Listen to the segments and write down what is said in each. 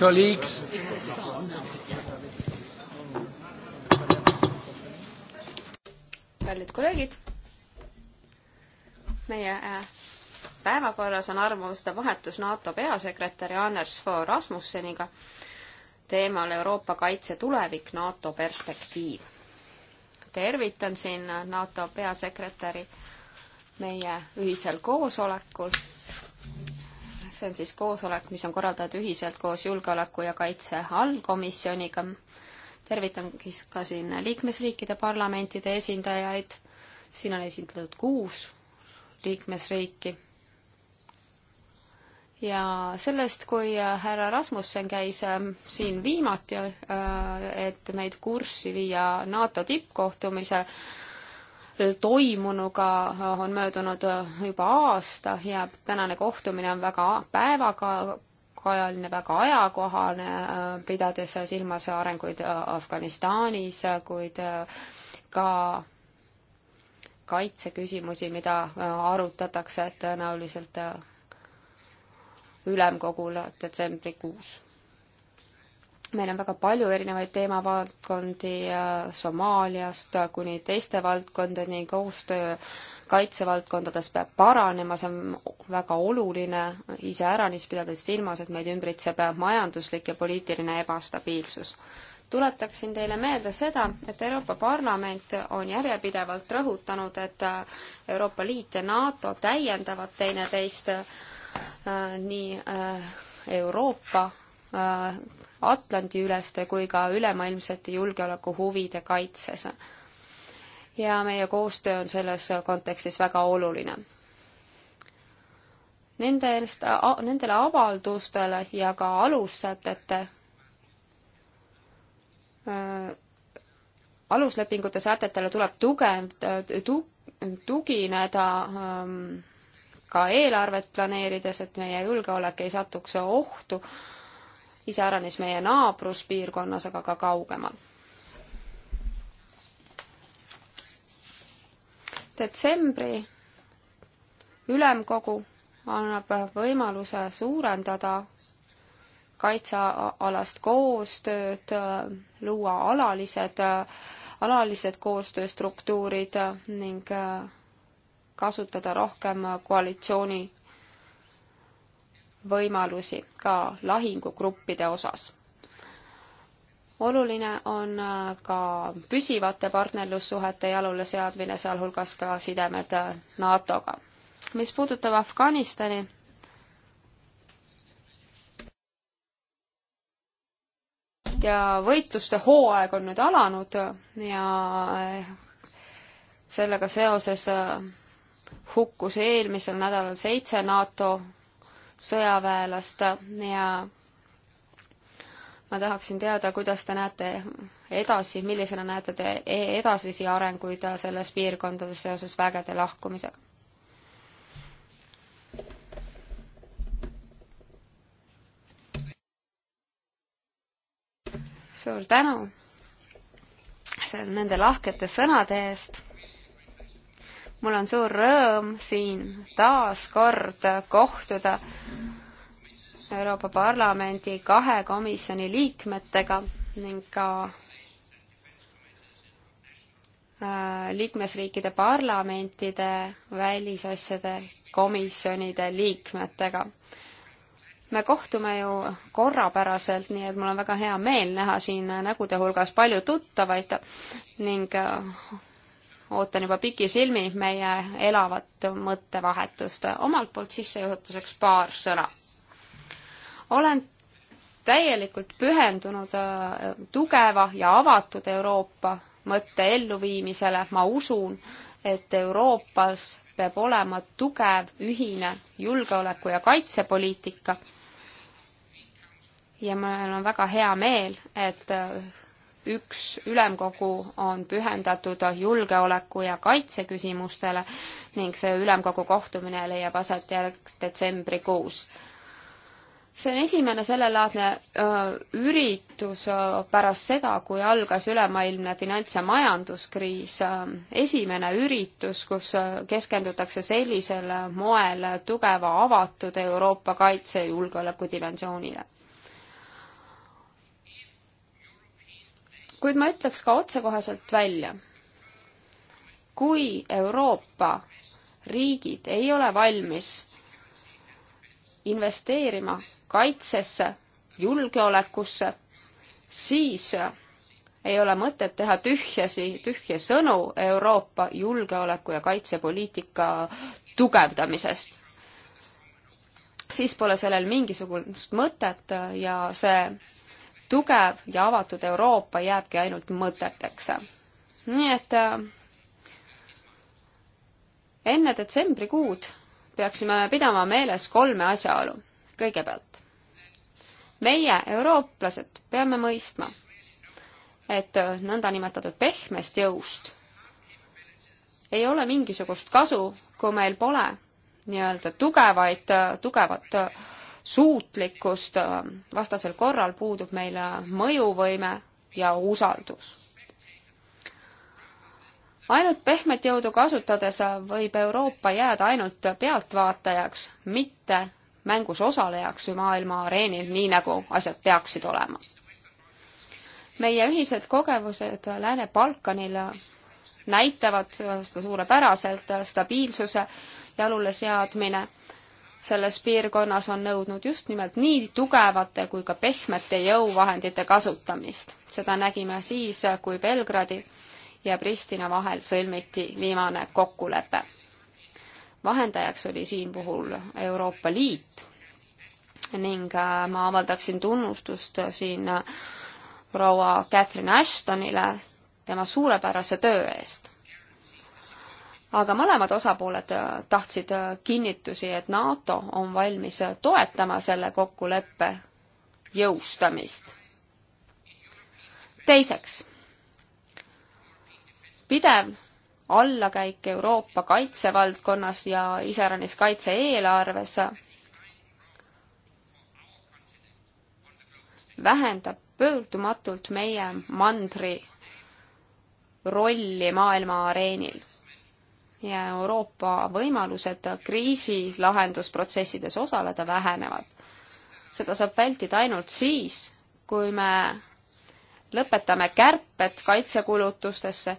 Colleagues. kallid kolleegid, meie äh, päevakorras on arvamuste vahetus NATO peasekretäri Anders Fogh Rasmusseniga teemal Euroopa kaitse tulevik, NATO perspektiiv. tervitan siin NATO peasekretäri meie ühisel koosolekul see on siis koosolek, mis on korraldatud ühiselt koos Julgeoleku ja Kaitse allkomisjoniga. tervitan siis ka siin liikmesriikide parlamentide esindajaid, siin on esindatud kuus liikmesriiki ja sellest, kui härra Rasmussen käis ähm, siin viimati, äh, et meid kurssi viia NATO tippkohtumise toimunuga on möödunud juba aasta ja tänane kohtumine on väga päevakajaline, väga ajakohane, pidades silmas arenguid Afganistanis, kuid ka kaitseküsimusi, mida arutatakse tõenäoliselt ülemkogul detsembrikuus meil on väga palju erinevaid teemavaldkondi äh, Somaaliast äh, kuni teiste valdkondadeni, koostöö kaitsevaldkondades peab paranema, see on väga oluline, iseäranis pidades silmas, et meid ümbritseb majanduslik ja poliitiline ebastabiilsus. tuletaksin teile meelde seda, et Euroopa Parlament on järjepidevalt rõhutanud, et äh, Euroopa Liit ja NATO täiendavad teineteist äh, nii äh, Euroopa äh, Atlandi-üleste kui ka ülemaailmsete julgeolekuhuvide kaitses. ja meie koostöö on selles kontekstis väga oluline. Nendest, nendele avaldustele ja ka alussätete äh, aluslepingute sätetele tuleb tugev, tu-, tugineda ähm, ka eelarvet planeerides, et meie julgeolek ei satuks ohtu iseäranis meie naabruspiirkonnas, aga ka kaugemal. detsembri ülemkogu annab võimaluse suurendada kaitsealast koostööd, luua alalised, alalised koostööstruktuurid ning kasutada rohkem koalitsiooni võimalusi ka lahingugruppide osas. oluline on äh, ka püsivate partnerlussuhete jalule seadmine, sealhulgas ka sidemed äh, NATO-ga. mis puudutab Afganistani, ja võitluste hooaeg on nüüd alanud ja äh, sellega seoses hukkus eelmisel nädalal seitse NATO sõjaväelast ja ma tahaksin teada, kuidas te näete edasi, millisena näete te e-, edasisi arenguid selles piirkondades seoses vägede lahkumisega? suur tänu see, nende lahkete sõnade eest mul on suur rõõm siin taas kord kohtuda Euroopa Parlamendi kahe komisjoni liikmetega ning ka äh, liikmesriikide parlamentide välisasjade komisjonide liikmetega. me kohtume ju korrapäraselt, nii et mul on väga hea meel näha siin nägude hulgas palju tuttavaid ning äh, ootan juba pikisilmi meie elavat mõttevahetust. omalt poolt sissejuhatuseks paar sõna. olen täielikult pühendunud äh, tugeva ja avatud Euroopa mõtte elluviimisele, ma usun, et Euroopas peab olema tugev ühine julgeoleku- ja kaitsepoliitika. ja mul on väga hea meel, et äh, üks ülemkogu on pühendatud julgeoleku ja kaitse küsimustele ning see ülemkogu kohtumine leiab aset järg detsembrikuus. see on esimene sellelaadne üritus öö, pärast seda, kui algas ülemaailmne finants- ja majanduskriis, esimene üritus, kus keskendutakse sellisel moel tugeva avatud Euroopa kaitse- ja julgeolekudimensioonile kuid ma ütleks ka otsekoheselt välja. kui Euroopa riigid ei ole valmis investeerima kaitsesse, julgeolekusse, siis ei ole mõtet teha tühjasi, tühje sõnu Euroopa julgeoleku ja kaitsepoliitika tugevdamisest. siis pole sellel mingisugust mõtet ja see tugev ja avatud Euroopa jääbki ainult mõteteks. nii et äh, enne detsembrikuud peaksime pidama meeles kolme asjaolu. kõigepealt, meie, eurooplased, peame mõistma, et äh, nõndanimetatud pehmest jõust ei ole mingisugust kasu, kui meil pole nii-öelda tugevaid, äh, tugevat suutlikkust, äh, vastasel korral puudub meil mõjuvõime ja usaldus. ainult pehmet jõudu kasutades võib Euroopa jääda ainult pealtvaatajaks, mitte mängus osalejaks maailma areenil, nii nagu asjad peaksid olema. meie ühised kogemused Lääne-Balkanil näitavad seda suurepäraselt, stabiilsuse jalule seadmine selles piirkonnas on nõudnud just nimelt nii tugevate kui ka pehmete jõuvahendite kasutamist. seda nägime siis, kui Belgradi ja Pristina vahel sõlmiti viimane kokkulepe. vahendajaks oli siin puhul Euroopa Liit ning äh, ma avaldaksin tunnustust siin äh, proua Catherine Ashtonile tema suurepärase töö eest aga mõlemad osapooled äh, tahtsid äh, kinnitusi, et NATO on valmis äh, toetama selle kokkuleppe jõustamist. teiseks, pidev allakäik Euroopa kaitsevaldkonnas ja iseäranis kaitse-eelarves vähendab pöördumatult meie mandri rolli maailma areenil ja Euroopa võimalused kriisi lahendusprotsessides osaleda vähenevad. seda saab vältida ainult siis, kui me lõpetame kärped kaitsekulutustesse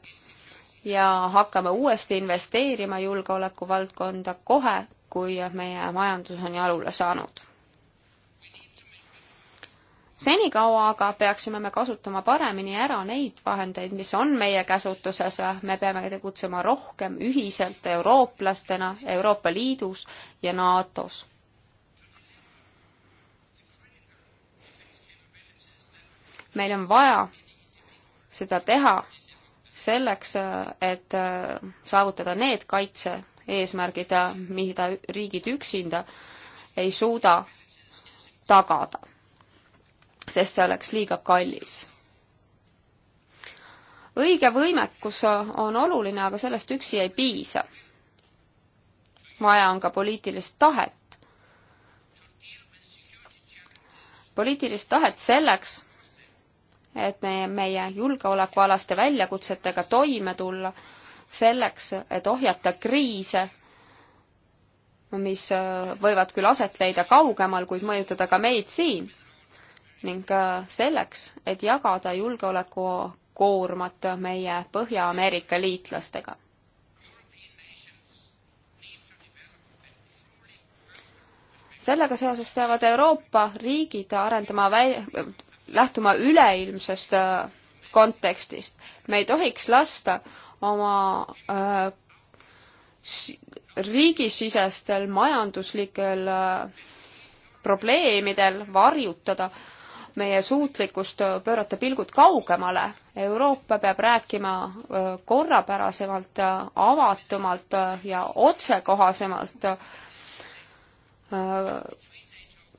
ja hakkame uuesti investeerima julgeolekuvaldkonda kohe, kui meie majandus on jalule saanud senikaua aga peaksime me kasutama paremini ära neid vahendeid, mis on meie käsutuses, me peame tegutsema rohkem ühiselt eurooplastena Euroopa Liidus ja NATO-s. meil on vaja seda teha selleks, et saavutada need kaitse-eesmärgid, mida riigid üksinda ei suuda tagada sest see oleks liiga kallis. õige võimekus on oluline, aga sellest üksi ei piisa. vaja on ka poliitilist tahet. poliitilist tahet selleks, et meie julgeolekualaste väljakutsetega toime tulla, selleks, et ohjata kriise, mis võivad küll aset leida kaugemal, kuid mõjutada ka meid siin ning äh, selleks, et jagada julgeolekukoormat meie Põhja-Ameerika liitlastega. sellega seoses peavad Euroopa riigid arendama väi-, lähtuma üleilmsest äh, kontekstist. me ei tohiks lasta oma äh, riigisisestel majanduslikel äh, probleemidel varjutada äh, meie suutlikkust pöörata pilgud kaugemale. Euroopa peab rääkima korrapärasemalt, avatumalt ja otsekohasemalt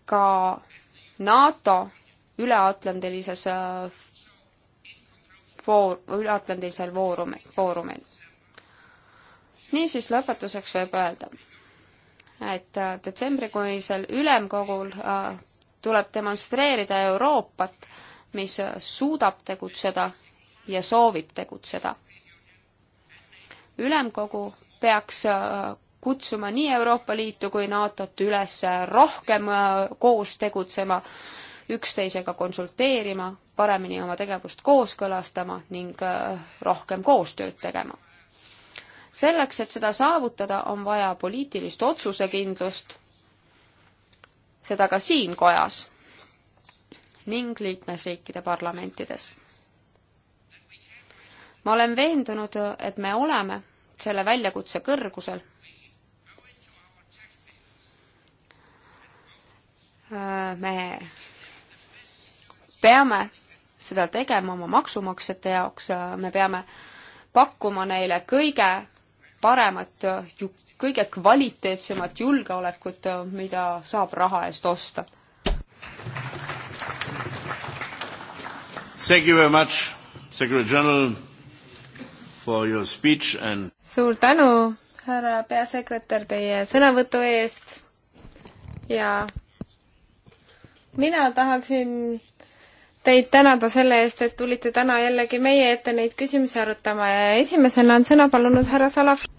ka NATO üleatlandilises foor-, üleatlandilisel foorumi, foorumil. niisiis lõpetuseks võib öelda, et detsembrikuisel ülemkogul tuleb demonstreerida Euroopat, mis suudab tegutseda ja soovib tegutseda. ülemkogu peaks äh, kutsuma nii Euroopa Liitu kui NATO-t üles rohkem äh, koos tegutsema, üksteisega konsulteerima, paremini oma tegevust kooskõlastama ning äh, rohkem koostööd tegema. selleks, et seda saavutada, on vaja poliitilist otsusekindlust seda ka siin kojas ning liikmesriikide parlamentides. ma olen veendunud, et me oleme selle väljakutse kõrgusel. me peame seda tegema oma maksumaksjate jaoks, me peame pakkuma neile kõige paremat, kõige kvaliteetsemat julgeolekut, mida saab raha eest osta. Thank you very much, Secretary General, for your speech and suur tänu, härra peasekretär, teie sõnavõtu eest ja mina tahaksin teid tänada selle eest, et tulite täna jällegi meie ette neid küsimusi arutama ja esimesena on sõna palunud härra Salaf-.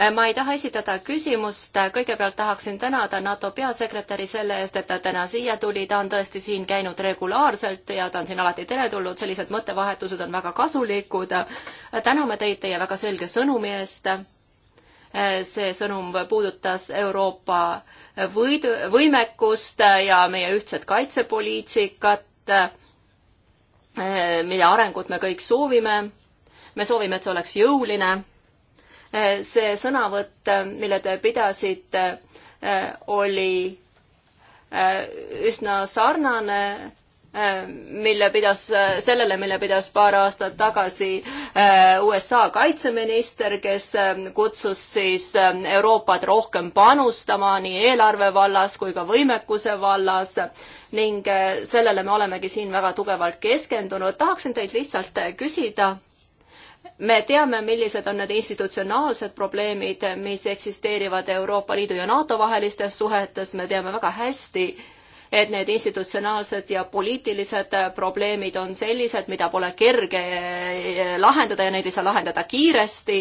Äh, ma ei taha esitada küsimust, kõigepealt tahaksin tänada NATO peasekretäri selle eest, et ta täna siia tuli, ta on tõesti siin käinud regulaarselt ja ta on siin alati teretulnud, sellised mõttevahetused on väga kasulikud. täname teid teie väga selge sõnumi eest. Äh, see sõnum puudutas Euroopa võidu, võimekust ja meie ühtset kaitsepoliitikat, äh, mille arengut me kõik soovime. me soovime, et see oleks jõuline see sõnavõtt, mille te pidasite, oli äh, üsna sarnane äh, mille pidas, sellele, mille pidas paar aastat tagasi äh, USA kaitseminister, kes kutsus siis Euroopat rohkem panustama nii eelarve vallas kui ka võimekuse vallas ning sellele me olemegi siin väga tugevalt keskendunud. tahaksin teid lihtsalt küsida me teame, millised on need institutsionaalsed probleemid, mis eksisteerivad Euroopa Liidu ja NATO vahelistes suhetes, me teame väga hästi, et need institutsionaalsed ja poliitilised probleemid on sellised, mida pole kerge eh, lahendada ja neid ei saa lahendada kiiresti,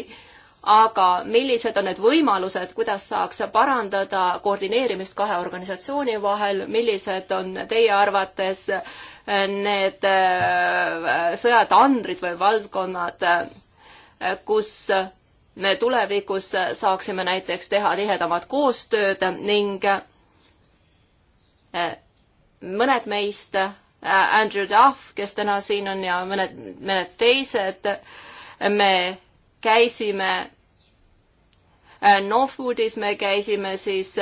aga millised on need võimalused, kuidas saaks parandada koordineerimist kahe organisatsiooni vahel, millised on teie arvates need eh, sõjatandrid või valdkonnad, kus me tulevikus saaksime näiteks teha tihedamat koostööd ning eh, mõned meist, eh, Andrew Duff, kes täna siin on ja mõned, mõned teised, me käisime eh, Northwoodis me käisime siis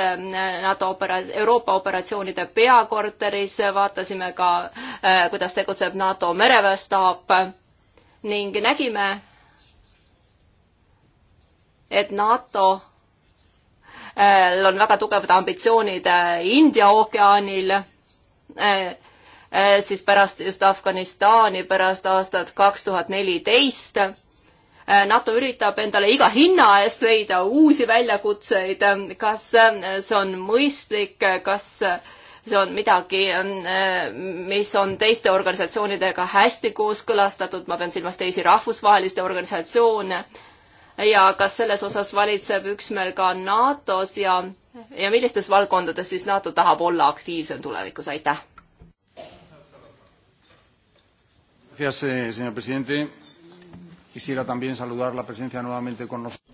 NATO opera-, Euroopa operatsioonide peakorteris, vaatasime ka, kuidas tegutseb NATO mereväestaap ning nägime, et NATO äh, on väga tugevad ambitsioonid äh, India ookeanil, äh, siis pärast just Afganistani, pärast aastat kaks tuhat neliteist. NATO üritab endale iga hinna eest leida uusi väljakutseid, kas see on mõistlik, kas see on midagi, mis on teiste organisatsioonidega hästi kooskõlastatud, ma pean silmas teisi rahvusvahelisi organisatsioone ja kas selles osas valitseb üksmeel ka NATO-s ja, ja millistes valdkondades siis NATO tahab olla aktiivsem tulevikus, aitäh! Eh,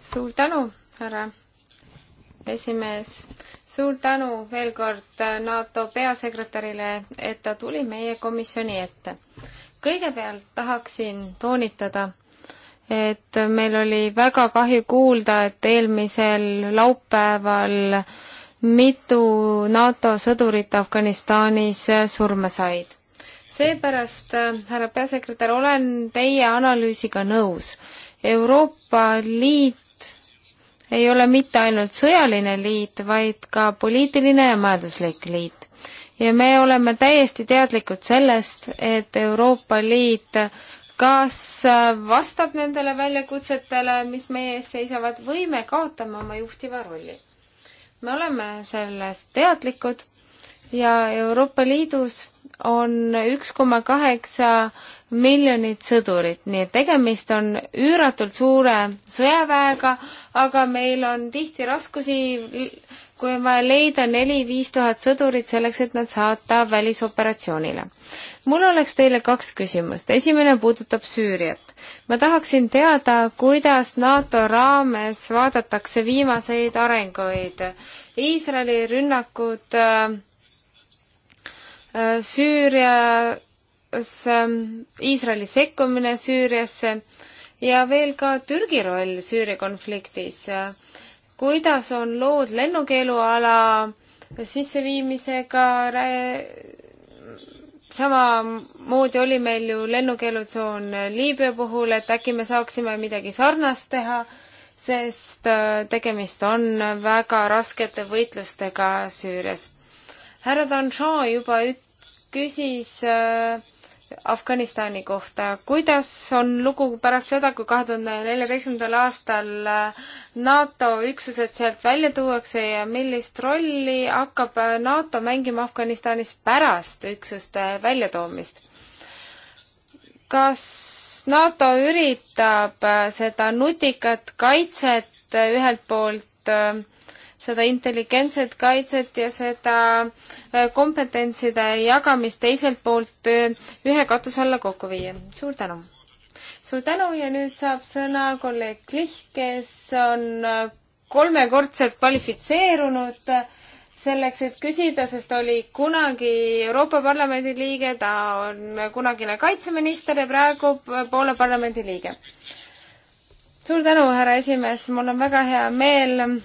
suur tänu, härra esimees, suur tänu veel kord eh, NATO peasekretärile, et ta tuli meie komisjoni ette. kõigepealt tahaksin toonitada, et meil oli väga kahju kuulda, et eelmisel laupäeval mitu NATO sõdurit Afganistanis surma said. seepärast, härra peasekretär, olen teie analüüsiga nõus. Euroopa Liit ei ole mitte ainult sõjaline liit, vaid ka poliitiline ja majanduslik liit. ja me oleme täiesti teadlikud sellest, et Euroopa Liit kas äh, vastab nendele väljakutsetele, mis meie ees seisavad, või me kaotame oma juhtiva rolli. me oleme sellest teadlikud ja Euroopa Liidus on üks koma kaheksa miljonit sõdurit, nii et tegemist on üüratult suure sõjaväega, aga meil on tihti raskusi kui on vaja leida neli-viis tuhat sõdurit selleks, et nad saata välisoperatsioonile. mul oleks teile kaks küsimust, esimene puudutab Süüriat. ma tahaksin teada, kuidas NATO raames vaadatakse viimaseid arenguid. Iisraeli rünnakud äh, äh Süürias äh,, Iisraeli sekkumine Süüriasse ja veel ka Türgi roll Süüria konfliktis äh, kuidas on lood lennukeeluala sisseviimisega, samamoodi oli meil ju lennukeelutsoon Liibüa puhul, et äkki me saaksime midagi sarnast teha, sest äh, tegemist on väga raskete võitlustega Süürias. härra Danchon juba üt-, küsis äh, Afganistani kohta. kuidas on lugu pärast seda, kui kahe tuhande neljateistkümnendal aastal äh, NATO üksused sealt välja tuuakse ja millist rolli hakkab äh, NATO mängima Afganistanis pärast üksuste väljatoomist? kas NATO üritab äh, seda nutikat kaitset ühelt poolt seda intelligentset kaitset ja seda äh, kompetentside jagamist teiselt poolt äh, ühe katuse alla kokku viia. suur tänu! suur tänu ja nüüd saab sõna kolleeg Klih, kes on äh, kolmekordselt kvalifitseerunud selleks, et küsida, sest oli kunagi Euroopa Parlamendi liige, ta on kunagine kaitseminister ja praegu Poola parlamendi liige. suur tänu, härra esimees, mul on väga hea meel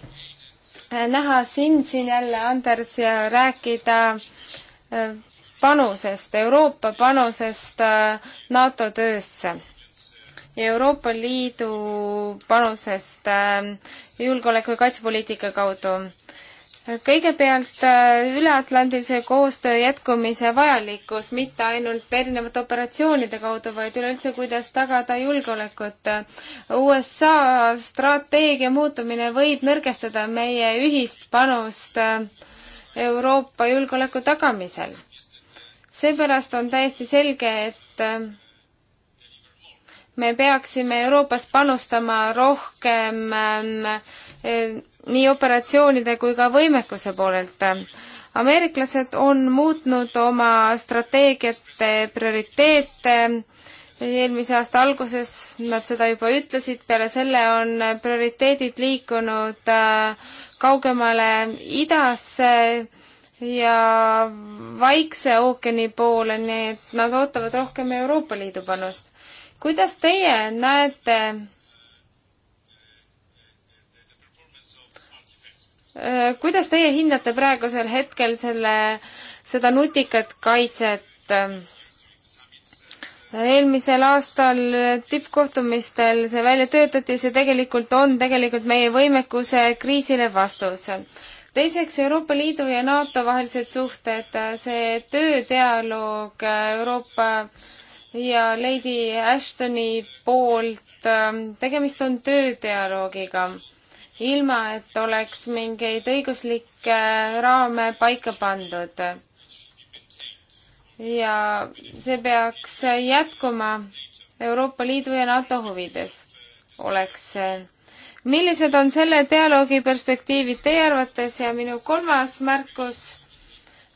näha sind siin jälle, Anders, ja rääkida äh, panusest, Euroopa panusest äh, NATO töösse ja Euroopa Liidu panusest äh, julgeoleku- ja kaitsepoliitika kaudu kõigepealt äh, üleatlandilise koostöö jätkumise vajalikkus, mitte ainult erinevate operatsioonide kaudu, vaid üleüldse, kuidas tagada julgeolekut. USA strateegia muutumine võib nõrgestada meie ühist panust äh, Euroopa julgeoleku tagamisel. seepärast on täiesti selge, et äh, me peaksime Euroopas panustama rohkem äh, Eh, nii operatsioonide kui ka võimekuse poolelt. ameeriklased on muutnud oma strateegiate prioriteete, eelmise aasta alguses nad seda juba ütlesid, peale selle on prioriteedid liikunud äh, kaugemale idasse ja Vaikse ookeani poole, nii et nad ootavad rohkem Euroopa Liidu panust. kuidas teie näete Äh, kuidas teie hindate praegusel hetkel selle, seda nutikat kaitset? Äh, eelmisel aastal tippkohtumistel see välja töötati, see tegelikult on tegelikult meie võimekuse kriisile vastus. teiseks, Euroopa Liidu ja NATO vahelised suhted, äh, see töödialoog Euroopa ja Lady Ashtoni poolt, tegemist on töödialoogiga ilma et oleks mingeid õiguslikke raame paika pandud. ja see peaks jätkuma Euroopa Liidu ja NATO huvides, oleks see. millised on selle dialoogi perspektiivid teie arvates ja minu kolmas märkus,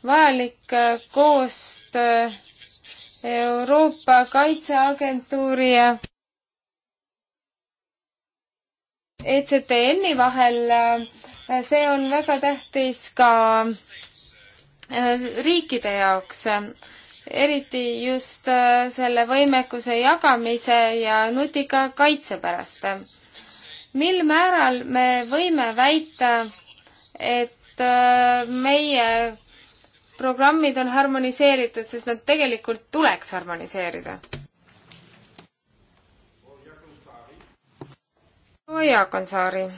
vajalik koostöö Euroopa Kaitseagentuuri ja ECTN-i vahel, äh, see on väga tähtis ka äh, riikide jaoks, äh, eriti just selle võimekuse jagamise ja nutika kaitse pärast. mil määral me võime väita, et meie programmid on harmoniseeritud, sest nad tegelikult tuleks harmoniseerida? no ja, Kansaari.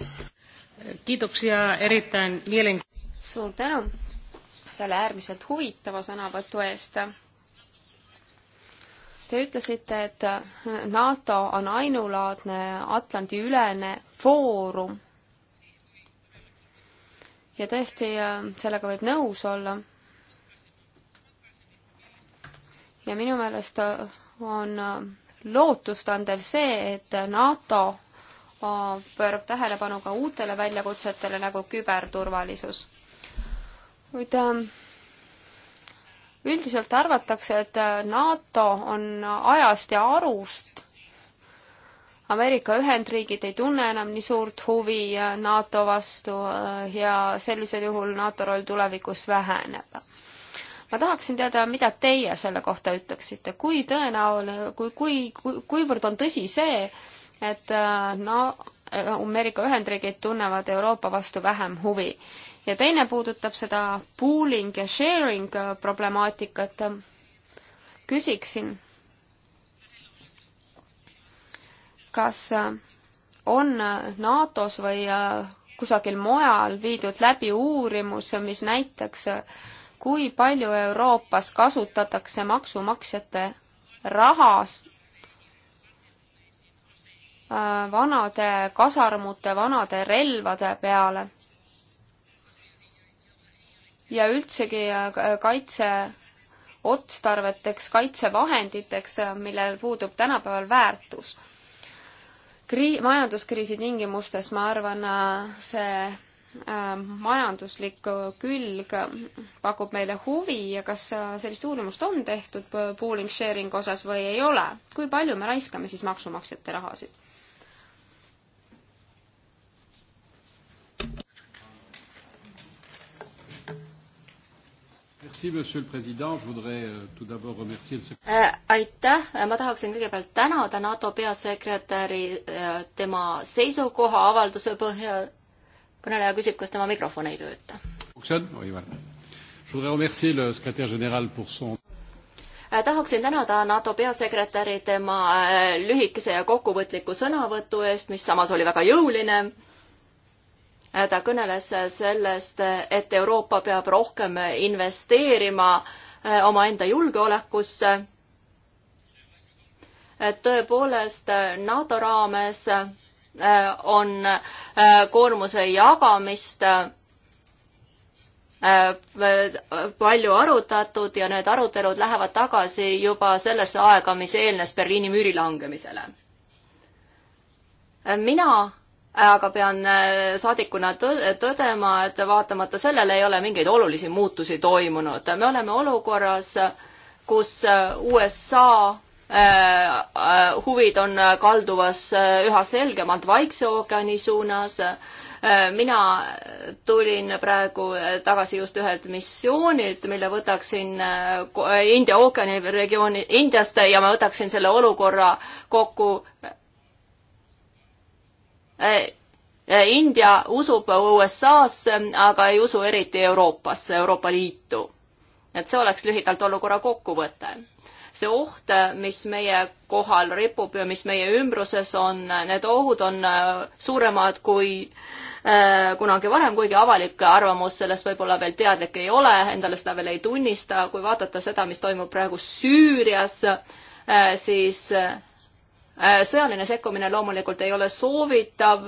kiitoksia eritain mieling-. suur tänu selle äärmiselt huvitava sõnavõtu eest. Te ütlesite, et NATO on ainulaadne Atlandi-ülene foorum. ja tõesti, sellega võib nõus olla. ja minu meelest on lootustandev see, et NATO pöörab tähelepanu ka uutele väljakutsetele nagu küberturvalisus. kuid ähm, üldiselt arvatakse, et äh, NATO on ajast ja arust. Ameerika Ühendriigid ei tunne enam nii suurt huvi äh, NATO vastu äh, ja sellisel juhul NATO roll tulevikus väheneb. ma tahaksin teada, mida teie selle kohta ütleksite, kui tõenäoline, kui, kui, kui, kuivõrd on tõsi see, et äh, no äh, Ameerika Ühendriigid tunnevad Euroopa vastu vähem huvi. ja teine puudutab seda pooling ja sharing äh, problemaatikat. küsiksin, kas on NATO-s või kusagil mujal viidud läbi uurimus, mis näitaks, kui palju Euroopas kasutatakse maksumaksjate rahas vanade kasarmute, vanade relvade peale. ja üldsegi äh, kaitse otstarveteks, kaitsevahenditeks, äh, millel puudub tänapäeval väärtus. Krii-, majanduskriisi tingimustes, ma arvan, äh, see majanduslik külg pakub meile huvi ja kas sellist uurimust on tehtud pooling sharing osas või ei ole? kui palju me raiskame siis maksumaksjate rahasid? Euh, euh, aitäh, ma tahaksin kõigepealt tänada NATO peasekretäri äh, tema seisukoha avalduse põhjal. kõneleja küsib, kas tema mikrofon ei tööta. Äh, tahaksin tänada NATO peasekretäri tema äh, lühikese ja kokkuvõtliku sõnavõtu eest, mis samas oli väga jõuline ta kõneles sellest, et Euroopa peab rohkem investeerima eh, omaenda julgeolekusse. et tõepoolest NATO raames eh, on eh, koormuse jagamist palju arutatud ja need arutelud lähevad tagasi juba sellesse aega, mis eelnes Berliini müüri langemisele. mina aga pean äh, saadikuna tõdema, et vaatamata sellele ei ole mingeid olulisi muutusi toimunud. me oleme olukorras, kus äh, USA äh, huvid on kalduvas üha selgemalt Vaikse ookeani suunas. mina tulin praegu tagasi just ühelt missioonilt, mille võtaksin India ookeani regiooni, Indiast ja ma võtaksin selle olukorra kokku Äh, äh, India usub USA-sse, aga ei usu eriti Euroopasse, Euroopa Liitu. et see oleks lühidalt olukorra kokkuvõte. see oht, äh, mis meie kohal ripub ja mis meie ümbruses on, need ohud on suuremad kui kunagi varem, kuigi avalik arvamus sellest võib-olla veel teadlik ei ole, endale seda veel ei tunnista, kui vaadata seda, mis toimub praegu Süürias, siis Äh, sõjaline sekkumine loomulikult ei ole soovitav,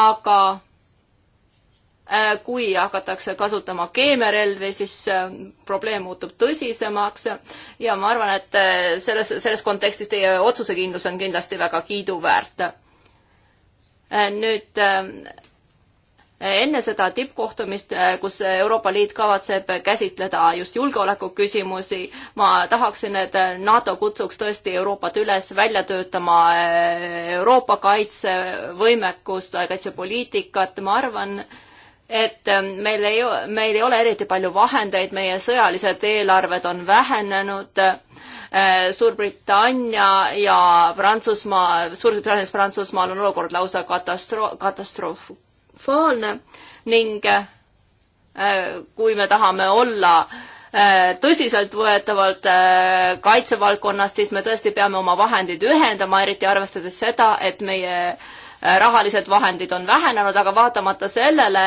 aga äh, kui hakatakse kasutama keemiarelvi, siis äh, probleem muutub tõsisemaks ja ma arvan, et selles, selles kontekstis teie otsusekindlus on kindlasti väga kiiduväärt. nüüd enne seda tippkohtumist, eh, kus Euroopa Liit kavatseb käsitleda just julgeolekuküsimusi, ma tahaksin, et NATO kutsuks tõesti Euroopat üles välja töötama eh, Euroopa kaitsevõimekust, kaitsepoliitikat, ma arvan, et eh, meil ei, meil ei ole eriti palju vahendeid, meie sõjalised eelarved on vähenenud. Suurbritannia ja Prantsusmaa, Suurbritannias, Prantsusmaal on olukord lausa katastroof, katastroof, katastrofaalne ning äh, kui me tahame olla äh, tõsiseltvõetavalt äh, kaitsevaldkonnas, siis me tõesti peame oma vahendid ühendama, eriti arvestades seda, et meie rahalised vahendid on vähenenud, aga vaatamata sellele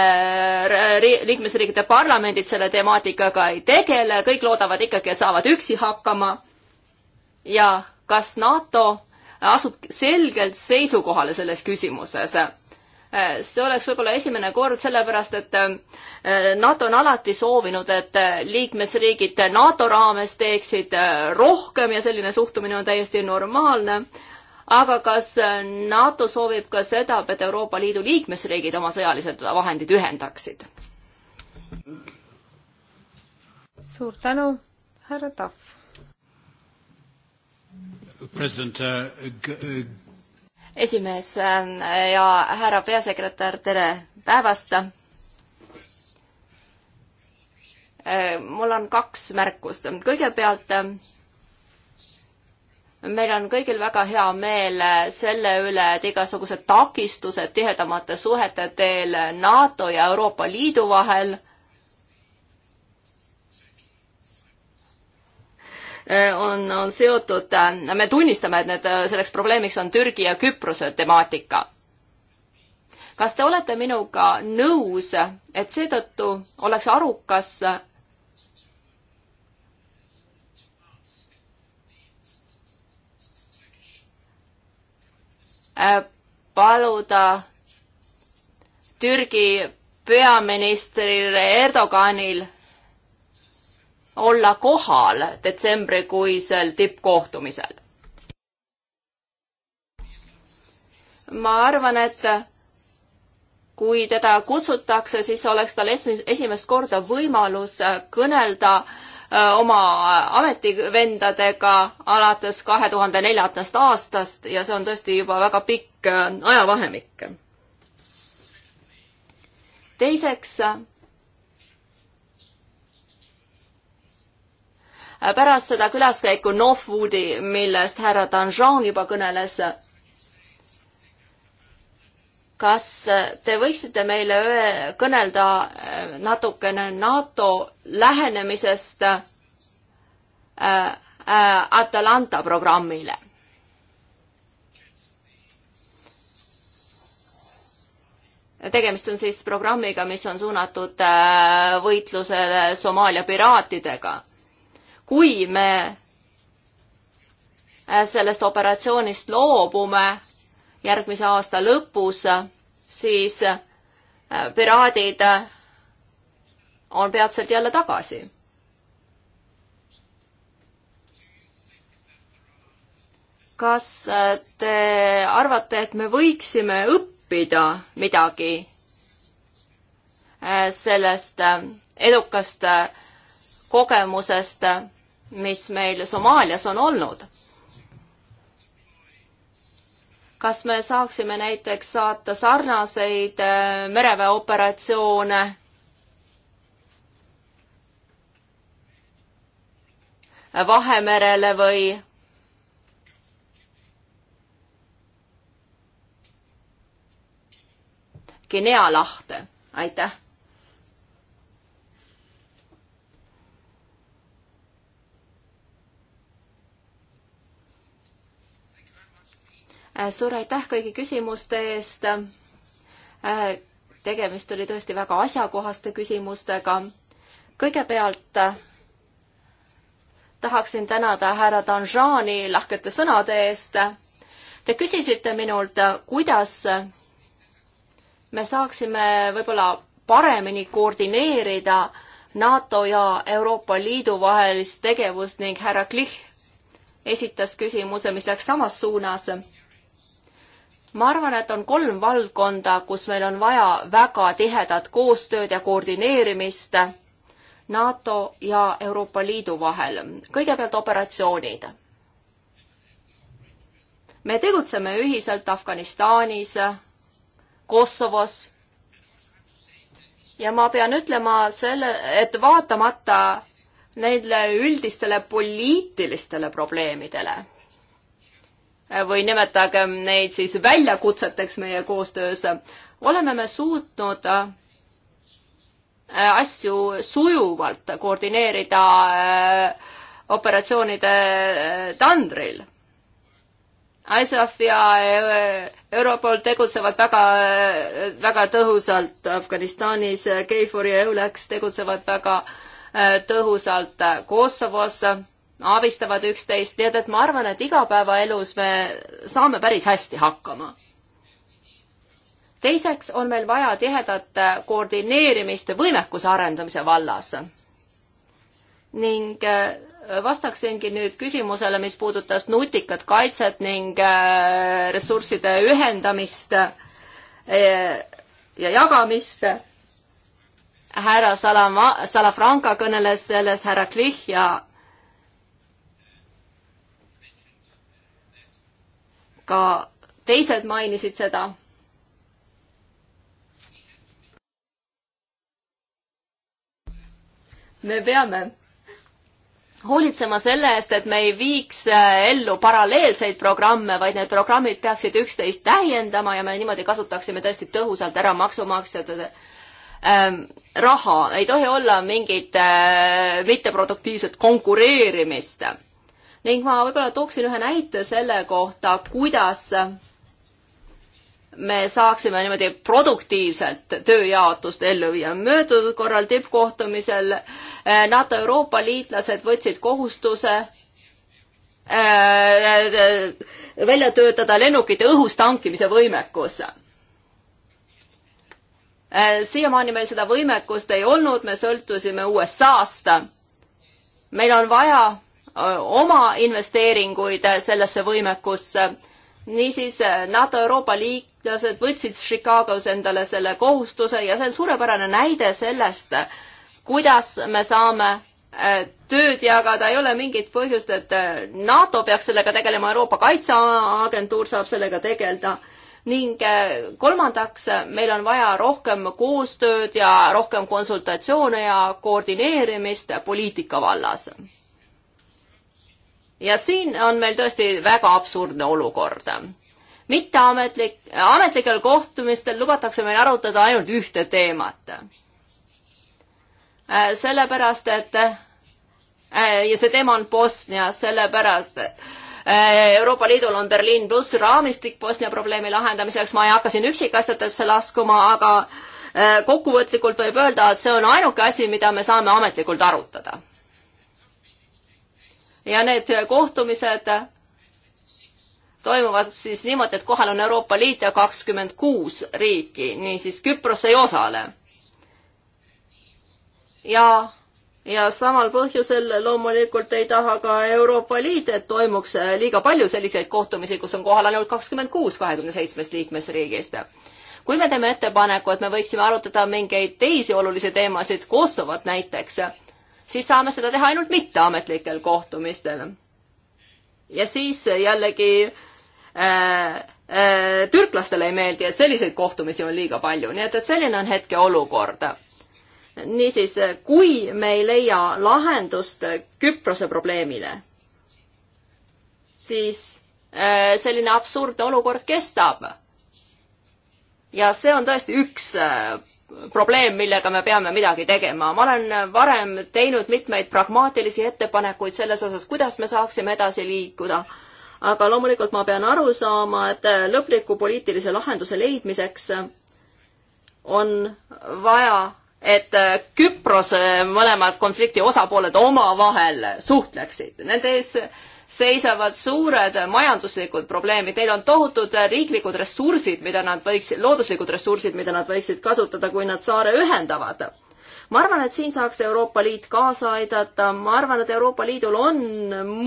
liikmesriikide parlamendid selle temaatikaga ei tegele, kõik loodavad ikkagi, et saavad üksi hakkama. ja kas NATO asub selgelt seisukohale selles küsimuses? see oleks võib-olla esimene kord, sellepärast et äh, NATO on alati soovinud, et äh, liikmesriigid NATO raames teeksid äh, rohkem ja selline suhtumine on täiesti normaalne. aga kas NATO soovib ka seda, et Euroopa Liidu liikmesriigid oma sõjalised vahendid ühendaksid? suur tänu, härra Tahv. president uh,, esimees ähm, ja härra peasekretär, tere päevast! Äh, mul on kaks märkust. kõigepealt ähm, meil on kõigil väga hea meel äh, selle üle, et igasugused takistused tihedamate suhete teel NATO ja Euroopa Liidu vahel Äh, on, on seotud, äh, me tunnistame, et need, äh, selleks probleemiks on Türgi ja Küprose temaatika. kas te olete minuga nõus, et seetõttu oleks arukas paluda Türgi peaministril Erdoganil olla kohal detsembrikuisel tippkohtumisel. ma arvan, et kui teda kutsutakse, siis oleks tal esimest korda võimalus kõnelda äh, oma ametivendadega alates kahe tuhande neljandast aastast ja see on tõesti juba väga pikk äh, ajavahemik. teiseks Äh, pärast seda külaskäiku Northwoodi, millest härra Danjean juba kõneles, kas äh, te võiksite meile öö, kõnelda äh, natukene NATO lähenemisest äh, äh, Atalanta programmile? tegemist on siis programmiga, mis on suunatud äh, võitlusele Somaalia piraatidega kui me äh, sellest operatsioonist loobume järgmise aasta lõpus, siis äh, piraadid äh, on peatselt jälle tagasi. kas te arvate, et me võiksime õppida midagi sellest edukast kogemusest mis meil Somaalias on olnud. kas me saaksime näiteks saata sarnaseid äh, mereväeoperatsioone Vahemerele või Guinea lahte, aitäh! Äh, suur aitäh kõigi küsimuste eest. Äh, tegemist oli tõesti väga asjakohaste küsimustega. kõigepealt äh, tahaksin tänada härra Danjani lahkete sõnade eest. Te küsisite minult, kuidas me saaksime võib-olla paremini koordineerida NATO ja Euroopa Liidu vahelist tegevust ning härra Klich esitas küsimuse, mis läks samas suunas ma arvan, et on kolm valdkonda, kus meil on vaja väga tihedat koostööd ja koordineerimist NATO ja Euroopa Liidu vahel. kõigepealt operatsioonid. me tegutseme ühiselt Afganistanis, Kosovos ja ma pean ütlema selle, et vaatamata neile üldistele poliitilistele probleemidele või nimetagem neid siis väljakutseteks meie koostöös, oleme me suutnud äh, asju sujuvalt koordineerida äh, operatsioonide äh, tandril. ISAF ja Europol tegutsevad väga, väga tõhusalt Afganistanis, KFOR ja EULEX tegutsevad väga tõhusalt Kosovos abistavad üksteist, nii et, et ma arvan, et igapäevaelus me saame päris hästi hakkama. teiseks on meil vaja tihedat koordineerimist võimekuse arendamise vallas. ning äh, vastaksingi nüüd küsimusele, mis puudutas nutikat kaitset ning äh, ressursside ühendamist äh, ja jagamist härra Salama, Salafranca kõneles sellest, härra Klich ja ka teised mainisid seda. me peame hoolitsema selle eest, et me ei viiks äh, ellu paralleelseid programme, vaid need programmid peaksid üksteist täiendama ja me niimoodi kasutaksime tõesti tõhusalt ära maksumaksjate ähm, raha. ei tohi olla mingit äh, mitteproduktiivset konkureerimist ning ma võib-olla tooksin ühe näite selle kohta, kuidas me saaksime niimoodi produktiivselt tööjaotust ellu viia. möödunud korral tippkohtumisel eh, NATO Euroopa liitlased võtsid kohustuse eh, eh, välja töötada lennukite õhus tankimise võimekus. siiamaani meil seda võimekust ei olnud, me sõltusime USA-st. meil on vaja oma investeeringuid sellesse võimekusse. niisiis NATO Euroopa liitlased võtsid Chicagos endale selle kohustuse ja see on suurepärane näide sellest, kuidas me saame tööd jagada, ei ole mingit põhjust, et NATO peaks sellega tegelema, Euroopa Kaitseagentuur saab sellega tegeleda ning kolmandaks, meil on vaja rohkem koostööd ja rohkem konsultatsioone ja koordineerimist poliitika vallas ja siin on meil tõesti väga absurdne olukord. mitteametlik, ametlikel kohtumistel lubatakse meil arutada ainult ühte teemat. Äh, sellepärast, et äh, ja see teema on Bosnia, sellepärast et äh, Euroopa Liidul on Berliin pluss raamistik Bosnia probleemi lahendamiseks, ma ei hakka siin üksikasjadesse laskuma, aga kokkuvõtlikult võib öelda, et see on ainuke asi, mida me saame ametlikult arutada ja need kohtumised toimuvad siis niimoodi, et kohal on Euroopa Liit ja kakskümmend kuus riiki, niisiis Küpros ei osale. ja, ja samal põhjusel loomulikult ei taha ka Euroopa Liit, et toimuks liiga palju selliseid kohtumisi, kus on kohal ainult kakskümmend kuus kahekümne seitsmest liikmesriigist kui me teeme ettepaneku, et me võiksime arutada mingeid teisi olulisi teemasid, Kosovot näiteks, siis saame seda teha ainult mitteametlikel kohtumistel. ja siis jällegi äh, äh, türklastele ei meeldi, et selliseid kohtumisi on liiga palju, nii et, et selline on hetkeolukord niisiis, kui me ei leia lahendust Küprose probleemile, siis äh, selline absurdne olukord kestab. ja see on tõesti üks äh, probleem, millega me peame midagi tegema. ma olen varem teinud mitmeid pragmaatilisi ettepanekuid selles osas, kuidas me saaksime edasi liikuda. aga loomulikult ma pean aru saama, et lõpliku poliitilise lahenduse leidmiseks on vaja, et Küprose mõlemad konflikti osapooled omavahel suhtleksid. Nendes seisavad suured majanduslikud probleemid, neil on tohutud riiklikud ressursid, mida nad võiksid, looduslikud ressursid, mida nad võiksid kasutada, kui nad saare ühendavad ma arvan, et siin saaks Euroopa Liit kaasa aidata, ma arvan, et Euroopa Liidul on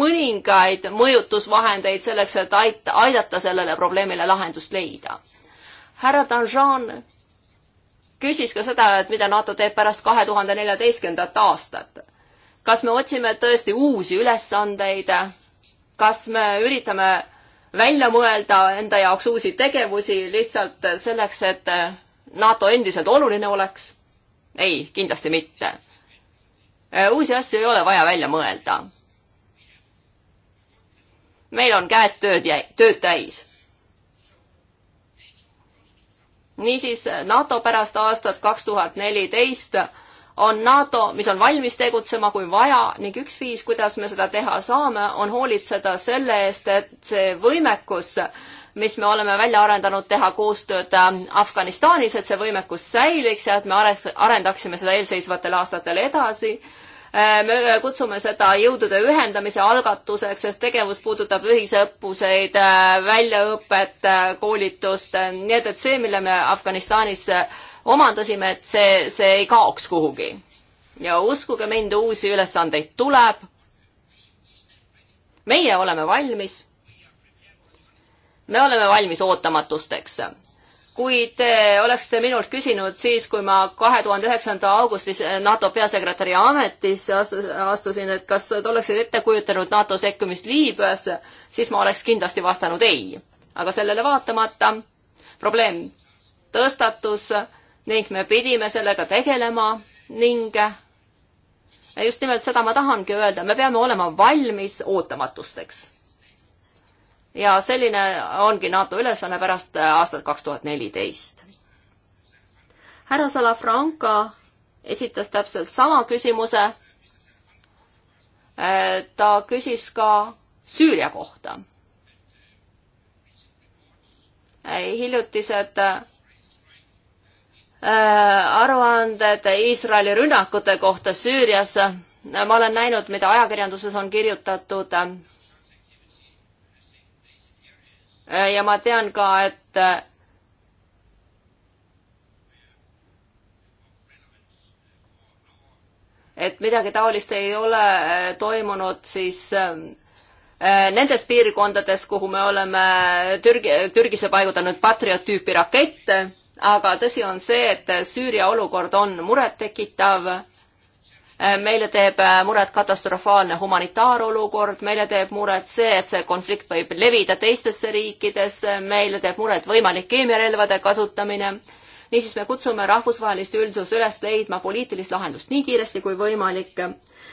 mõningaid mõjutusvahendeid selleks, et ait-, aidata sellele probleemile lahendust leida. härra Danjean küsis ka seda, et mida NATO teeb pärast kahe tuhande neljateistkümnendat aastat. kas me otsime tõesti uusi ülesandeid, kas me üritame välja mõelda enda jaoks uusi tegevusi lihtsalt selleks, et NATO endiselt oluline oleks? ei, kindlasti mitte. uusi asju ei ole vaja välja mõelda. meil on käed tööd, tööd täis. niisiis NATO pärast aastat kaks tuhat neliteist on NATO, mis on valmis tegutsema, kui vaja, ning üks viis, kuidas me seda teha saame, on hoolitseda selle eest, et see võimekus, mis me oleme välja arendanud, teha koostööd ähm, Afganistanis, et see võimekus säiliks ja et me arendaksime seda eelseisvatel aastatel edasi. Äh, me kutsume seda jõudude ühendamise algatuseks, sest tegevus puudutab ühisõppuseid, äh, väljaõpet, äh, koolitust, nii et, et see, mille me Afganistanis omandasime, et see, see ei kaoks kuhugi. ja uskuge mind, uusi ülesandeid tuleb. meie oleme valmis. me oleme valmis ootamatusteks kui te oleksite minult küsinud siis, kui ma kahe tuhande üheksanda augustis NATO peasekretäri ametisse astusin, et kas te oleksite ette kujutanud NATO sekkumist Liibüas, siis ma oleks kindlasti vastanud ei. aga sellele vaatamata probleem tõstatus ning me pidime sellega tegelema ning just nimelt seda ma tahangi öelda, me peame olema valmis ootamatusteks. ja selline ongi NATO ülesanne pärast aastat kaks tuhat neliteist. härra Salafranca esitas täpselt sama küsimuse. ta küsis ka Süüria kohta. hiljutised Äh, aruanded Iisraeli rünnakute kohta Süürias. ma olen näinud, mida ajakirjanduses on kirjutatud. Äh, ja ma tean ka, et et midagi taolist ei ole äh, toimunud siis nendes piirkondades, kuhu me oleme Türgi, Türgisse paigutanud patriot tüüpi rakette aga tõsi on see, et Süüria olukord on murettekitav. meile teeb muret katastrofaalne humanitaarolukord, meile teeb muret see, et see konflikt võib levida teistesse riikidesse, meile teeb muret võimalik keemiarelvade kasutamine. niisiis me kutsume rahvusvahelist üldsust üles leidma poliitilist lahendust nii kiiresti kui võimalik.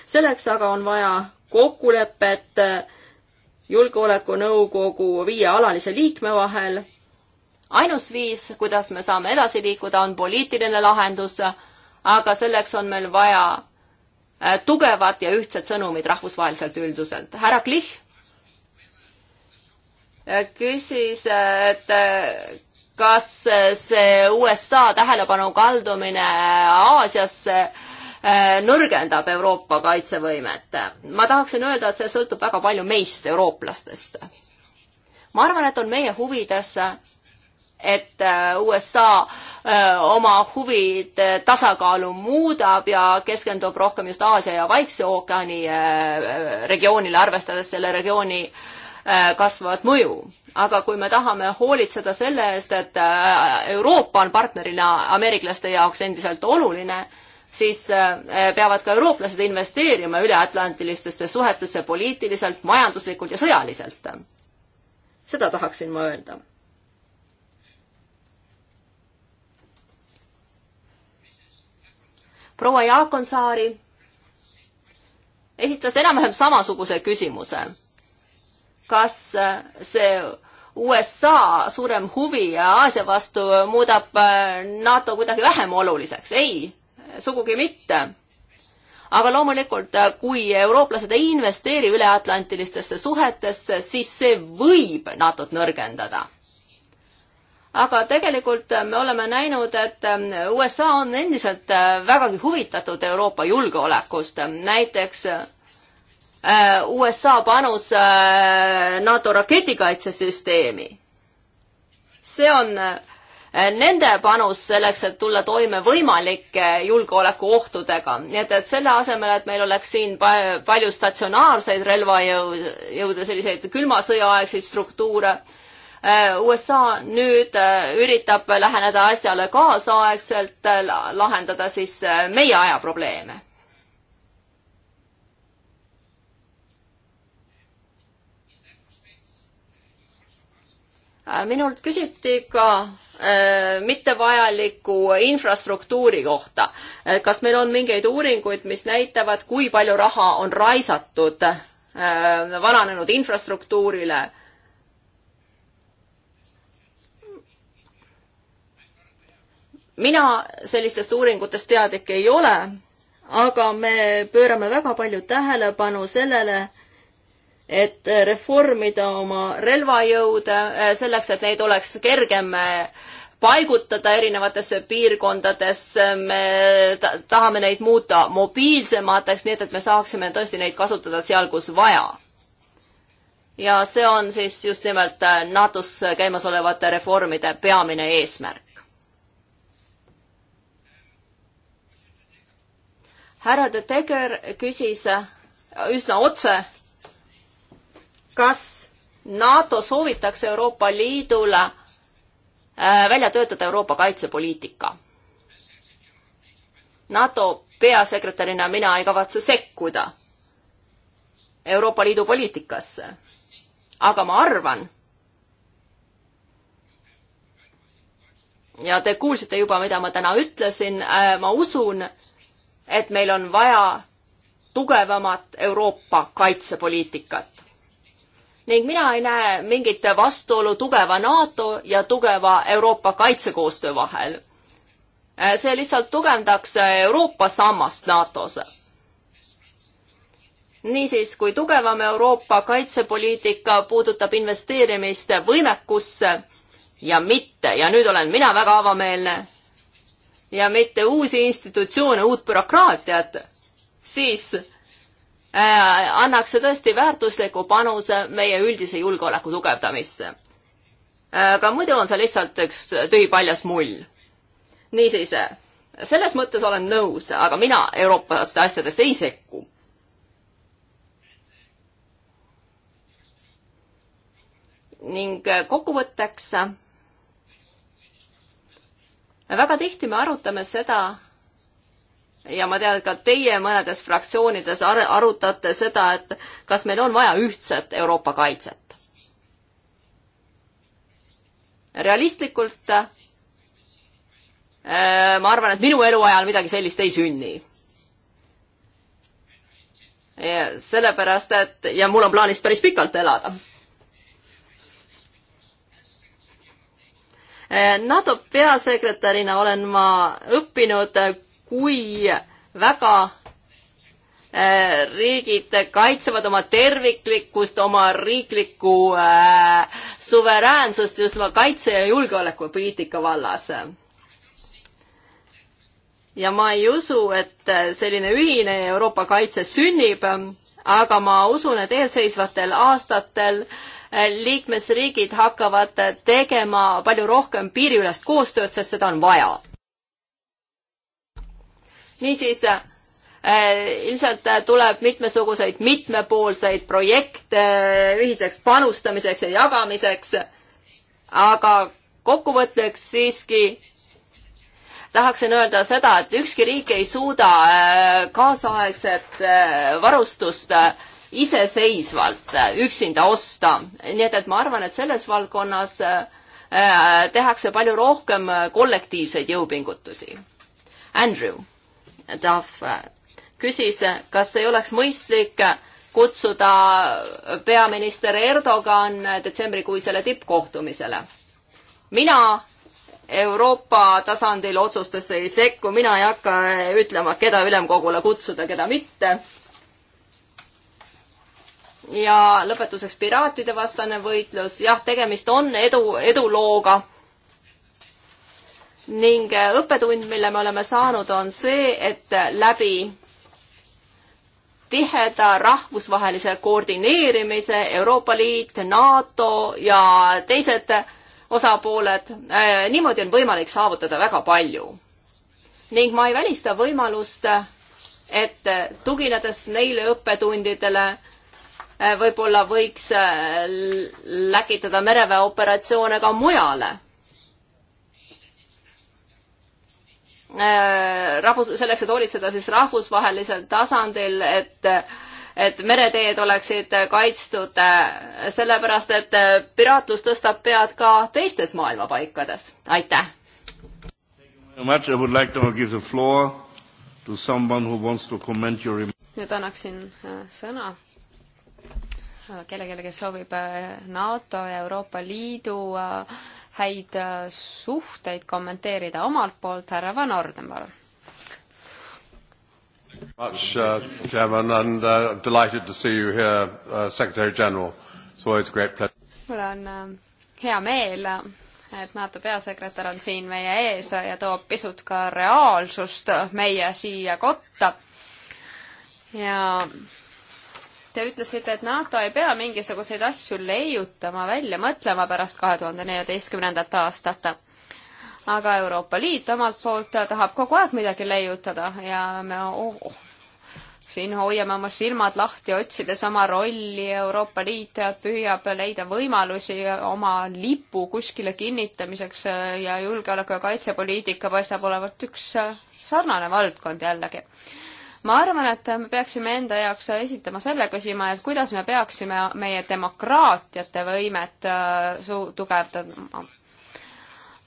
selleks aga on vaja kokkulepet Julgeolekunõukogu viie alalise liikme vahel ainus viis, kuidas me saame edasi liikuda, on poliitiline lahendus, aga selleks on meil vaja äh, tugevat ja ühtset sõnumit rahvusvaheliselt üldiselt. härra Klich äh, küsis, et äh, kas see USA tähelepanu kaldumine Aasiasse nõrgendab Euroopa kaitsevõimet. ma tahaksin öelda, et see sõltub väga palju meist, eurooplastest. ma arvan, et on meie huvides et äh, USA äh, oma huvid äh, tasakaalu muudab ja keskendub rohkem just Aasia ja Vaikse ookeani regioonile, arvestades selle regiooni kasvavat mõju. aga kui me tahame hoolitseda selle eest, et Euroopa on partnerina ameeriklaste jaoks endiselt oluline, siis peavad ka eurooplased investeerima üleatlantilistesse suhetesse poliitiliselt, majanduslikult ja sõjaliselt. seda tahaksin ma öelda proua Jaakonsaari esitas enam-vähem samasuguse küsimuse. kas äh, see USA suurem huvi Aasia vastu muudab äh, NATO kuidagi vähem oluliseks? ei, sugugi mitte. aga loomulikult, äh, kui eurooplased ei investeeri üleatlantilistesse suhetesse, siis see võib NATO-t nõrgendada aga tegelikult me oleme näinud, et ähm, USA on endiselt äh, vägagi huvitatud Euroopa julgeolekust, näiteks äh, USA panus äh, NATO raketikaitsesüsteemi. see on nende panus selleks, et tulla toime võimalike julgeolekuohtudega. nii et, et selle asemel, et meil oleks siin palju statsionaarseid relvajõude, selliseid külma sõja aegseid struktuure, Äh, USA nüüd äh, üritab läheneda asjale kaasaegselt, äh, lahendada siis meie aja probleeme. minult küsiti ka mittevajaliku infrastruktuuri kohta. kas meil on mingeid uuringuid, mis näitavad, kui palju raha on raisatud vananenud infrastruktuurile mina sellistest uuringutest teadlik ei ole, aga me pöörame väga palju tähelepanu sellele, et reformida oma relvajõude eh, selleks, et neid oleks kergem eh, paigutada erinevatesse piirkondadesse, me tahame neid muuta mobiilsemateks, nii et, et me saaksime tõesti neid kasutada seal, kus vaja. ja see on siis just nimelt eh, NATO-s käimasolevate reformide peamine eesmärk. härra De Teger küsis äh, üsna otse, kas NATO soovitaks Euroopa Liidule äh, välja töötada Euroopa kaitsepoliitika. NATO peasekretärina mina ei kavatse sekkuda Euroopa Liidu poliitikasse. aga ma arvan, ja te kuulsite juba, mida ma täna ütlesin, äh, ma usun, et meil on vaja tugevamat Euroopa kaitsepoliitikat. ning mina ei näe mingit vastuolu tugeva NATO ja tugeva Euroopa kaitsekoostöö vahel. see lihtsalt tugevdaks Euroopa sammast NATO-s. niisiis, kui tugevam Euroopa kaitsepoliitika puudutab investeerimist võimekusse ja mitte, ja nüüd olen mina väga avameelne, ja mitte uusi institutsioone, uut bürokraatiat, siis äh, annaks see tõesti väärtusliku panuse meie üldise julgeoleku tugevdamisse. Äh, aga muidu on see lihtsalt üks tühipaljas mull. niisiis, äh, selles mõttes olen nõus, aga mina Euroopasse asjadesse ei sekku. ning kokkuvõtteks väga tihti me arutame seda ja ma tean, et ka teie mõnedes fraktsioonides ar arutate seda, et kas meil on vaja ühtset Euroopa kaitset. realistlikult äh, ma arvan, et minu eluajal midagi sellist ei sünni Ja sellepärast, et ja mul on plaanis päris pikalt elada. Eh, NATO peasekretärina olen ma õppinud, kui väga eh, riigid kaitsevad oma terviklikkust, oma riiklikku äh, suveräänsust just oma kaitse- ja julgeolekupoliitika vallas. ja ma ei usu, et selline ühine Euroopa kaitse sünnib, aga ma usun, et eelseisvatel aastatel äh, liikmesriigid hakkavad tegema palju rohkem piiriülest koostööd, sest seda on vaja. niisiis eh, ilmselt tuleb mitmesuguseid mitmepoolseid projekte ühiseks panustamiseks ja jagamiseks. aga kokkuvõtteks siiski tahaksin öelda seda, et ükski riik ei suuda eh, kaasaegset eh, varustust iseseisvalt äh, üksinda osta. nii et, et ma arvan, et selles valdkonnas äh, tehakse palju rohkem äh, kollektiivseid jõupingutusi. Andrew Duff küsis, kas ei oleks mõistlik kutsuda peaminister Erdogan detsembrikuisele tippkohtumisele. mina Euroopa tasandil otsustesse ei sekku, mina ei hakka ütlema, keda ülemkogule kutsuda, keda mitte ja lõpetuseks piraatide vastane võitlus, jah, tegemist on edu, edulooga. ning äh, õppetund, mille me oleme saanud, on see, et läbi tiheda rahvusvahelise koordineerimise Euroopa Liit, NATO ja teised osapooled, äh, niimoodi on võimalik saavutada väga palju. ning ma ei välista võimalust, äh, et tuginedes neile õppetundidele, Eh, võib-olla võiks eh, läkitada mereväe operatsioone ka mujale. Eh, rahvus, selleks, et hoolitseda siis rahvusvahelisel tasandil, et et mereteed oleksid kaitstud, sellepärast et piraatlus tõstab pead ka teistes maailma paikades. aitäh! nüüd annaksin sõna kellelegi, kes soovib äh, NATO ja Euroopa Liidu äh, häid äh, suhteid kommenteerida omalt poolt, härra Van Orden, palun. Much, uh, Chairman, and uh, delighted to see you here, uh, Secretary General. It's always a great pleasure. mul on uh, hea meel, et NATO peasekretär on siin meie ees ja toob pisut ka reaalsust meie siia kotta. ja Te ütlesite, et NATO ei pea mingisuguseid asju leiutama, välja mõtlema pärast kahe tuhande neljateistkümnendat aastat. aga Euroopa Liit omalt poolt tahab kogu aeg midagi leiutada ja me oh, oh, siin hoiame oma silmad lahti, otsides oma rolli, Euroopa Liit püüab leida võimalusi oma lipu kuskile kinnitamiseks ja julgeoleku- ja kaitsepoliitika paistab olevat üks sarnane valdkond jällegi ma arvan, et me peaksime enda jaoks esitama selle küsima, et kuidas me peaksime meie demokraatiate võimet äh, su-, tugevdama.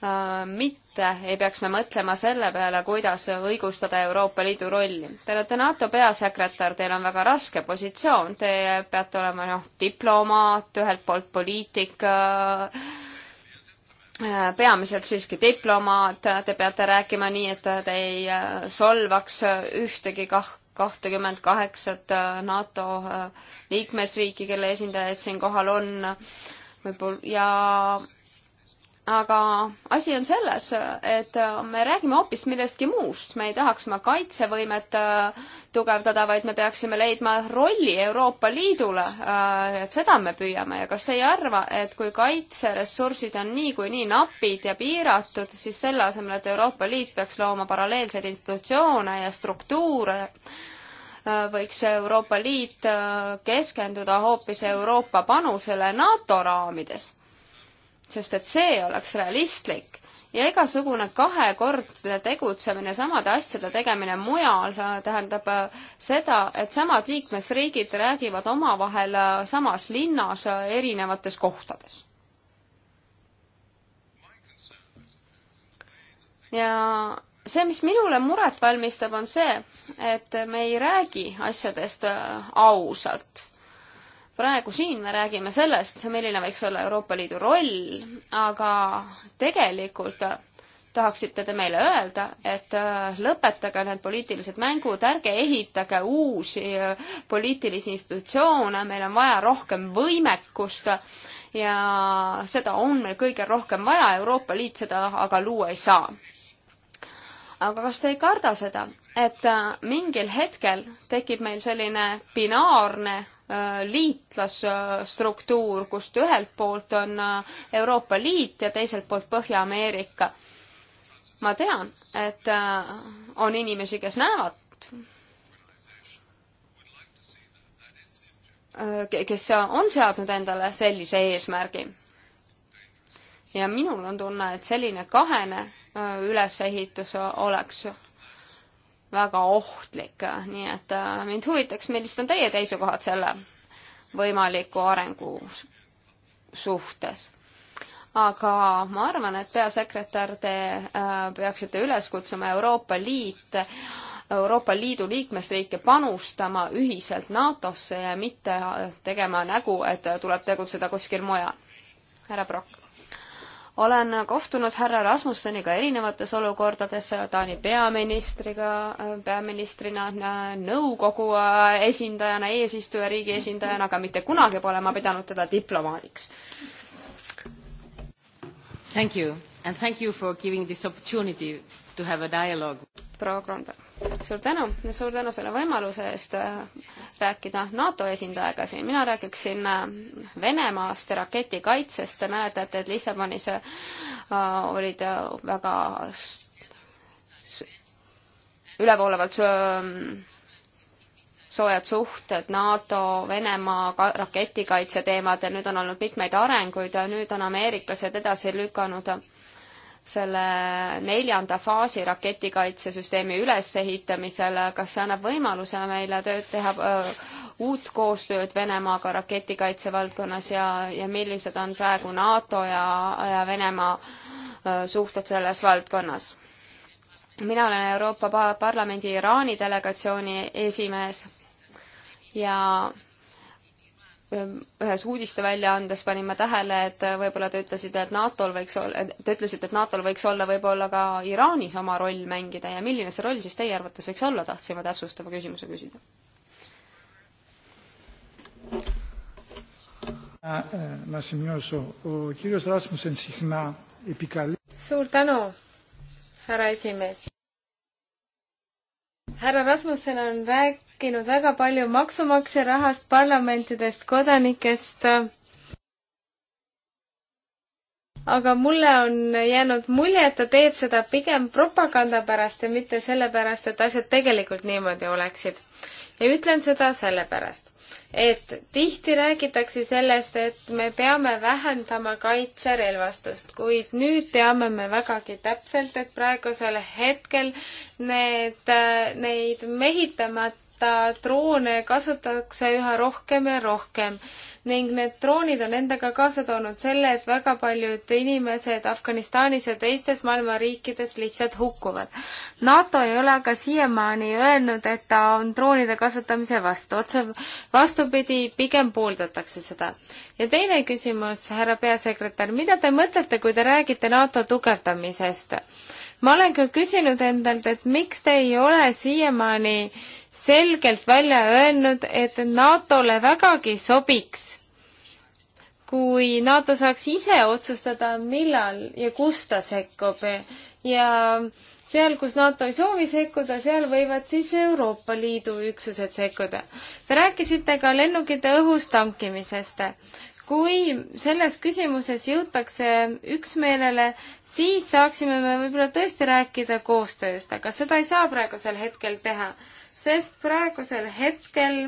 Äh, mitte ei peaks me mõtlema selle peale, kuidas õigustada Euroopa Liidu rolli. Te olete NATO peasekretär, teil on väga raske positsioon, te peate olema noh, diplomaat, ühelt poolt poliitik äh,, Äh, peamiselt siiski diplomaat, te peate rääkima nii, et te ei äh, solvaks äh, ühtegi kah-, kahtekümmend kaheksat NATO liikmesriiki, kelle esindajaid siin kohal on, võib-olla, ja aga asi on selles, et äh, me räägime hoopis millestki muust, me ei tahaks oma kaitsevõimet äh, tugevdada, vaid me peaksime leidma rolli Euroopa Liidule, äh, et seda me püüame ja kas te ei arva, et kui kaitseressursid on niikuinii nii napid ja piiratud, siis selle asemel, et Euroopa Liit peaks looma paralleelseid institutsioone ja struktuure, võiks Euroopa Liit keskenduda hoopis Euroopa panusele NATO raamides sest et see oleks realistlik ja igasugune kahekordne tegutsemine, samade asjade tegemine mujal tähendab äh, seda, et samad liikmesriigid räägivad omavahel äh, samas linnas äh, erinevates kohtades. ja see, mis minule muret valmistab, on see, et me ei räägi asjadest ausalt praegu siin me räägime sellest, milline võiks olla Euroopa Liidu roll, aga tegelikult tahaksite te meile öelda, et äh, lõpetage need poliitilised mängud, ärge ehitage uusi äh, poliitilisi institutsioone, meil on vaja rohkem võimekust ja seda on meil kõigil rohkem vaja, Euroopa Liit seda aga luua ei saa. aga kas te ei karda seda, et äh, mingil hetkel tekib meil selline binaarne liitlasstruktuur, kust ühelt poolt on äh, Euroopa Liit ja teiselt poolt Põhja-Ameerika. ma tean, et äh, on inimesi, kes näevad, äh, kes on seadnud endale sellise eesmärgi. ja minul on tunne, et selline kahene ülesehitus oleks väga ohtlik, nii et äh, mind huvitaks, millised on teie seisukohad selle võimaliku arengu suhtes. aga ma arvan, et peasekretär, te äh, peaksite üles kutsuma Euroopa Liit, Euroopa Liidu liikmesriike panustama ühiselt NATO-sse ja mitte tegema nägu, et tuleb tegutseda kuskil mujal. härra Prokk olen kohtunud härra Rasmusseniga erinevates olukordades, Taani peaministriga, peaministrina, äh, nõukogu äh, esindajana, eesistujariigi esindajana, aga mitte kunagi pole ma pidanud teda diplomaadiks. Thank you and thank you for giving this opportunity to have a dialogue. proua Kronberg, suur tänu ja suur tänu selle võimaluse eest äh, rääkida NATO esindajaga siin. mina räägiksin äh, Venemaast ja raketikaitsest. Te mäletate, et Lissabonis äh, olid väga ülevoolavalt soojad suhted NATO, Venemaa raketikaitse teemadel, nüüd on olnud mitmeid arenguid ja nüüd on ameeriklased edasi lükanud selle neljanda faasi raketikaitsesüsteemi ülesehitamisel, kas see annab võimaluse meile tööd teha, uut koostööd Venemaaga raketikaitse valdkonnas ja, ja millised on praegu NATO ja, ja Venemaa suhted selles valdkonnas? mina olen Euroopa Parlamendi Iraani delegatsiooni esimees ja ühes uudisteväljaandes panin ma tähele, et äh, võib-olla te ütlesite, et NATO-l võiks olla, te ütlesite, et NATO-l võiks olla võib-olla ka Iraanis oma roll mängida ja milline see roll siis teie arvates võiks olla, tahtsin ma täpsustava küsimuse küsida. E, suur tänu, härra esimees härra Rasmussen on rääkinud väga palju maksumaksja rahast, parlamentidest, kodanikest. aga mulle on jäänud mulje, et ta teeb seda pigem propaganda pärast ja mitte sellepärast, et asjad tegelikult niimoodi oleksid ja ütlen seda sellepärast, et tihti räägitakse sellest, et me peame vähendama kaitserelvastust, kuid nüüd teame me vägagi täpselt, et praegusel hetkel need, äh, neid mehitamata vaadata, äh, droone kasutatakse üha rohkem ja rohkem ning need droonid on endaga kaasa toonud selle, et väga paljud inimesed Afganistanis ja teistes maailma riikides lihtsalt hukkuvad. NATO ei ole aga siiamaani öelnud, et ta on droonide kasutamise vastu, otse vastupidi, pigem pooldatakse seda. ja teine küsimus, härra peasekretär, mida te mõtlete, kui te räägite NATO tugevdamisest? ma olen ka küsinud endalt, et miks te ei ole siiamaani selgelt välja öelnud, et NATO-le vägagi sobiks, kui NATO saaks ise otsustada, millal ja kus ta sekkub ja seal, kus NATO ei soovi sekkuda, seal võivad siis Euroopa Liidu üksused sekkuda. Te rääkisite ka lennukite õhus tankimisest kui selles küsimuses jõutakse üksmeelele, siis saaksime me võib-olla tõesti rääkida koostööst, aga seda ei saa praegusel hetkel teha, sest praegusel hetkel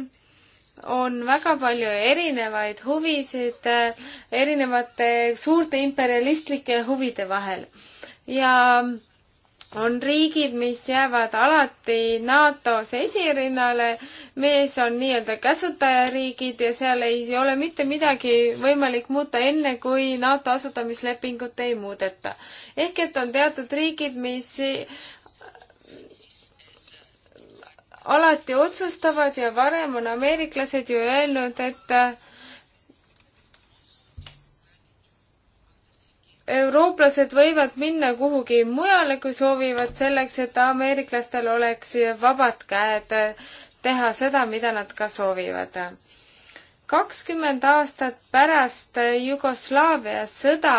on väga palju erinevaid huvisid erinevate suurte imperialistlike huvide vahel ja on riigid, mis jäävad alati NATO-s esirinnale, mees on nii-öelda käsutajariigid ja seal ei ole mitte midagi võimalik muuta enne, kui NATO asutamislepingut ei muudeta. ehk et on teatud riigid, mis alati otsustavad ja varem on ameeriklased ju öelnud, et eurooplased võivad minna kuhugi mujale, kui soovivad, selleks et ameeriklastel oleks vabad käed teha seda, mida nad ka soovivad. kakskümmend aastat pärast Jugoslaavia sõda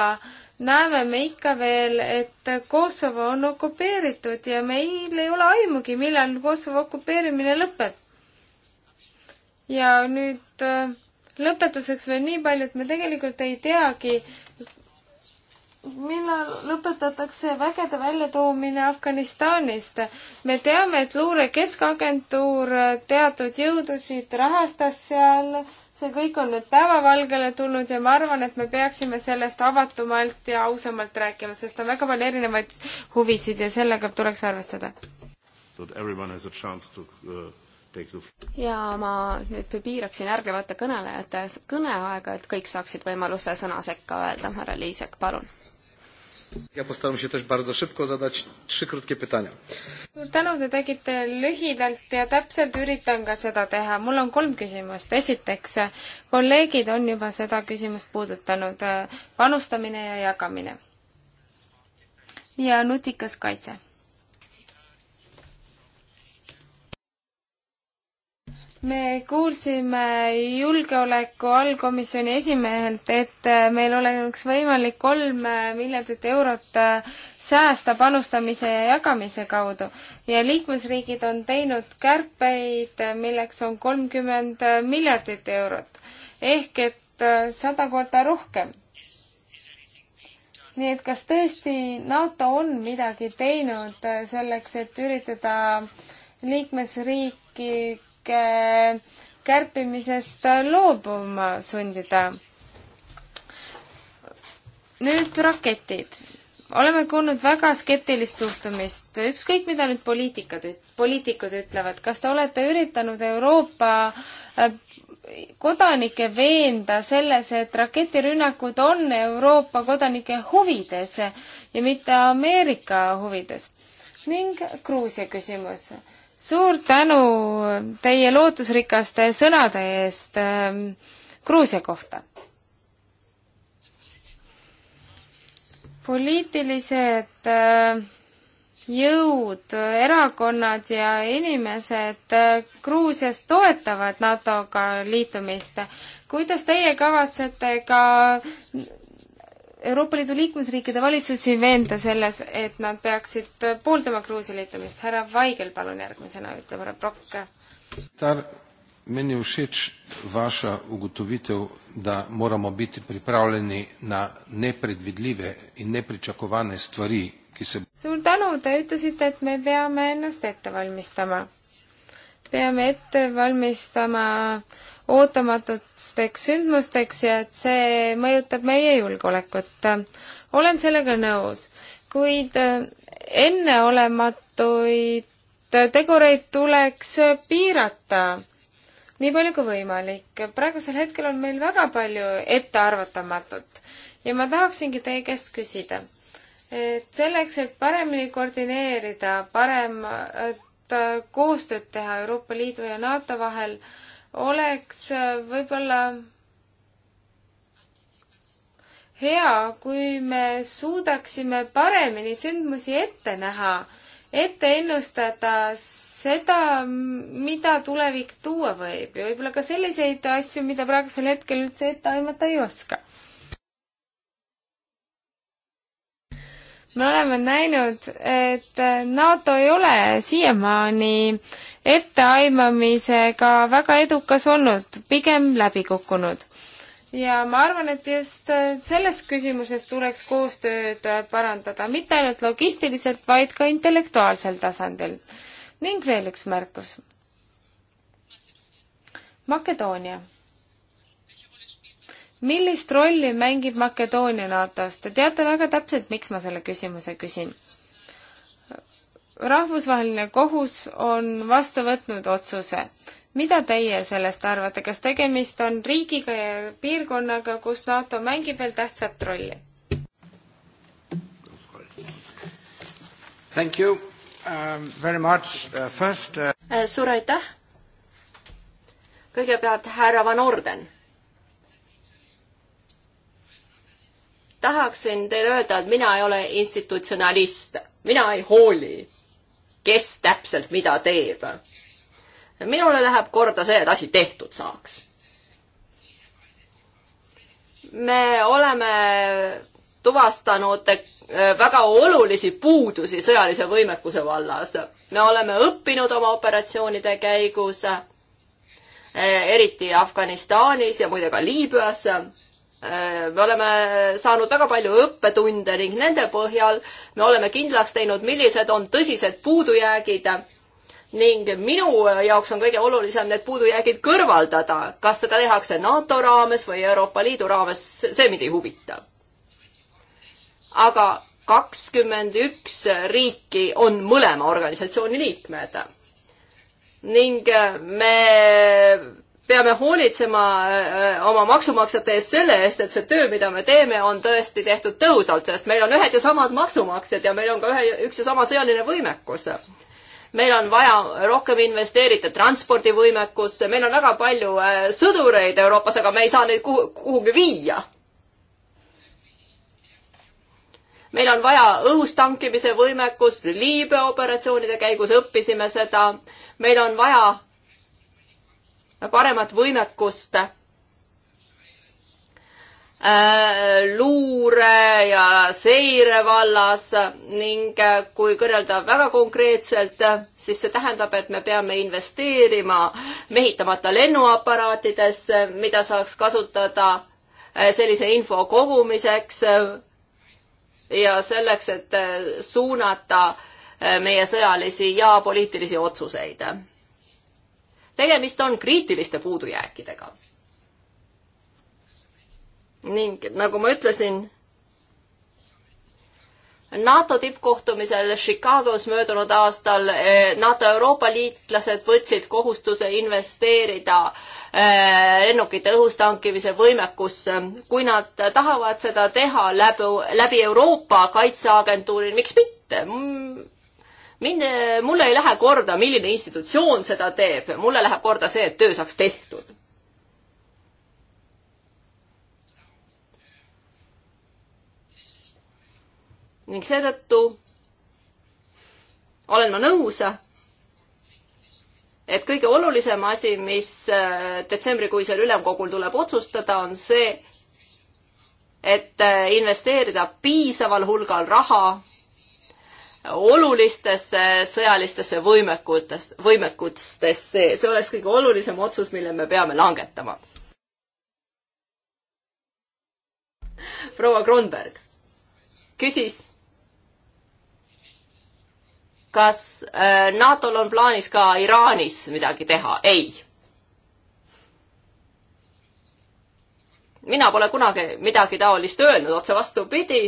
näeme me ikka veel, et Kosovo on okupeeritud ja meil ei ole aimugi, millal Kosovo okupeerimine lõpeb. ja nüüd äh, lõpetuseks veel nii palju, et me tegelikult ei teagi, millal lõpetatakse vägede väljatoomine Afganistanist. me teame, et luure keskagentuur teatud jõudusid rahastas seal, see kõik on nüüd päevavalgele tulnud ja ma arvan, et me peaksime sellest avatumalt ja ausamalt rääkima, sest on väga palju erinevaid huvisid ja sellega tuleks arvestada. Uh, ja ma nüüd piiraksin järgnevate kõnelejate kõneaega, et kõik saaksid võimaluse sõna sekka öelda. härra Liisek, palun ja postaram się też bardzo szybko zadać trzy krótkie pytania. suur tänu, te tegite lühidalt ja täpselt üritan ka seda teha. mul on kolm küsimust. esiteks, kolleegid on juba seda küsimust puudutanud, panustamine ja jagamine. ja nutikas kaitse me kuulsime julgeoleku allkomisjoni esimehelt, et äh, meil oleks võimalik kolm äh, miljardit eurot äh, säästa panustamise ja jagamise kaudu ja liikmesriigid on teinud kärpeid, milleks on kolmkümmend miljardit eurot ehk et sada korda rohkem. nii et kas tõesti NATO on midagi teinud selleks, et üritada liikmesriiki ametnikke kärpimisest loobuma sundida. nüüd raketid. oleme kuulnud väga skeptilist suhtumist, ükskõik mida nüüd poliitikad, poliitikud ütlevad, kas te olete üritanud Euroopa äh, kodanikke veenda selles, et raketirünnakud on Euroopa kodanike huvides ja mitte Ameerika huvides. ning Gruusia küsimus suur tänu teie lootusrikaste sõnade eest ähm, Gruusia kohta. poliitilised äh, jõud, erakonnad ja inimesed äh, Gruusias toetavad NATO-ga liitumist. kuidas teie kavatsete ka Euroopa Liidu liikmesriikide valitsusi veenda selles, et nad peaksid pooldama Gruusia liitumist. härra Vaigel, palun järgmisena, ütleb härra Prokk. Tar, meni všeč vaša ugotovitev, da moramo biti pripravljeni na nepredvidljive in nepričakovane stvari, ki se suur tänu, te ütlesite, et me peame ennast ette valmistama. peame ette valmistama äh, ootamatuteks sündmusteks ja et see mõjutab meie julgeolekut. olen sellega nõus, kuid äh, enneolematuid tegureid tuleks piirata nii palju kui võimalik. praegusel hetkel on meil väga palju ettearvatamatut ja ma tahaksingi teie käest küsida, et selleks, et paremini koordineerida, paremat äh, koostööd teha Euroopa Liidu ja NATO vahel, oleks äh, võib-olla hea, kui me suudaksime paremini sündmusi ette näha, ette ennustada seda, mida tulevik tuua võib ja võib-olla ka selliseid asju, mida praegusel hetkel üldse ette aimata ei oska me oleme näinud, et äh, NATO ei ole siiamaani etteaimamisega väga edukas olnud, pigem läbi kukkunud. ja ma arvan, et just äh, selles küsimuses tuleks koostööd äh, parandada, mitte ainult logistiliselt, vaid ka intellektuaalsel tasandil. ning veel üks märkus. Makedoonia millist rolli mängib Makedoonia NATO-s? Te teate väga täpselt, miks ma selle küsimuse küsin. rahvusvaheline kohus on vastu võtnud otsuse. mida teie sellest arvate, kas tegemist on riigiga ja piirkonnaga, kus NATO mängib veel tähtsat rolli? Thank you um, very much uh, first uh.... suur aitäh. kõigepealt härra Van Orden tahaksin teile öelda, et mina ei ole institutsionalist, mina ei hooli, kes täpselt mida teeb. minule läheb korda see, et asi tehtud saaks. me oleme tuvastanud äh, väga olulisi puudusi sõjalise võimekuse vallas. me oleme õppinud oma operatsioonide käigus, äh, eriti Afganistanis ja muide ka Liibüas Äh, me oleme saanud väga palju õppetunde ning nende põhjal me oleme kindlaks teinud, millised on tõsised puudujäägid ning minu jaoks on kõige olulisem need puudujäägid kõrvaldada. kas seda tehakse NATO raames või Euroopa Liidu raames, see mind ei huvita. aga kakskümmend üks riiki on mõlema organisatsiooni liikmed. ning me peame hoolitsema äh, äh, oma maksumaksjate eest selle eest, et see töö, mida me teeme, on tõesti tehtud tõhusalt, sest meil on ühed ja samad maksumaksjad ja meil on ka ühe, üks ja sama sõjaline võimekus. meil on vaja rohkem investeerida transpordivõimekusse, meil on väga palju äh, sõdureid Euroopas, aga me ei saa neid kuhu, kuhugi viia. meil on vaja õhus tankimise võimekust, Liibüa operatsioonide käigus õppisime seda, meil on vaja paremat võimekust äh, luure ja seire vallas ning äh, kui kõnelda väga konkreetselt, siis see tähendab, et me peame investeerima mehitamata lennuaparaatidesse, mida saaks kasutada äh, sellise info kogumiseks ja selleks, et suunata meie sõjalisi ja poliitilisi otsuseid tegemist on kriitiliste puudujääkidega. ning nagu ma ütlesin, NATO tippkohtumisel Chicagos möödunud aastal eh, NATO Euroopa liitlased võtsid kohustuse investeerida eh, lennukite õhust hankimise võimekusse. kui nad tahavad seda teha läbi, läbi Euroopa Kaitseagentuuri, miks mitte? Mm, mind, eh, mulle ei lähe korda, milline institutsioon seda teeb, mulle läheb korda see, et töö saaks tehtud. ning seetõttu olen ma nõus, et kõige olulisem asi, mis eh, detsembrikuisel ülemkogul tuleb otsustada, on see, et eh, investeerida piisaval hulgal raha olulistesse sõjalistesse võimekutes, võimekustesse, see oleks kõige olulisem otsus, mille me peame langetama. proua Kronberg küsis, kas äh, NATO-l on plaanis ka Iraanis midagi teha? ei. mina pole kunagi midagi taolist öelnud, otse vastupidi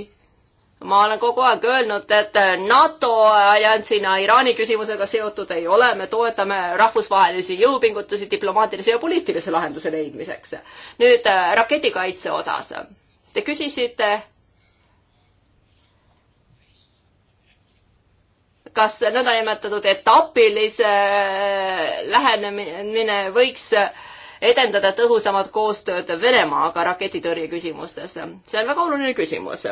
ma olen kogu aeg öelnud, et NATO alliansina Iraani küsimusega seotud ei ole, me toetame rahvusvahelisi jõupingutusi diplomaatilise ja poliitilise lahenduse leidmiseks. nüüd äh, raketikaitse osas. Te küsisite, kas nõndanimetatud etapilise äh, lähenemine võiks edendada tõhusamat koostööd Venemaaga raketitõrje küsimustes? see on väga oluline küsimus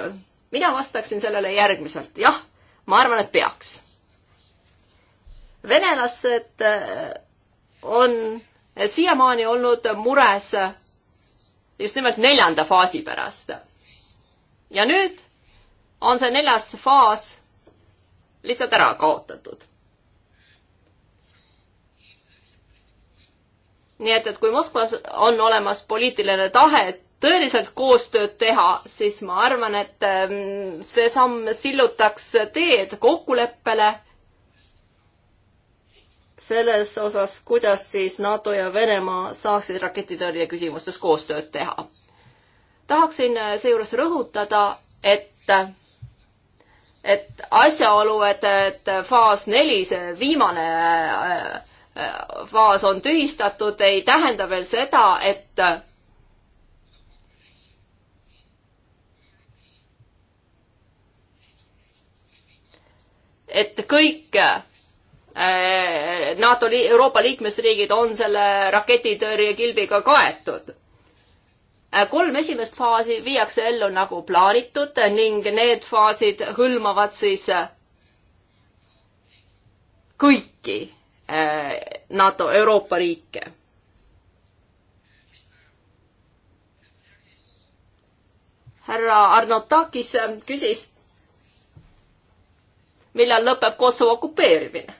mina vastaksin sellele järgmiselt, jah, ma arvan, et peaks. venelased äh, on siiamaani olnud mures just nimelt neljanda faasi pärast. ja nüüd on see neljas faas lihtsalt ära kaotatud. nii et, et kui Moskvas on olemas poliitiline tahe tõeliselt koostööd teha, siis ma arvan, et ähm, see samm sillutaks teed kokkuleppele selles osas, kuidas siis NATO ja Venemaa saaksid raketitõrje küsimustes koostööd teha. tahaksin äh, seejuures rõhutada, et et asjaolu, et, et faas neli, see viimane äh, äh, faas on tühistatud, ei tähenda veel seda, et et kõik äh, NATO, Euroopa liikmesriigid on selle raketitõrjekilbiga kaetud. Äh, kolm esimest faasi viiakse ellu nagu plaanitud ning need faasid hõlmavad siis äh, kõiki NATO, Euroopa riike härra Arnotakis küsis millal lõpeb Kosovo okupeerimine.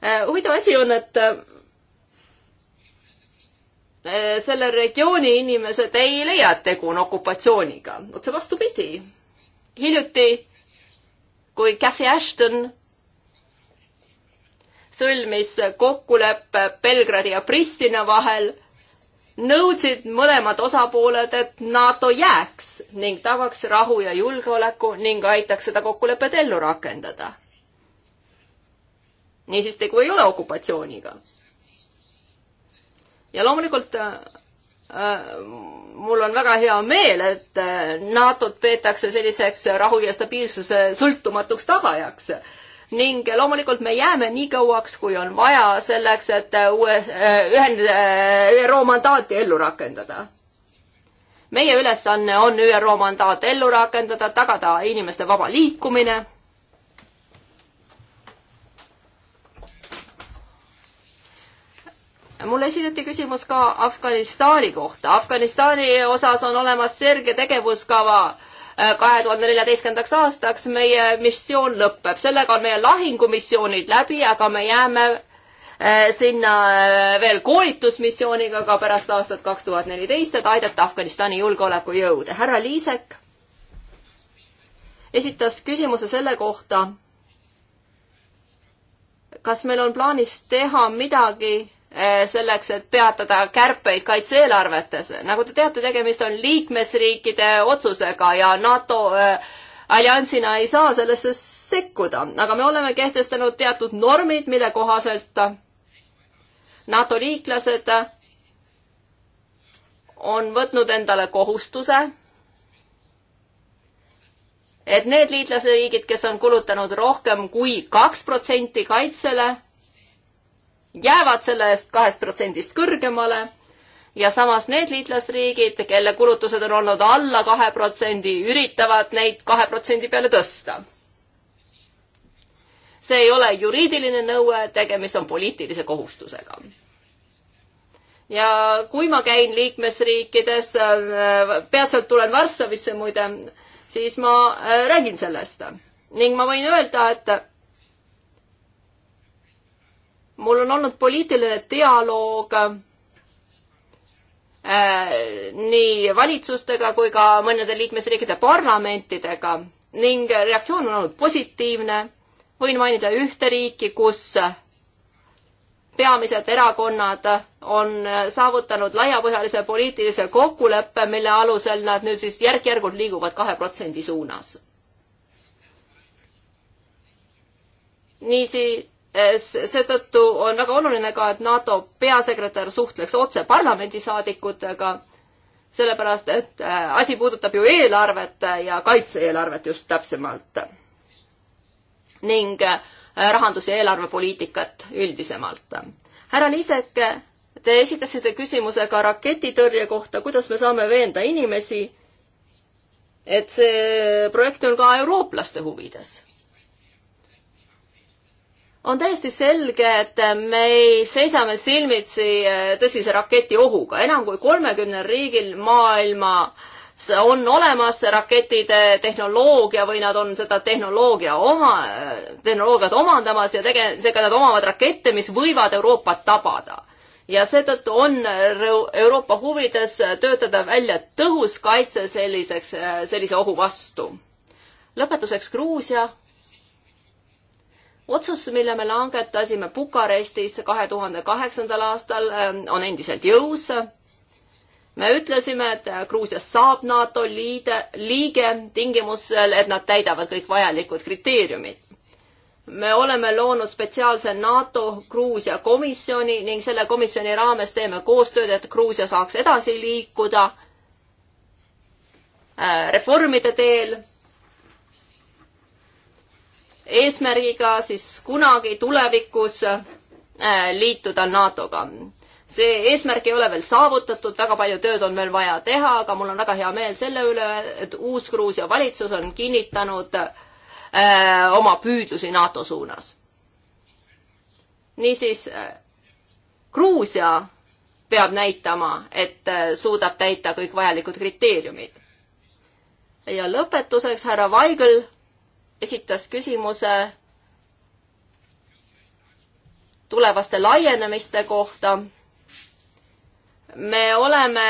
Äh, huvitav asi on, et äh, selle regiooni inimesed ei leia, et tegu on okupatsiooniga, otse vastupidi. hiljuti, kui Cathy Ashton sõlmis kokkuleppe Belgradi ja Pristina vahel nõudsid mõlemad osapooled, et NATO jääks ning tagaks rahu ja julgeoleku ning aitaks seda kokkulepet ellu rakendada. niisiis tegu ei ole okupatsiooniga. ja loomulikult äh, äh, mul on väga hea meel, et äh, NATO-t peetakse selliseks rahu ja stabiilsuse sõltumatuks tagajaks ning loomulikult me jääme nii kauaks, kui on vaja selleks, et äh, uue, äh, ühend-, äh, ÜRO mandaati ellu rakendada. meie ülesanne on ÜRO mandaat ellu rakendada, tagada inimeste vaba liikumine. mulle esitati küsimus ka Afganistani kohta. Afganistani osas on olemas selge tegevuskava kahe tuhande neljateistkümnendaks aastaks meie missioon lõpeb. sellega on meie lahingumissioonid läbi, aga me jääme äh, sinna äh, veel koolitusmissiooniga ka pärast aastat kaks tuhat neliteist, et aidata Afganistani julgeolekujõude. härra Liisek esitas küsimuse selle kohta, kas meil on plaanis teha midagi Eh, selleks, et peatada kärpeid kaitse-eelarvetes. nagu te teate, tegemist on liikmesriikide otsusega ja NATO eh, alliansina ei saa sellesse sekkuda, aga me oleme kehtestanud teatud normid, mille kohaselt NATO liitlased on võtnud endale kohustuse, et need liitlasriigid, kes on kulutanud rohkem kui kaks protsenti kaitsele, jäävad sellest kahest protsendist kõrgemale ja samas need liitlasriigid, kelle kulutused on olnud alla kahe protsendi, üritavad neid kahe protsendi peale tõsta. see ei ole juriidiline nõue, tegemist on poliitilise kohustusega. ja kui ma käin liikmesriikides, äh, peatselt tulen Varssavisse muide, siis ma äh, räägin sellest ning ma võin öelda, et mul on olnud poliitiline dialoog äh, nii valitsustega kui ka mõnede liikmesriikide parlamentidega ning reaktsioon on olnud positiivne. võin mainida ühte riiki, kus peamised erakonnad on saavutanud laiapõhjalise poliitilise kokkuleppe, mille alusel nad nüüd siis järk-järgult liiguvad kahe protsendi suunas. niisi-, seetõttu on väga oluline ka, et NATO peasekretär suhtleks otse parlamendisaadikutega, sellepärast et äh, asi puudutab ju eelarvet ja kaitse-eelarvet just täpsemalt. ning äh, rahandus- ja eelarvepoliitikat üldisemalt. härra Liisek, te esitasite küsimuse ka raketitõrje kohta, kuidas me saame veenda inimesi, et see projekt on ka eurooplaste huvides on täiesti selge, et me seisame silmitsi äh, tõsise raketiohuga. enam kui kolmekümnel riigil maailmas on olemas rakettide tehnoloogia või nad on seda tehnoloogia oma, äh, tehnoloogiat omandamas ja tege-, seega nad omavad rakette, mis võivad Euroopat tabada. ja seetõttu on Euroopa huvides töötada välja tõhus kaitse selliseks, äh, sellise ohu vastu. lõpetuseks Gruusia otsus, mille me langetasime Bukarestis kahe tuhande kaheksandal aastal, ähm, on endiselt jõus. me ütlesime, et äh, Gruusiast saab NATO liide, liige tingimusel, et nad täidavad kõik vajalikud kriteeriumid me oleme loonud spetsiaalse NATO Gruusia komisjoni ning selle komisjoni raames teeme koostööd, et Gruusia saaks edasi liikuda äh, reformide teel eesmärgiga siis kunagi tulevikus äh, liituda NATO-ga. see eesmärk ei ole veel saavutatud, väga palju tööd on veel vaja teha, aga mul on väga hea meel selle üle, et uus Gruusia valitsus on kinnitanud äh, oma püüdlusi NATO suunas. niisiis, äh, Gruusia peab näitama, et suudab täita kõik vajalikud kriteeriumid. ja lõpetuseks härra Vaigel esitas küsimuse tulevaste laienemiste kohta. me oleme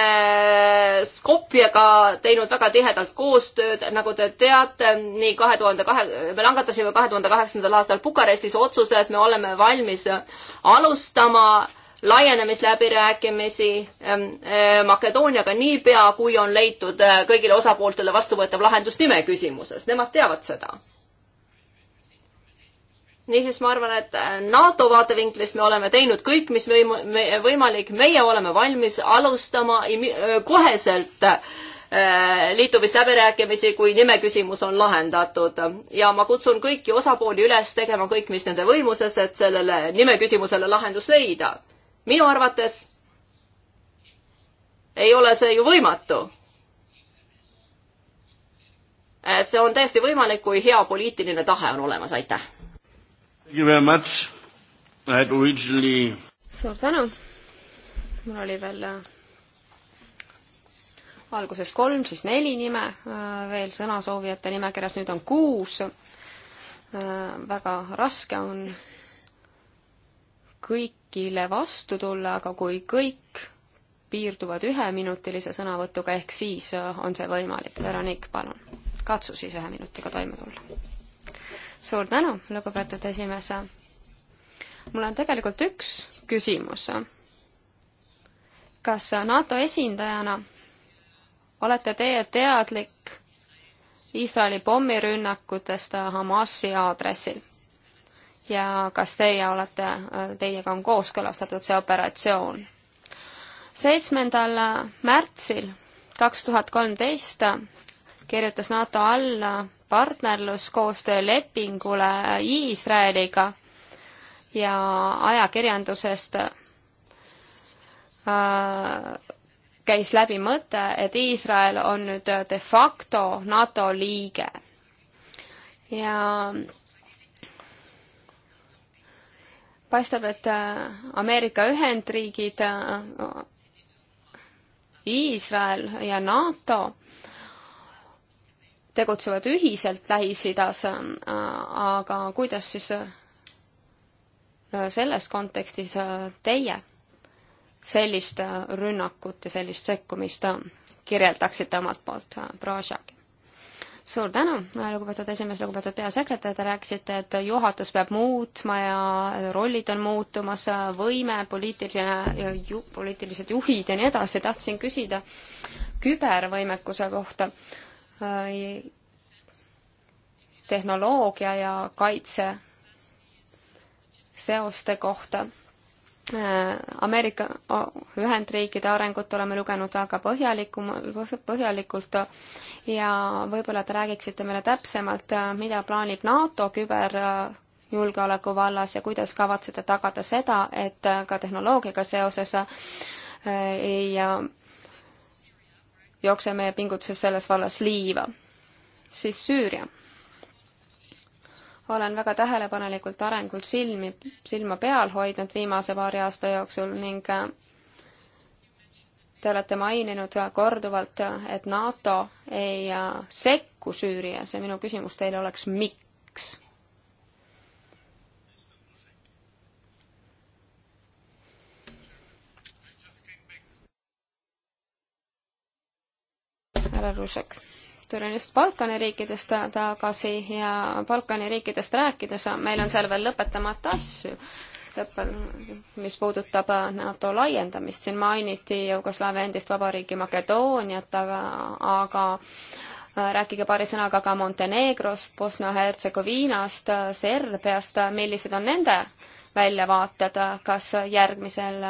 Skopjega teinud väga tihedalt koostööd, nagu te teate, nii kahe tuhande kahe, me langetasime kahe tuhande kaheksandal aastal Bukarestis otsuse, et me oleme valmis alustama laienemisläbirääkimisi ehm, ehm, Makedooniaga niipea, kui on leitud eh, kõigile osapooltele vastuvõetav lahendus nime küsimuses. Nemad teavad seda niisiis ma arvan, et äh, NATO vaatevinklist me oleme teinud kõik, mis võim-, me, võimalik, meie oleme valmis alustama koheselt äh, liitumisläbirääkimisi, kui nimeküsimus on lahendatud. ja ma kutsun kõiki osapooli üles tegema kõik, mis nende võimuses, et sellele nimeküsimusele lahendus leida. minu arvates ei ole see ju võimatu äh, see on täiesti võimalik, kui hea poliitiline tahe on olemas, aitäh Originally... suur tänu. mul oli veel äh, alguses kolm, siis neli nime äh, veel sõnasoovijate nimekirjas, nüüd on kuus. Äh, väga raske on kõigile vastu tulla, aga kui kõik piirduvad üheminutilise sõnavõtuga, ehk siis on see võimalik. Veronik, palun, katsu siis ühe minutiga toime tulla suur tänu, lugupeetud esimees. mul on tegelikult üks küsimus. kas NATO esindajana olete teie teadlik Iisraeli pommirünnakutest Hamasi aadressil? ja kas teie olete, teiega on kooskõlastatud see operatsioon? seitsmendal märtsil kaks tuhat kolmteist kirjutas NATO alla partnerluskoostöölepingule Iisraeliga ja ajakirjandusest äh, käis läbi mõte, et Iisrael on nüüd de facto NATO liige. ja paistab, et äh, Ameerika Ühendriigid, äh, Iisrael ja NATO tegutsevad ühiselt Lähis-Idas, äh, aga kuidas siis äh, selles kontekstis äh, teie sellist rünnakut ja sellist sekkumist kirjeldaksite omalt poolt, Brožak? suur tänu, lugupeetud esimees, lugupeetud peasekretär, te rääkisite, et juhatus peab muutma ja rollid on muutumas, võime, poliitiline ju,, poliitilised juhid ja nii edasi, tahtsin küsida kübervõimekuse kohta Äh, tehnoloogia ja kaitse seoste kohta. Äh, Ameerika oh, Ühendriikide arengut oleme lugenud väga põhjalikum, põhjalikult ja võib-olla te räägiksite meile täpsemalt, mida plaanib NATO küberjulgeoleku vallas ja kuidas kavatsete tagada seda, et ka tehnoloogiaga seoses äh, ei jookseb meie pingutuses selles vallas liiva. siis Süüria. olen väga tähelepanelikult arengul silmi, silma peal hoidnud viimase paari aasta jooksul ning äh, Te olete maininud korduvalt, et NATO ei äh, sekku Süürias ja minu küsimus teile oleks, miks? härra Rušek. tulen just Balkani riikidest äh, tagasi ja Balkani riikidest rääkides, äh, meil on seal veel lõpetamata asju lõppel, mis puudutab äh, NATO laiendamist, siin mainiti Jugoslaavia endist vabariiki Makedooniat, aga, aga rääkige paari sõnaga ka Montenegrost, Bosnia-Hertsegoviinast, Serbiast, millised on nende väljavaated, kas järgmisel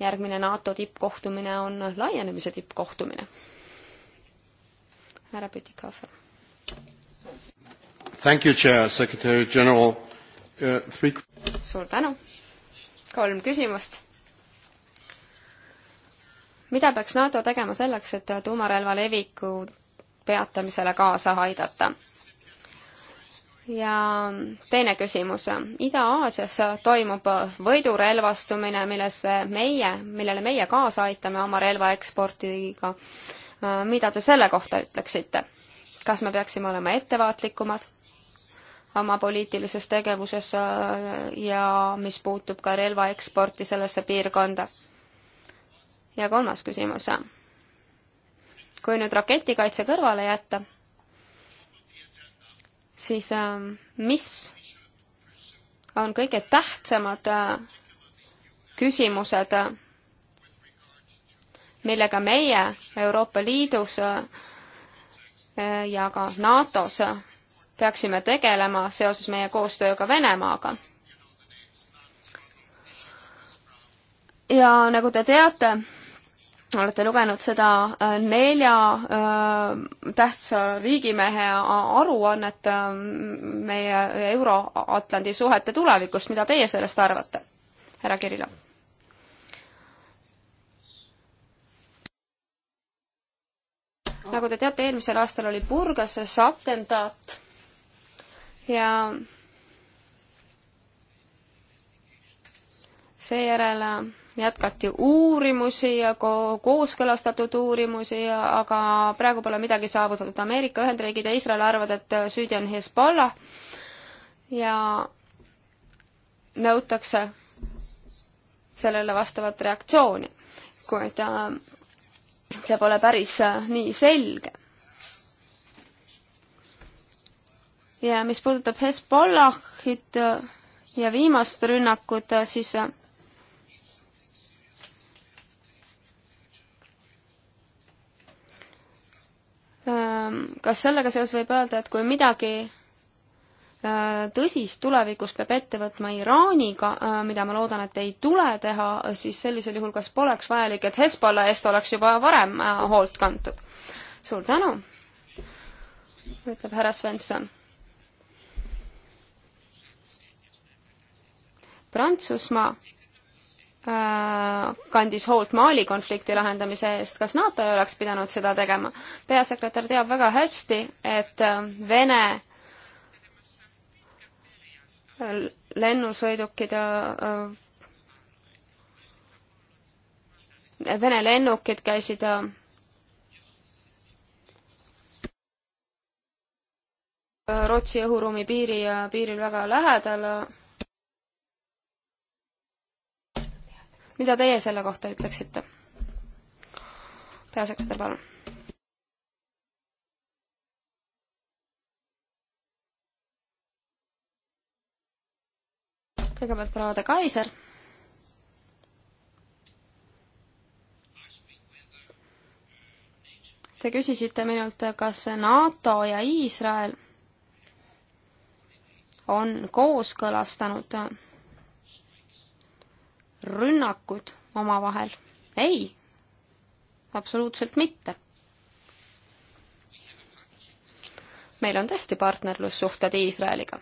järgmine NATO tippkohtumine on laienemise tippkohtumine. härra Pütikofer. Thank you, Chair, Secretary General uh,. Three... suur tänu. kolm küsimust. mida peaks NATO tegema selleks, et tuumarelva leviku peatamisele kaasa aidata? ja teine küsimus. Ida-Aasias toimub võidurelvastumine, millesse meie, millele meie kaasa aitame oma relvaekspordiga. mida te selle kohta ütleksite? kas me peaksime olema ettevaatlikumad oma poliitilises tegevuses ja mis puutub ka relvaeksporti sellesse piirkonda? ja kolmas küsimus. kui nüüd raketikaitse kõrvale jätta siis ähm, mis on kõige tähtsamad äh, küsimused, äh, millega meie Euroopa Liidus äh, ja ka NATO-s peaksime tegelema seoses meie koostööga Venemaaga. ja nagu te teate, olete lugenud seda äh, nelja äh, tähtsa riigimehe aruannet äh, meie Euro-Atlandi suhete tulevikust, mida teie sellest arvate, härra Kirilov? nagu te teate, eelmisel aastal oli Burgases atentaat ja seejärel jätkati uurimusi ja ko-, kooskõlastatud uurimusi, aga praegu pole midagi saavutatud. Ameerika Ühendriigid ja Iisrael arvavad, et süüdi on Hezbollah ja nõutakse sellele vastavat reaktsiooni, kuid äh, see pole päris äh, nii selge. ja mis puudutab Hezbollahit äh, ja viimast rünnakut, siis Ehm, kas sellega seoses võib öelda, et kui midagi äh, tõsist tulevikus peab ette võtma Iraaniga, äh, mida ma loodan, et ei tule teha, siis sellisel juhul kas poleks vajalik, et Hezbollah eest oleks juba varem äh, hoolt kantud? suur tänu, ütleb härra Svensson. Prantsusmaa Äh, kandis hoolt Mali konflikti lahendamise eest, kas NATO ei oleks pidanud seda tegema? peasekretär teab väga hästi, et äh, Vene äh, lennusõidukid Vene lennukid käisid Rootsi õhuruumi piiri ja piiril väga lähedal mida teie selle kohta ütleksite? peasekretär, palun. kõigepealt proua de Kaiser. Te küsisite minult, kas NATO ja Iisrael on kooskõlastanud rünnakud omavahel. ei, absoluutselt mitte. meil on tõesti partnerlussuhted Iisraeliga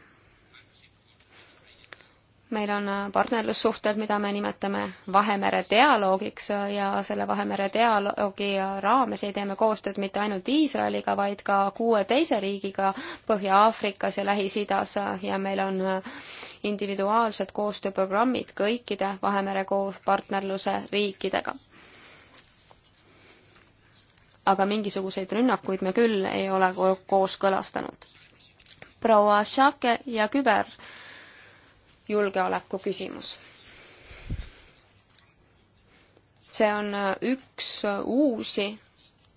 meil on partnerlussuhted, mida me nimetame Vahemere dialoogiks ja selle Vahemere dialoogi raames ei tee me koostööd mitte ainult Iisraeliga, vaid ka kuue teise riigiga Põhja-Aafrikas ja Lähis-Idas ja meil on individuaalsed koostööprogrammid kõikide Vahemere koos partnerluse riikidega. aga mingisuguseid rünnakuid me küll ei ole kooskõlastanud. proua Šake ja küber julgeoleku küsimus. see on äh, üks äh, uusi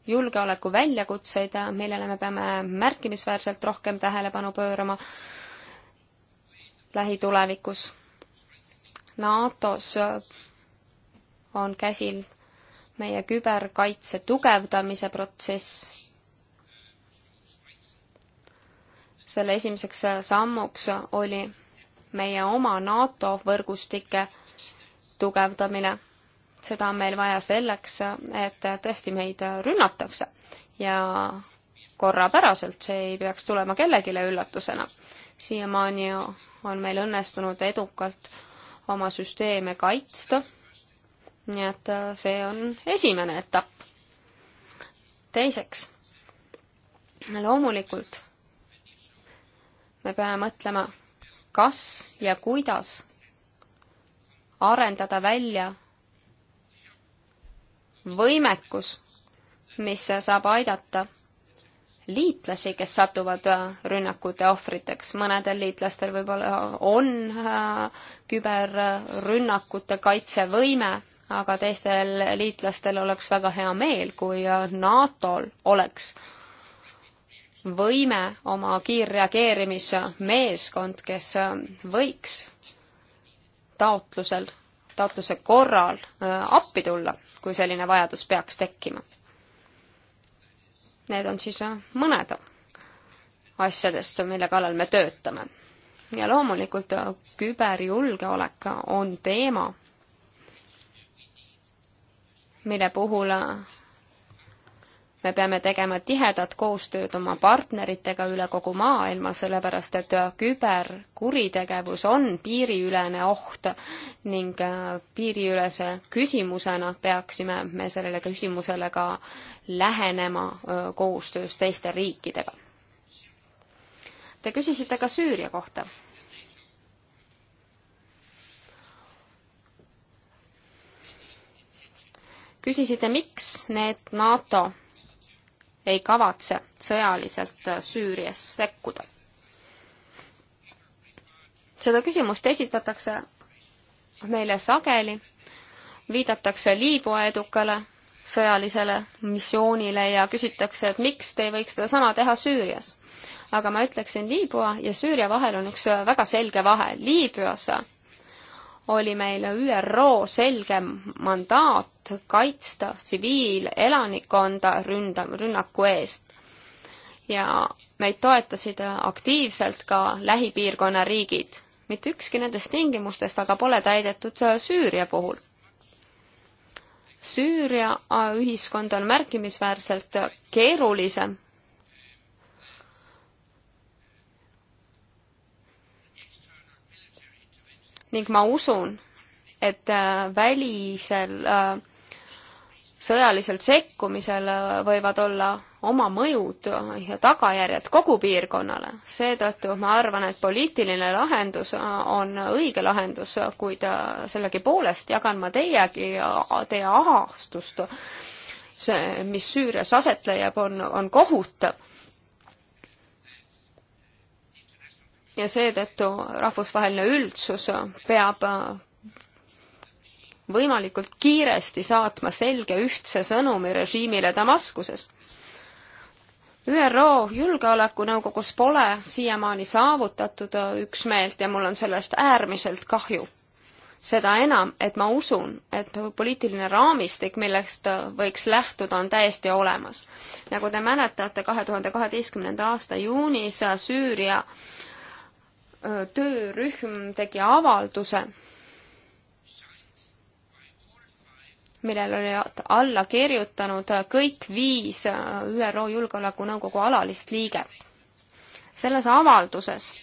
julgeoleku väljakutseid, äh, millele me peame märkimisväärselt rohkem tähelepanu pöörama lähitulevikus. NATO-s on käsil meie küberkaitse tugevdamise protsess. selle esimeseks sammuks oli meie oma NATO võrgustike tugevdamine. seda on meil vaja selleks, et tõesti meid rünnatakse ja korrapäraselt, see ei peaks tulema kellelegi üllatusena. siiamaani on meil õnnestunud edukalt oma süsteeme kaitsta. nii et see on esimene etapp. teiseks, loomulikult me peame mõtlema kas ja kuidas arendada välja võimekus, mis saab aidata liitlasi, kes satuvad äh, rünnakute ohvriteks. mõnedel liitlastel võib-olla on äh, küberrünnakute kaitsevõime, aga teistel liitlastel oleks väga hea meel, kui äh, NATO-l oleks võime oma kiirreageerimismeeskond, kes äh, võiks taotlusel, taotluse korral äh, appi tulla, kui selline vajadus peaks tekkima. Need on siis äh, mõned asjadest, mille kallal me töötame. ja loomulikult küberjulgeolek on teema, mille puhul me peame tegema tihedat koostööd oma partneritega üle kogu maailma, sellepärast et küberkuritegevus on piiriülene oht ning äh, piiriülese küsimusena peaksime me sellele küsimusele ka lähenema äh, koostöös teiste riikidega. Te küsisite ka Süüria kohta küsisite, miks need NATO ei kavatse sõjaliselt äh, Süürias sekkuda. seda küsimust esitatakse meile sageli, viidatakse Liibüa edukale sõjalisele missioonile ja küsitakse, et miks te ei võiks sedasama teha Süürias. aga ma ütleksin, Liibüa ja Süüria vahel on üks äh, väga selge vahe. Liibüas oli meil ÜRO selge mandaat kaitsta tsiviilelanikkonda ründa, rünnaku eest. ja meid toetasid aktiivselt ka lähipiirkonna riigid. mitte ükski nendest tingimustest aga pole täidetud Süüria puhul. Süüria ühiskond on märkimisväärselt keerulisem ning ma usun, et äh, välisel äh, sõjalisel sekkumisel äh, võivad olla oma mõjud ja tagajärjed kogu piirkonnale. seetõttu ma arvan, et poliitiline lahendus on õige lahendus, kuid sellegipoolest jagan ma teiegi, teie ahastust. see, mis Süürias aset leiab, on, on kohutav ja seetõttu rahvusvaheline üldsus peab äh, võimalikult kiiresti saatma selge ühtse sõnumi režiimile Damaskuses. ÜRO Julgeolekunõukogus pole siiamaani saavutatud äh, üksmeelt ja mul on sellest äärmiselt kahju. seda enam, et ma usun, et poliitiline raamistik, millest äh, võiks lähtuda, on täiesti olemas. nagu te mäletate, kahe tuhande kaheteistkümnenda aasta juunis Süüria äh, töörühm tegi avalduse, millel oli alla kirjutanud kõik viis ÜRO Julgeolekunõukogu alalist liiget. selles avalduses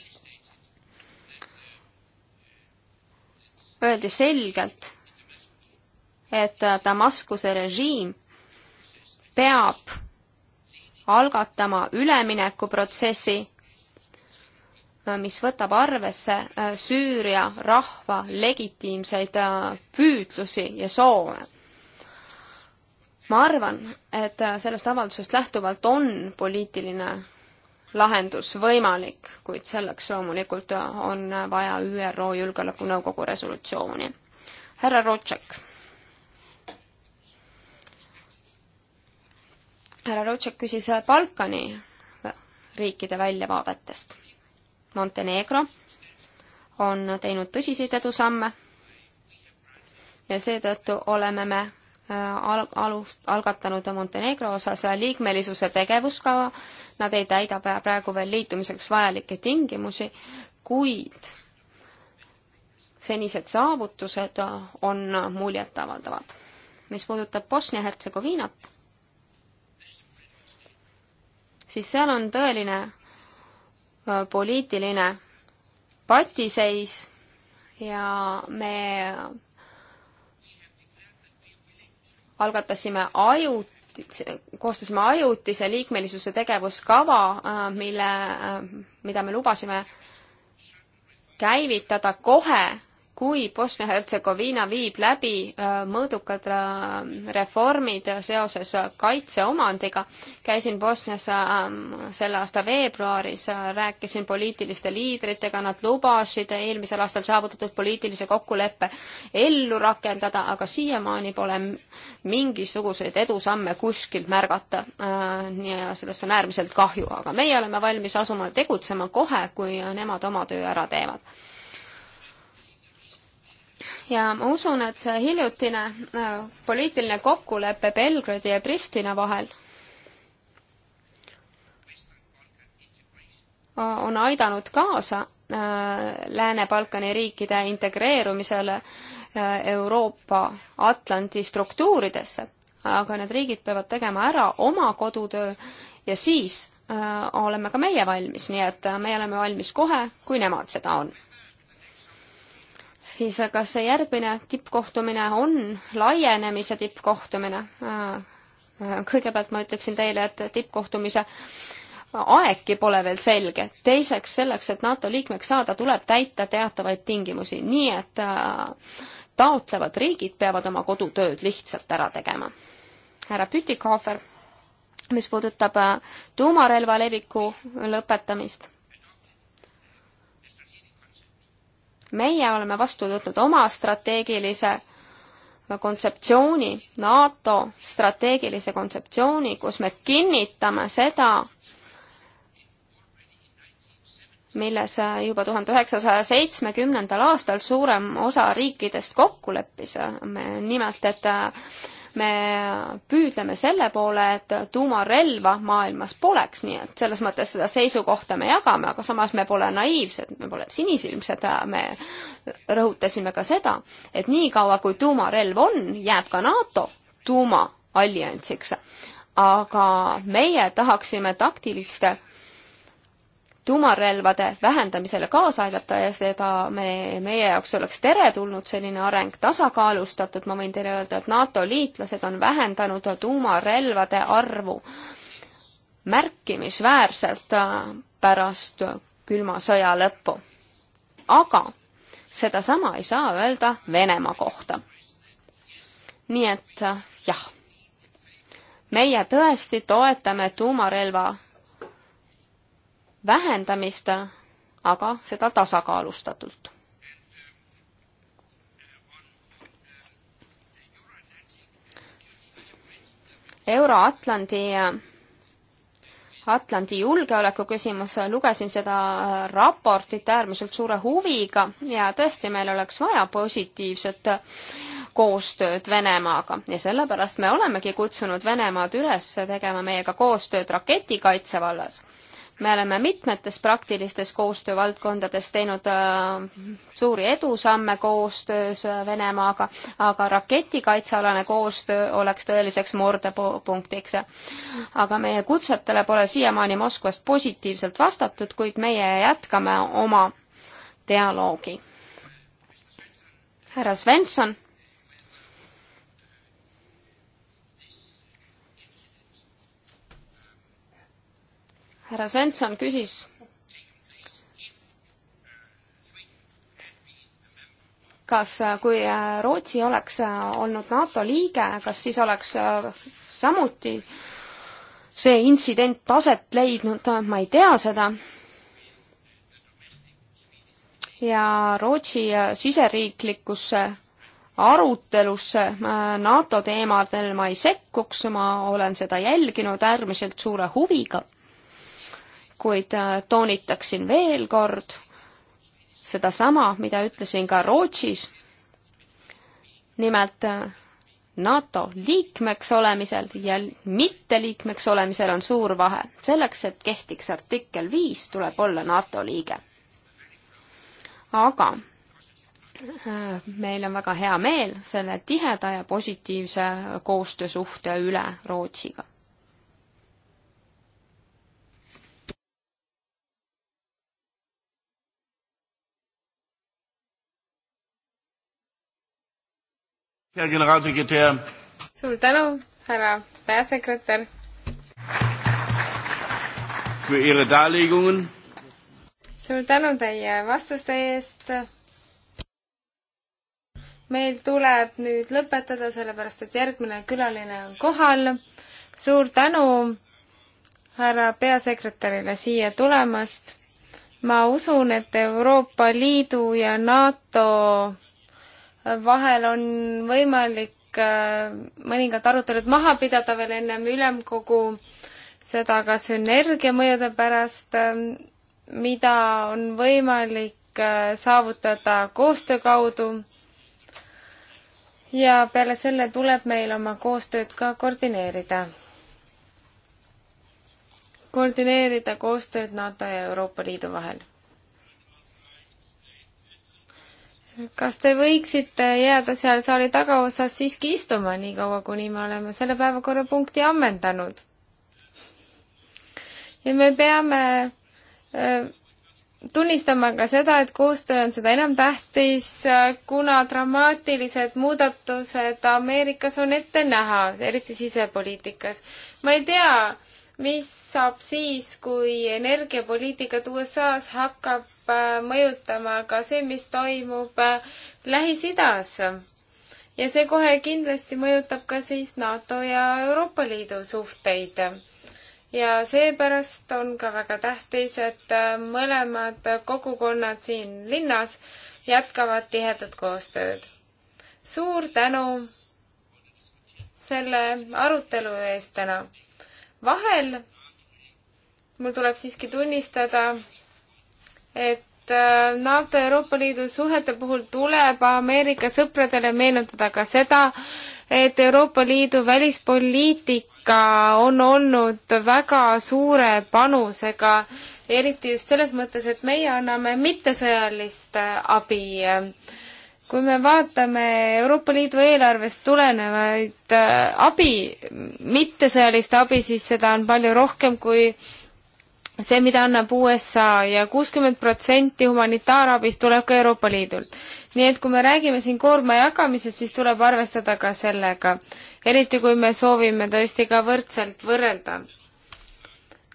öeldi selgelt, et Damaskuse režiim peab algatama üleminekuprotsessi Äh, mis võtab arvesse äh, Süüria rahva legitiimseid äh, püüdlusi ja soove. ma arvan, et sellest avaldusest lähtuvalt on poliitiline lahendus võimalik, kuid selleks loomulikult on vaja ÜRO Julgeolekunõukogu resolutsiooni. härra Rotšek. härra Rotšek küsis Balkani riikide väljavaadetest Montenegro on teinud tõsiseid edusamme ja seetõttu oleme me äh, al-, alust, algatanud Montenegro osas liikmelisuse tegevuskava, nad ei täida praegu veel liitumiseks vajalikke tingimusi, kuid senised saavutused on muljetavaldavad. mis puudutab Bosnia-Hertsegoviinat, siis seal on tõeline Äh, poliitiline patiseis ja me algatasime ajut-, koostasime ajutise liikmelisuse tegevuskava, äh, mille, äh, mida me lubasime käivitada kohe kui Bosnia-Hertsegoviina viib läbi äh, mõõdukad äh, reformid seoses kaitseomandiga, käisin Bosnias äh, selle aasta veebruaris, rääkisin poliitiliste liidritega, nad lubasid eelmisel aastal saavutatud poliitilise kokkuleppe ellu rakendada, aga siiamaani pole mingisuguseid edusamme kuskilt märgata. ja sellest on äärmiselt kahju, aga meie oleme valmis asuma tegutsema kohe, kui nemad oma töö ära teevad ja ma usun, et see hiljutine äh, poliitiline kokkulepe Belgradi ja Pristina vahel äh, on aidanud kaasa äh, Lääne-Balkani riikide integreerumisele Euroopa Atlandi struktuuridesse, aga need riigid peavad tegema ära oma kodutöö ja siis oleme ka meie valmis, nii et me oleme valmis kohe, kui nemad seda on siis kas see järgmine tippkohtumine on laienemise tippkohtumine? kõigepealt ma ütleksin teile, et tippkohtumise aegki pole veel selge. teiseks, selleks, et NATO liikmeks saada, tuleb täita teatavaid tingimusi, nii et äh, taotlevad riigid peavad oma kodutööd lihtsalt ära tegema. härra Pütikofer, mis puudutab äh, tuumarelva leviku lõpetamist meie oleme vastu võtnud oma strateegilise kontseptsiooni, NATO strateegilise kontseptsiooni, kus me kinnitame seda, milles juba tuhande üheksasaja seitsmekümnendal aastal suurem osa riikidest kokku leppis. nimelt, et me püüdleme selle poole, et tuumarelva maailmas poleks, nii et selles mõttes seda seisukohta me jagame, aga samas me pole naiivsed, me pole sinisilmsed, me rõhutasime ka seda, et niikaua kui tuumarelv on, jääb ka NATO tuumaalliansiks. aga meie tahaksime taktiliste tuumarelvade vähendamisele kaasa aidata ja seda me, meie jaoks oleks teretulnud, selline areng tasakaalustatud, ma võin teile öelda, et NATO liitlased on vähendanud tuumarelvade arvu märkimisväärselt äh, pärast külma sõja lõppu. aga sedasama ei saa öelda Venemaa kohta. nii et äh, jah, meie tõesti toetame tuumarelva vähendamist, aga seda tasakaalustatult. Euro-Atlandi, Atlandi julgeoleku küsimus, lugesin seda raportit äärmiselt suure huviga ja tõesti, meil oleks vaja positiivset koostööd Venemaaga ja sellepärast me olemegi kutsunud Venemaad üles tegema meiega koostööd raketikaitse vallas me oleme mitmetes praktilistes koostöövaldkondades teinud äh, suuri edusamme koostöös äh, Venemaaga, aga raketikaitsealane koostöö oleks tõeliseks murdepunktiks. aga meie kutsetele pole siiamaani Moskvast positiivselt vastatud, kuid meie jätkame oma dialoogi. härra Svensson härra Svensson küsis, kas, äh, kui äh, Rootsi oleks äh, olnud NATO liige, kas siis oleks samuti see intsident aset leidnud, ma ei tea seda. ja Rootsi siseriiklikusse arutelusse NATO teemadel ma ei sekkuks, ma olen seda jälginud äärmiselt suure huviga kuid äh, toonitaksin veel kord sedasama, mida ütlesin ka Rootsis. nimelt äh, NATO liikmeks olemisel ja mitteliikmeks olemisel on suur vahe. selleks, et kehtiks artikkel viis, tuleb olla NATO liige. aga äh, meil on väga hea meel selle tiheda ja positiivse koostöösuhte üle Rootsiga. hea generaalsekretär. suur tänu, härra peasekretär. suur tänu teie vastuste eest. meil tuleb nüüd lõpetada, sellepärast et järgmine külaline on kohal. suur tänu härra peasekretärile siia tulemast. ma usun, et Euroopa Liidu ja NATO vahel on võimalik äh, mõningad arutelud maha pidada veel ennem ülemkogu, seda ka sünergia mõjude pärast, äh, mida on võimalik äh, saavutada koostöö kaudu ja peale selle tuleb meil oma koostööd ka koordineerida. koordineerida koostööd NATO ja Euroopa Liidu vahel kas te võiksite jääda seal saali tagaosas siiski istuma nii kaua, kuni me oleme selle päevakorrapunkti ammendanud? ja me peame äh, tunnistama ka seda, et koostöö on seda enam tähtis, äh, kuna dramaatilised muudatused Ameerikas on ette näha, eriti sisepoliitikas. ma ei tea, mis saab siis, kui energiapoliitikat USA-s hakkab äh, mõjutama ka see, mis toimub äh, Lähis-Idas. ja see kohe kindlasti mõjutab ka siis NATO ja Euroopa Liidu suhteid. ja seepärast on ka väga tähtis, et äh, mõlemad kogukonnad siin linnas jätkavad tihedat koostööd. suur tänu selle arutelu eest täna vahel mul tuleb siiski tunnistada, et äh, NATO Euroopa Liidu suhete puhul tuleb Ameerika sõpradele meenutada ka seda, et Euroopa Liidu välispoliitika on olnud väga suure panusega, eriti just selles mõttes, et meie anname mittesõjalist äh, abi äh, kui me vaatame Euroopa Liidu eelarvest tulenevaid äh, abi, mittesõjalist abi, siis seda on palju rohkem kui see, mida annab USA ja kuuskümmend protsenti humanitaarabist tuleb ka Euroopa Liidult. nii et kui me räägime siin koorma jagamisest, siis tuleb arvestada ka sellega, eriti kui me soovime tõesti ka võrdselt võrrelda.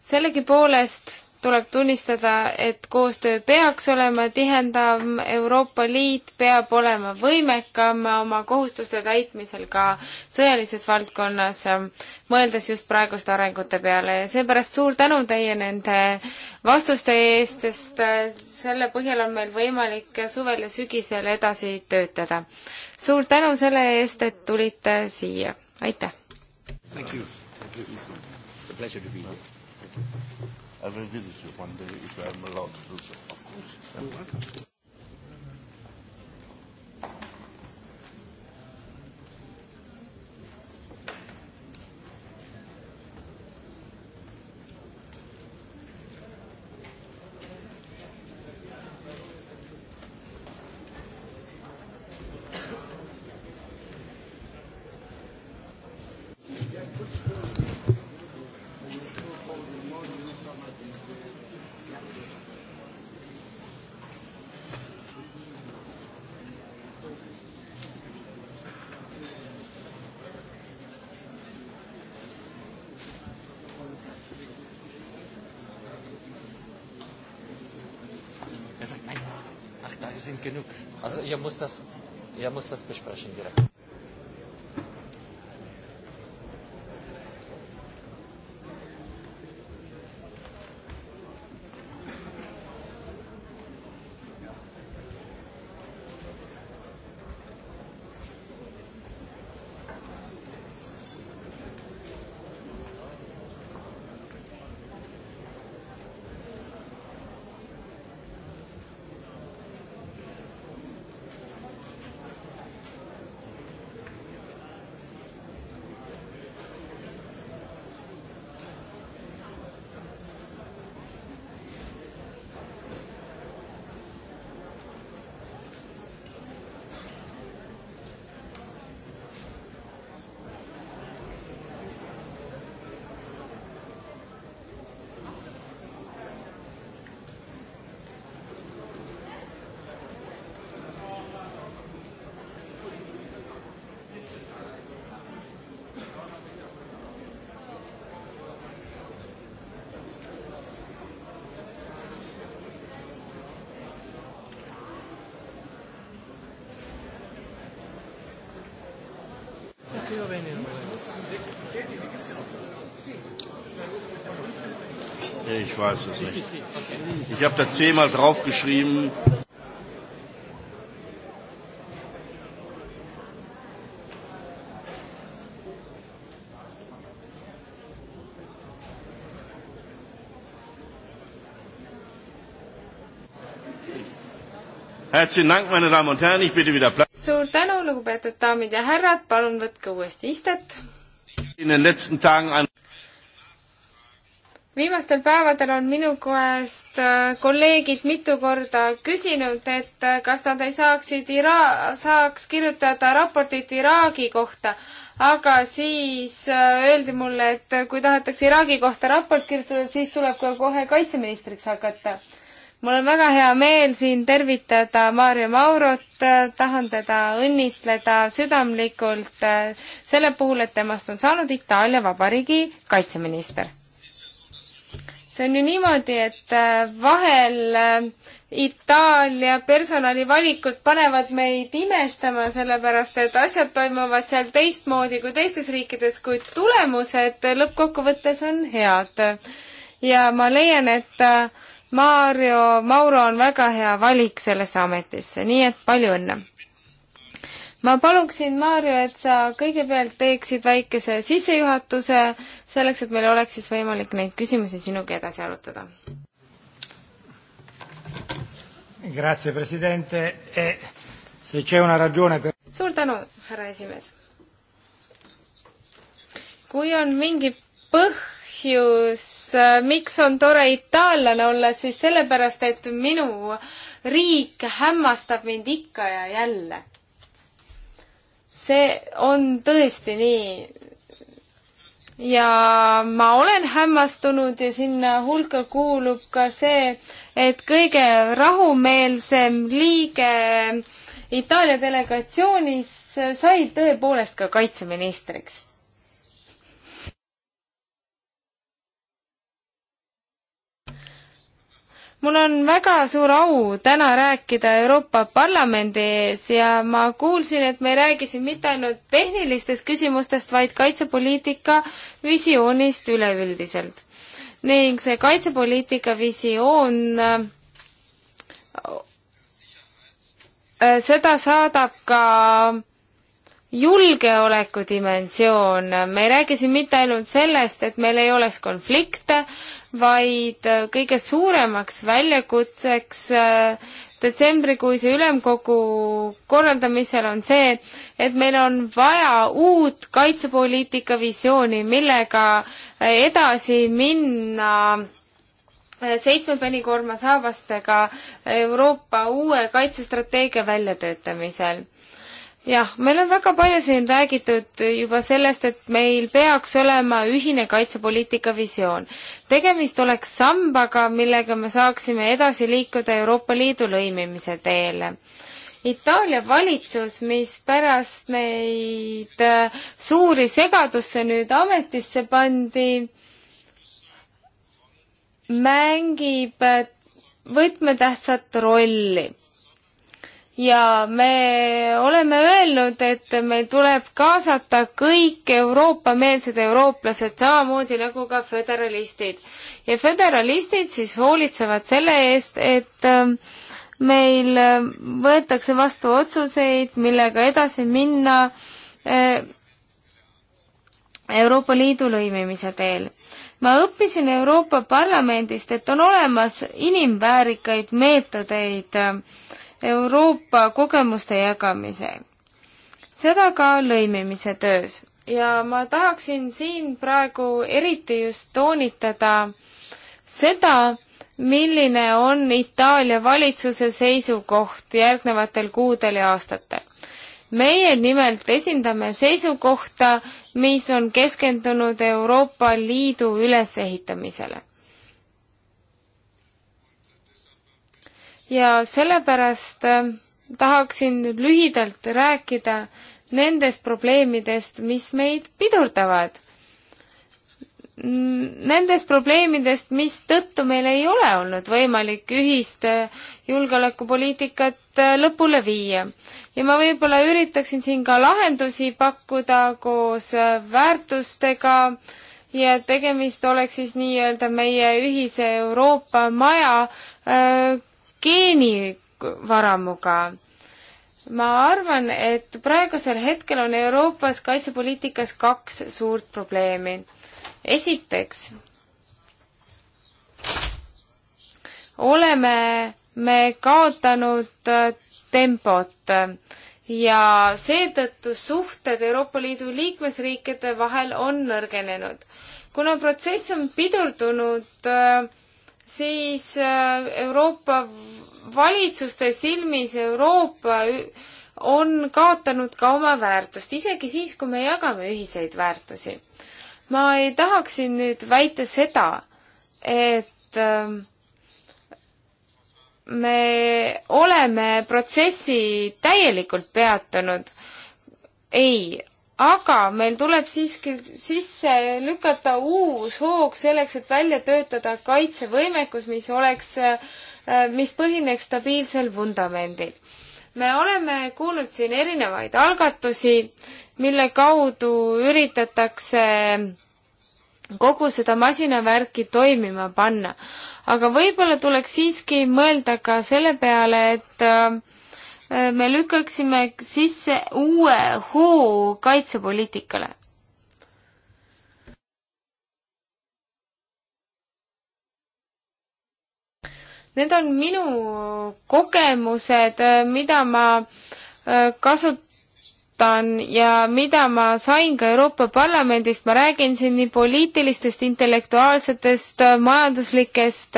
sellegipoolest tuleb tunnistada, et koostöö peaks olema tihendam, Euroopa Liit peab olema võimekam oma kohustuste täitmisel ka sõjalises valdkonnas, mõeldes just praeguste arengute peale ja seepärast suur tänu teie nende vastuste eest, sest selle põhjal on meil võimalik suvel ja sügisel edasi töötada. suur tänu selle eest, et tulite siia, aitäh! Thank you. Thank you. It's a pleasure to be here. I will visit you one day if I am allowed to do so. Of course. Yeah. You're welcome. genug. Also ihr muss das, ihr muss das besprechen direkt. weiß es nicht. Ich habe da zehnmal draufgeschrieben. Herzlichen Dank, meine Damen und Herren, ich bitte wieder Platz. Suur tänu, lugupeetud daamid ja härrad, palun võtke uuesti istet. In den letzten Tagen ein viimastel päevadel on minu käest äh, kolleegid mitu korda küsinud, et äh, kas nad ei saaksid Ira-, saaks kirjutada raportit Iraagi kohta. aga siis äh, öeldi mulle, et kui tahetakse Iraagi kohta raport kirjutada, siis tuleb ka kohe kaitseministriks hakata. mul on väga hea meel siin tervitada Maarja Maurot, tahan teda õnnitleda südamlikult selle puhul, et temast on saanud Itaalia Vabariigi kaitseminister see on ju niimoodi, et äh, vahel äh, Itaalia personalivalikud panevad meid imestama, sellepärast et asjad toimuvad seal teistmoodi kui teistes riikides, kuid tulemused lõppkokkuvõttes on head. ja ma leian, et äh, Maarjo Mauro on väga hea valik sellesse ametisse, nii et palju õnne! ma paluksin, Maarju, et sa kõigepealt teeksid väikese sissejuhatuse selleks, et meil oleks siis võimalik neid küsimusi sinuga edasi arutada. Grazie, president e,. Se c'è una ragione per... suur tänu, härra esimees. kui on mingi põhjus, äh, miks on tore itaallane olla, siis sellepärast, et minu riik hämmastab mind ikka ja jälle see on tõesti nii. ja ma olen hämmastunud ja sinna hulka kuulub ka see, et kõige rahumeelsem liige Itaalia delegatsioonis sai tõepoolest ka kaitseministriks mul on väga suur au täna rääkida Euroopa Parlamendi ees ja ma kuulsin, et me ei räägi siin mitte ainult tehnilistest küsimustest, vaid kaitsepoliitika visioonist üleüldiselt. ning see kaitsepoliitika visioon äh, seda saadab ka julgeolekudimensioon, me ei räägi siin mitte ainult sellest, et meil ei oleks konflikte, vaid äh, kõige suuremaks väljakutseks äh, detsembrikuise ülemkogu korraldamisel on see, et meil on vaja uut kaitsepoliitika visiooni, millega äh, edasi minna seitsme penikoorma saabastega Euroopa uue kaitsestrateegia väljatöötamisel jah, meil on väga palju siin räägitud juba sellest, et meil peaks olema ühine kaitsepoliitika visioon. tegemist oleks sambaga, millega me saaksime edasi liikuda Euroopa Liidu lõimimise teele. Itaalia valitsus, mis pärast neid äh, suuri segadusse nüüd ametisse pandi, mängib äh, võtmetähtsat rolli ja me oleme öelnud, et meil tuleb kaasata kõik Euroopa-meelsed eurooplased, samamoodi nagu ka föderalistid. ja föderalistid siis hoolitsevad selle eest, et ähm, meil ähm, võetakse vastu otsuseid, millega edasi minna äh, Euroopa Liidu lõimimise teel ma õppisin Euroopa Parlamendist, et on olemas inimväärikaid meetodeid äh, Euroopa kogemuste jagamise, seda ka lõimimise töös. ja ma tahaksin siin praegu eriti just toonitada seda, milline on Itaalia valitsuse seisukoht järgnevatel kuudel ja aastatel. meie nimelt esindame seisukohta, mis on keskendunud Euroopa Liidu ülesehitamisele. ja sellepärast äh, tahaksin lühidalt rääkida nendest probleemidest, mis meid pidurdavad. Nendest probleemidest, mistõttu meil ei ole olnud võimalik ühist äh, julgeolekupoliitikat äh, lõpule viia. ja ma võib-olla üritaksin siin ka lahendusi pakkuda koos väärtustega ja tegemist oleks siis nii-öelda meie ühise Euroopa maja, geenivaramuga. ma arvan, et praegusel hetkel on Euroopas kaitsepoliitikas kaks suurt probleemi. esiteks oleme me kaotanud äh, tempot ja seetõttu suhted Euroopa Liidu liikmesriikide vahel on nõrgenenud. kuna protsess on pidurdunud, äh, siis äh, Euroopa valitsuste silmis Euroopa on kaotanud ka oma väärtust, isegi siis, kui me jagame ühiseid väärtusi. ma ei tahaks siin nüüd väita seda, et ähm, me oleme protsessi täielikult peatanud. ei, aga meil tuleb siiski sisse lükata uus hoog selleks, et välja töötada kaitsevõimekus, mis oleks, äh, mis põhineks stabiilsel vundamendil. me oleme kuulnud siin erinevaid algatusi, mille kaudu üritatakse kogu seda masinavärki toimima panna. aga võib-olla tuleks siiski mõelda ka selle peale, et äh, Äh, me lükkaksime sisse uue hoo kaitsepoliitikale. Need on minu kogemused, äh, mida ma äh, kasutan ja mida ma sain ka Euroopa Parlamendist, ma räägin siin nii poliitilistest, intellektuaalsetest, majanduslikest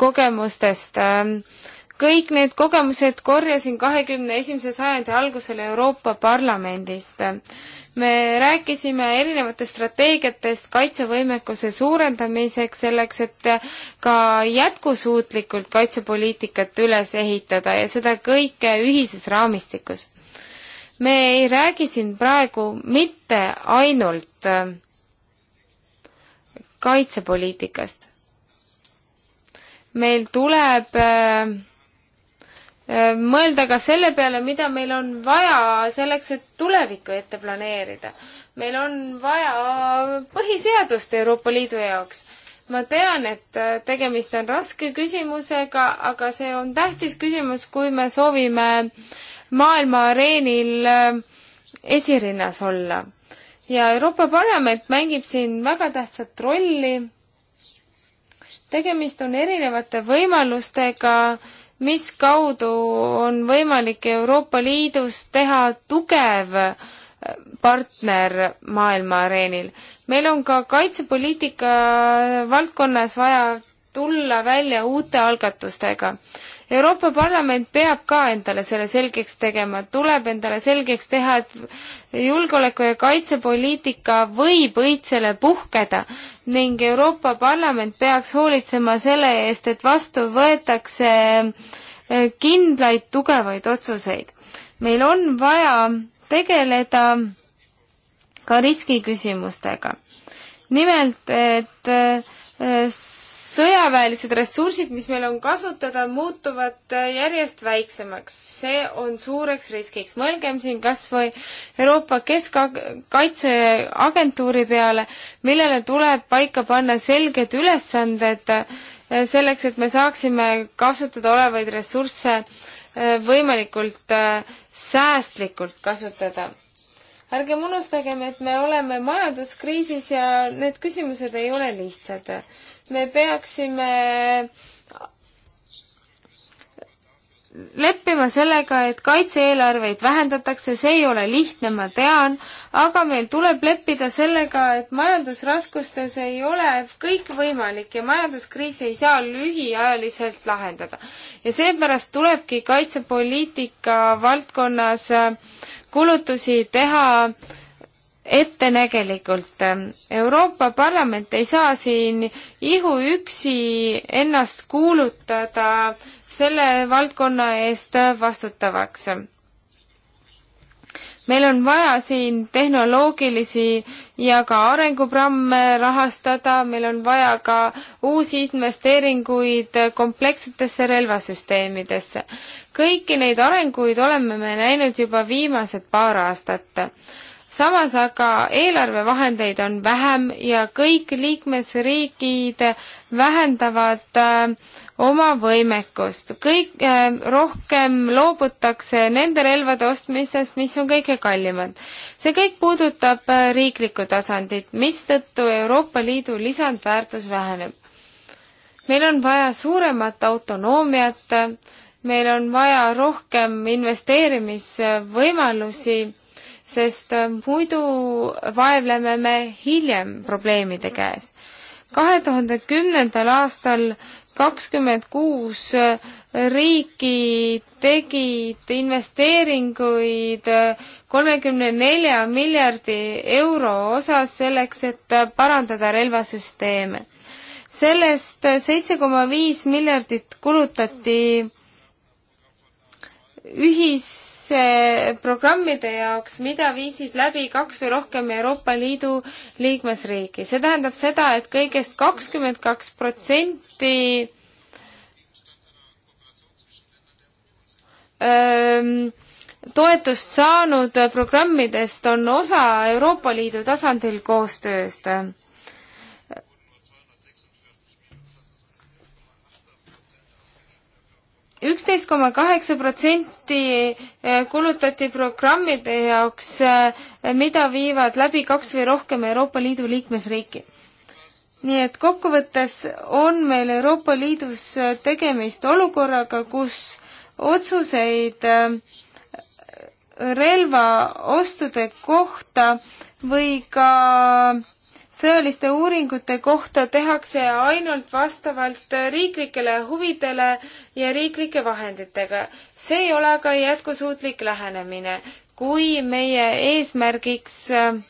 kogemustest äh, kõik need kogemused korjasin kahekümne esimese sajandi algusel Euroopa Parlamendist. me rääkisime erinevatest strateegiatest kaitsevõimekuse suurendamiseks, selleks et ka jätkusuutlikult kaitsepoliitikat üles ehitada ja seda kõike ühises raamistikus. me ei räägi siin praegu mitte ainult kaitsepoliitikast. meil tuleb äh, Äh, mõelda ka selle peale, mida meil on vaja selleks, et tulevikku ette planeerida. meil on vaja põhiseadust Euroopa Liidu jaoks. ma tean, et äh, tegemist on raske küsimusega, aga see on tähtis küsimus, kui me soovime maailma areenil äh, esirinnas olla. ja Euroopa Parlament mängib siin väga tähtsat rolli. tegemist on erinevate võimalustega äh, mis kaudu on võimalik Euroopa Liidus teha tugev äh, partner maailma areenil. meil on ka kaitsepoliitika valdkonnas vaja tulla välja uute algatustega. Euroopa Parlament peab ka endale selle selgeks tegema, tuleb endale selgeks teha, et julgeoleku- ja kaitsepoliitika võib õitsele puhkeda ning Euroopa Parlament peaks hoolitsema selle eest, et vastu võetakse eh, kindlaid tugevaid otsuseid. meil on vaja tegeleda ka riskiküsimustega. nimelt, et eh, sõjaväelised ressursid, mis meil on kasutada, muutuvad äh, järjest väiksemaks. see on suureks riskiks. mõelgem siin kas või Euroopa Keskkaitseagentuuri peale, millele tuleb paika panna selged ülesanded äh, selleks, et me saaksime kasutada olevaid ressursse äh, võimalikult säästlikult kasutada ärgem unustagem, et me oleme majanduskriisis ja need küsimused ei ole lihtsad. me peaksime leppima sellega, et kaitse-eelarveid vähendatakse, see ei ole lihtne, ma tean, aga meil tuleb leppida sellega, et majandusraskustes ei ole kõik võimalik ja majanduskriisi ei saa lühiajaliselt lahendada. ja seepärast tulebki kaitsepoliitika valdkonnas kulutusi teha ettenägelikult. Euroopa Parlament ei saa siin ihuüksi ennast kuulutada selle valdkonna eest vastutavaks meil on vaja siin tehnoloogilisi ja ka arenguprogramme rahastada, meil on vaja ka uusi investeeringuid komplekssetesse relvasüsteemidesse. kõiki neid arenguid oleme me näinud juba viimased paar aastat. samas aga eelarvevahendeid on vähem ja kõik liikmesriigid vähendavad äh, oma võimekust. kõik äh, rohkem loobutakse nende relvade ostmisest, mis on kõige kallimad. see kõik puudutab äh, riiklikku tasandit, mistõttu Euroopa Liidu lisandväärtus väheneb. meil on vaja suuremat autonoomiat, meil on vaja rohkem investeerimisvõimalusi, sest äh, muidu vaevleme me hiljem probleemide käes kahe tuhande kümnendal aastal kakskümmend kuus eh, riiki tegid investeeringuid eh, kolmekümne nelja miljardi euro osas selleks, et eh, parandada relvasüsteeme. sellest seitse koma viis miljardit kulutati ühise programmide jaoks, mida viisid läbi kaks või rohkem Euroopa Liidu liikmesriiki. see tähendab seda et, et kõigest kakskümmend kaks protsenti tõesti öö, ähm, toetust saanud programmidest on osa Euroopa Liidu tasandil koostööst. üksteist koma kaheksa protsenti äh, kulutati programmide jaoks, äh, mida viivad läbi kaks või rohkem Euroopa Liidu liikmesriiki nii et kokkuvõttes on meil Euroopa Liidus tegemist olukorraga, kus otsuseid äh, relvaostude kohta või ka sõjaliste uuringute kohta tehakse ainult vastavalt riiklikele huvidele ja riiklike vahenditega. see ei ole aga jätkusuutlik lähenemine, kui meie eesmärgiks äh,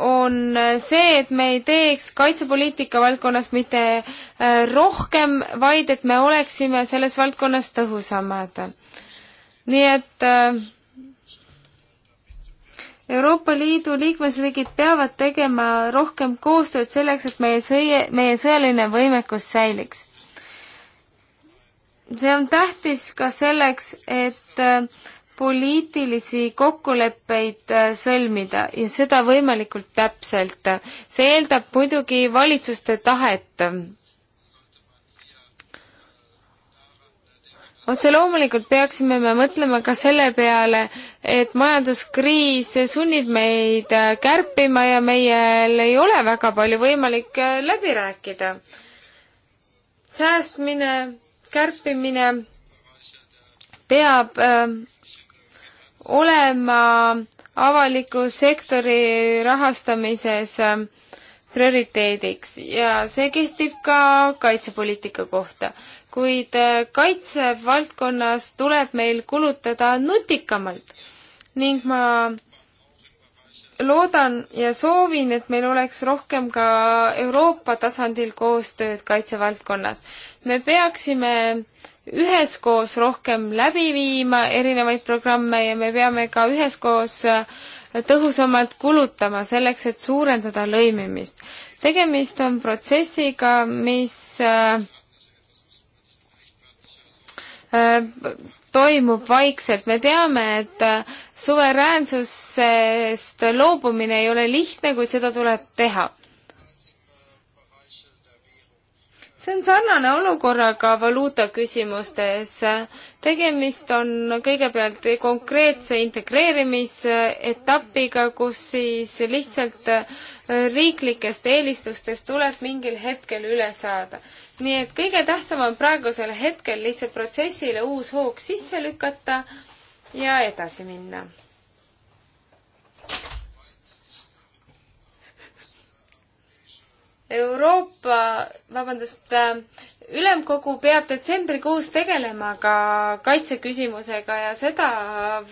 on see, et me ei teeks kaitsepoliitika valdkonnas mitte äh, rohkem, vaid et me oleksime selles valdkonnas tõhusamad. nii et äh, Euroopa Liidu liikmesriigid peavad tegema rohkem koostööd selleks, et meie sõie, meie sõjaline võimekus säiliks. see on tähtis ka selleks, et äh, poliitilisi kokkuleppeid äh, sõlmida ja seda võimalikult täpselt. see eeldab muidugi valitsuste tahet. otse loomulikult peaksime me mõtlema ka selle peale, et majanduskriis sunnib meid äh, kärpima ja meil ei ole väga palju võimalik äh, läbi rääkida. säästmine, kärpimine peab äh, olema avaliku sektori rahastamises ähm, prioriteediks ja see kehtib ka kaitsepoliitika kohta. kuid äh, kaitsevaldkonnas tuleb meil kulutada nutikamalt ning ma loodan ja soovin, et meil oleks rohkem ka Euroopa tasandil koostööd kaitsevaldkonnas. me peaksime üheskoos rohkem läbi viima erinevaid programme ja me peame ka üheskoos äh, tõhusamalt kulutama selleks, et suurendada lõimimist. tegemist on protsessiga, mis äh, äh, toimub vaikselt, me teame, et suveräänsusest loobumine ei ole lihtne, kuid seda tuleb teha see on sarnane olukorraga valuuta küsimustes. tegemist on kõigepealt konkreetse integreerimisetapiga, kus siis lihtsalt riiklikest eelistustest tuleb mingil hetkel üle saada. nii et kõige tähtsam on praegusel hetkel lihtsalt protsessile uus hoog sisse lükata ja edasi minna Euroopa, vabandust, äh, ülemkogu peab detsembrikuus tegelema ka kaitseküsimusega ja seda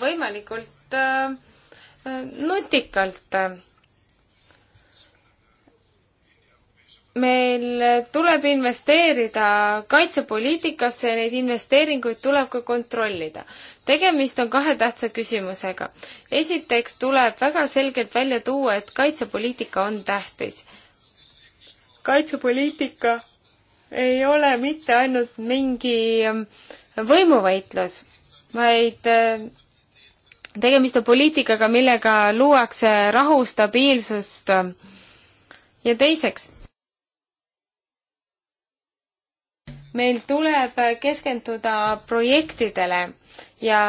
võimalikult äh, nutikalt. meil tuleb investeerida kaitsepoliitikasse ja neid investeeringuid tuleb ka kontrollida. tegemist on kahe tähtsa küsimusega. esiteks tuleb väga selgelt välja tuua, et kaitsepoliitika on tähtis kaitsepoliitika ei ole mitte ainult mingi ähm, võimuvõitlus, vaid äh, tegemist on poliitikaga, millega luuakse rahu, stabiilsust ähm, ja teiseks, meil tuleb keskenduda projektidele ja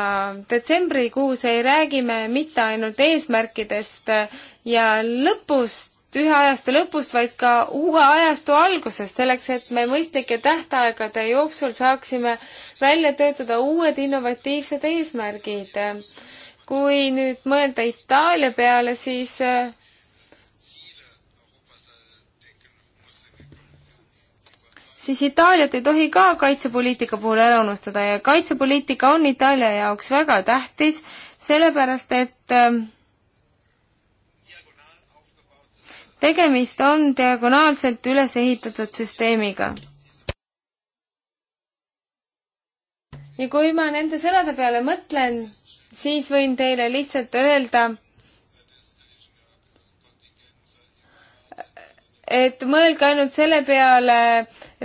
detsembrikuus ei räägi me mitte ainult eesmärkidest äh, ja lõpust, ühe ajastu lõpust, vaid ka uue ajastu algusest, selleks et me mõistlike tähtaegade jooksul saaksime välja töötada uued innovatiivsed eesmärgid. kui nüüd mõelda Itaalia peale, siis siis Itaaliat ei tohi ka kaitsepoliitika puhul ära unustada ja kaitsepoliitika on Itaalia jaoks väga tähtis, sellepärast et äh, tegemist on diagonaalselt üles ehitatud süsteemiga. ja kui ma nende sõnade peale mõtlen, siis võin teile lihtsalt öelda, et mõelge ainult selle peale,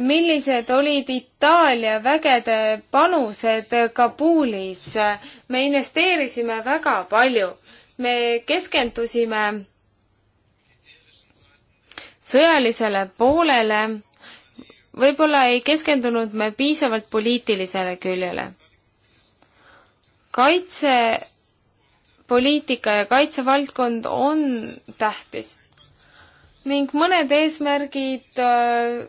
millised olid Itaalia vägede panused Kabulis. me investeerisime väga palju, me keskendusime sõjalisele poolele, võib-olla ei keskendunud me piisavalt poliitilisele küljele. kaitsepoliitika ja kaitsevaldkond on tähtis ning mõned eesmärgid äh,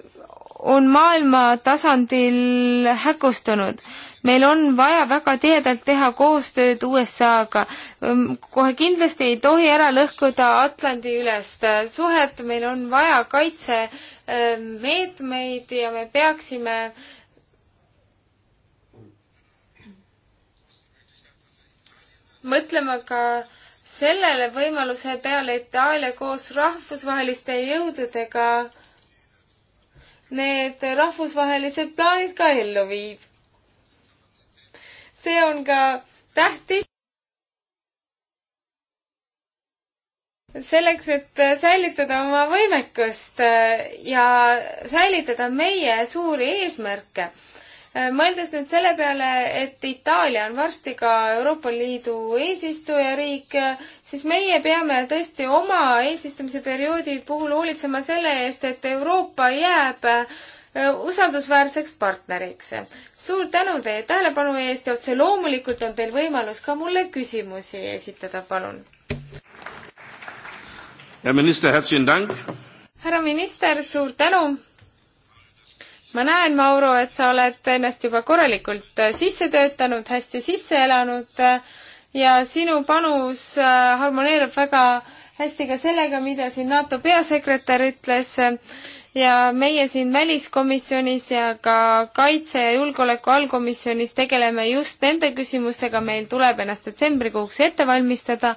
on maailma tasandil häkustunud meil on vaja väga tihedalt teha koostööd USA-ga. kohe kindlasti ei tohi ära lõhkuda Atlandi ülest suhet, meil on vaja kaitsemeetmeid ja me peaksime mõtlema ka sellele võimaluse peale Itaalia koos rahvusvaheliste jõududega need rahvusvahelised plaanid ka ellu viib see on ka tähtis. selleks, et säilitada oma võimekust äh, ja säilitada meie suuri eesmärke. Äh, mõeldes nüüd selle peale, et Itaalia on varsti ka Euroopa Liidu eesistujariik, äh, siis meie peame tõesti oma eesistumise perioodi puhul hoolitsema selle eest, et Euroopa jääb Äh, usaldusväärseks partneriks. suur tänu teie tähelepanu eest ja otse loomulikult on teil võimalus ka mulle küsimusi esitada, palun. härra minister, härra minister, suur tänu ma näen, Mauro, et sa oled ennast juba korralikult äh, sisse töötanud, hästi sisse elanud äh, ja sinu panus harmoneerub väga hästi ka sellega, mida siin NATO peasekretär ütles ja meie siin väliskomisjonis ja ka kaitse- ja julgeoleku allkomisjonis tegeleme just nende küsimustega, meil tuleb ennast detsembrikuuks ette valmistada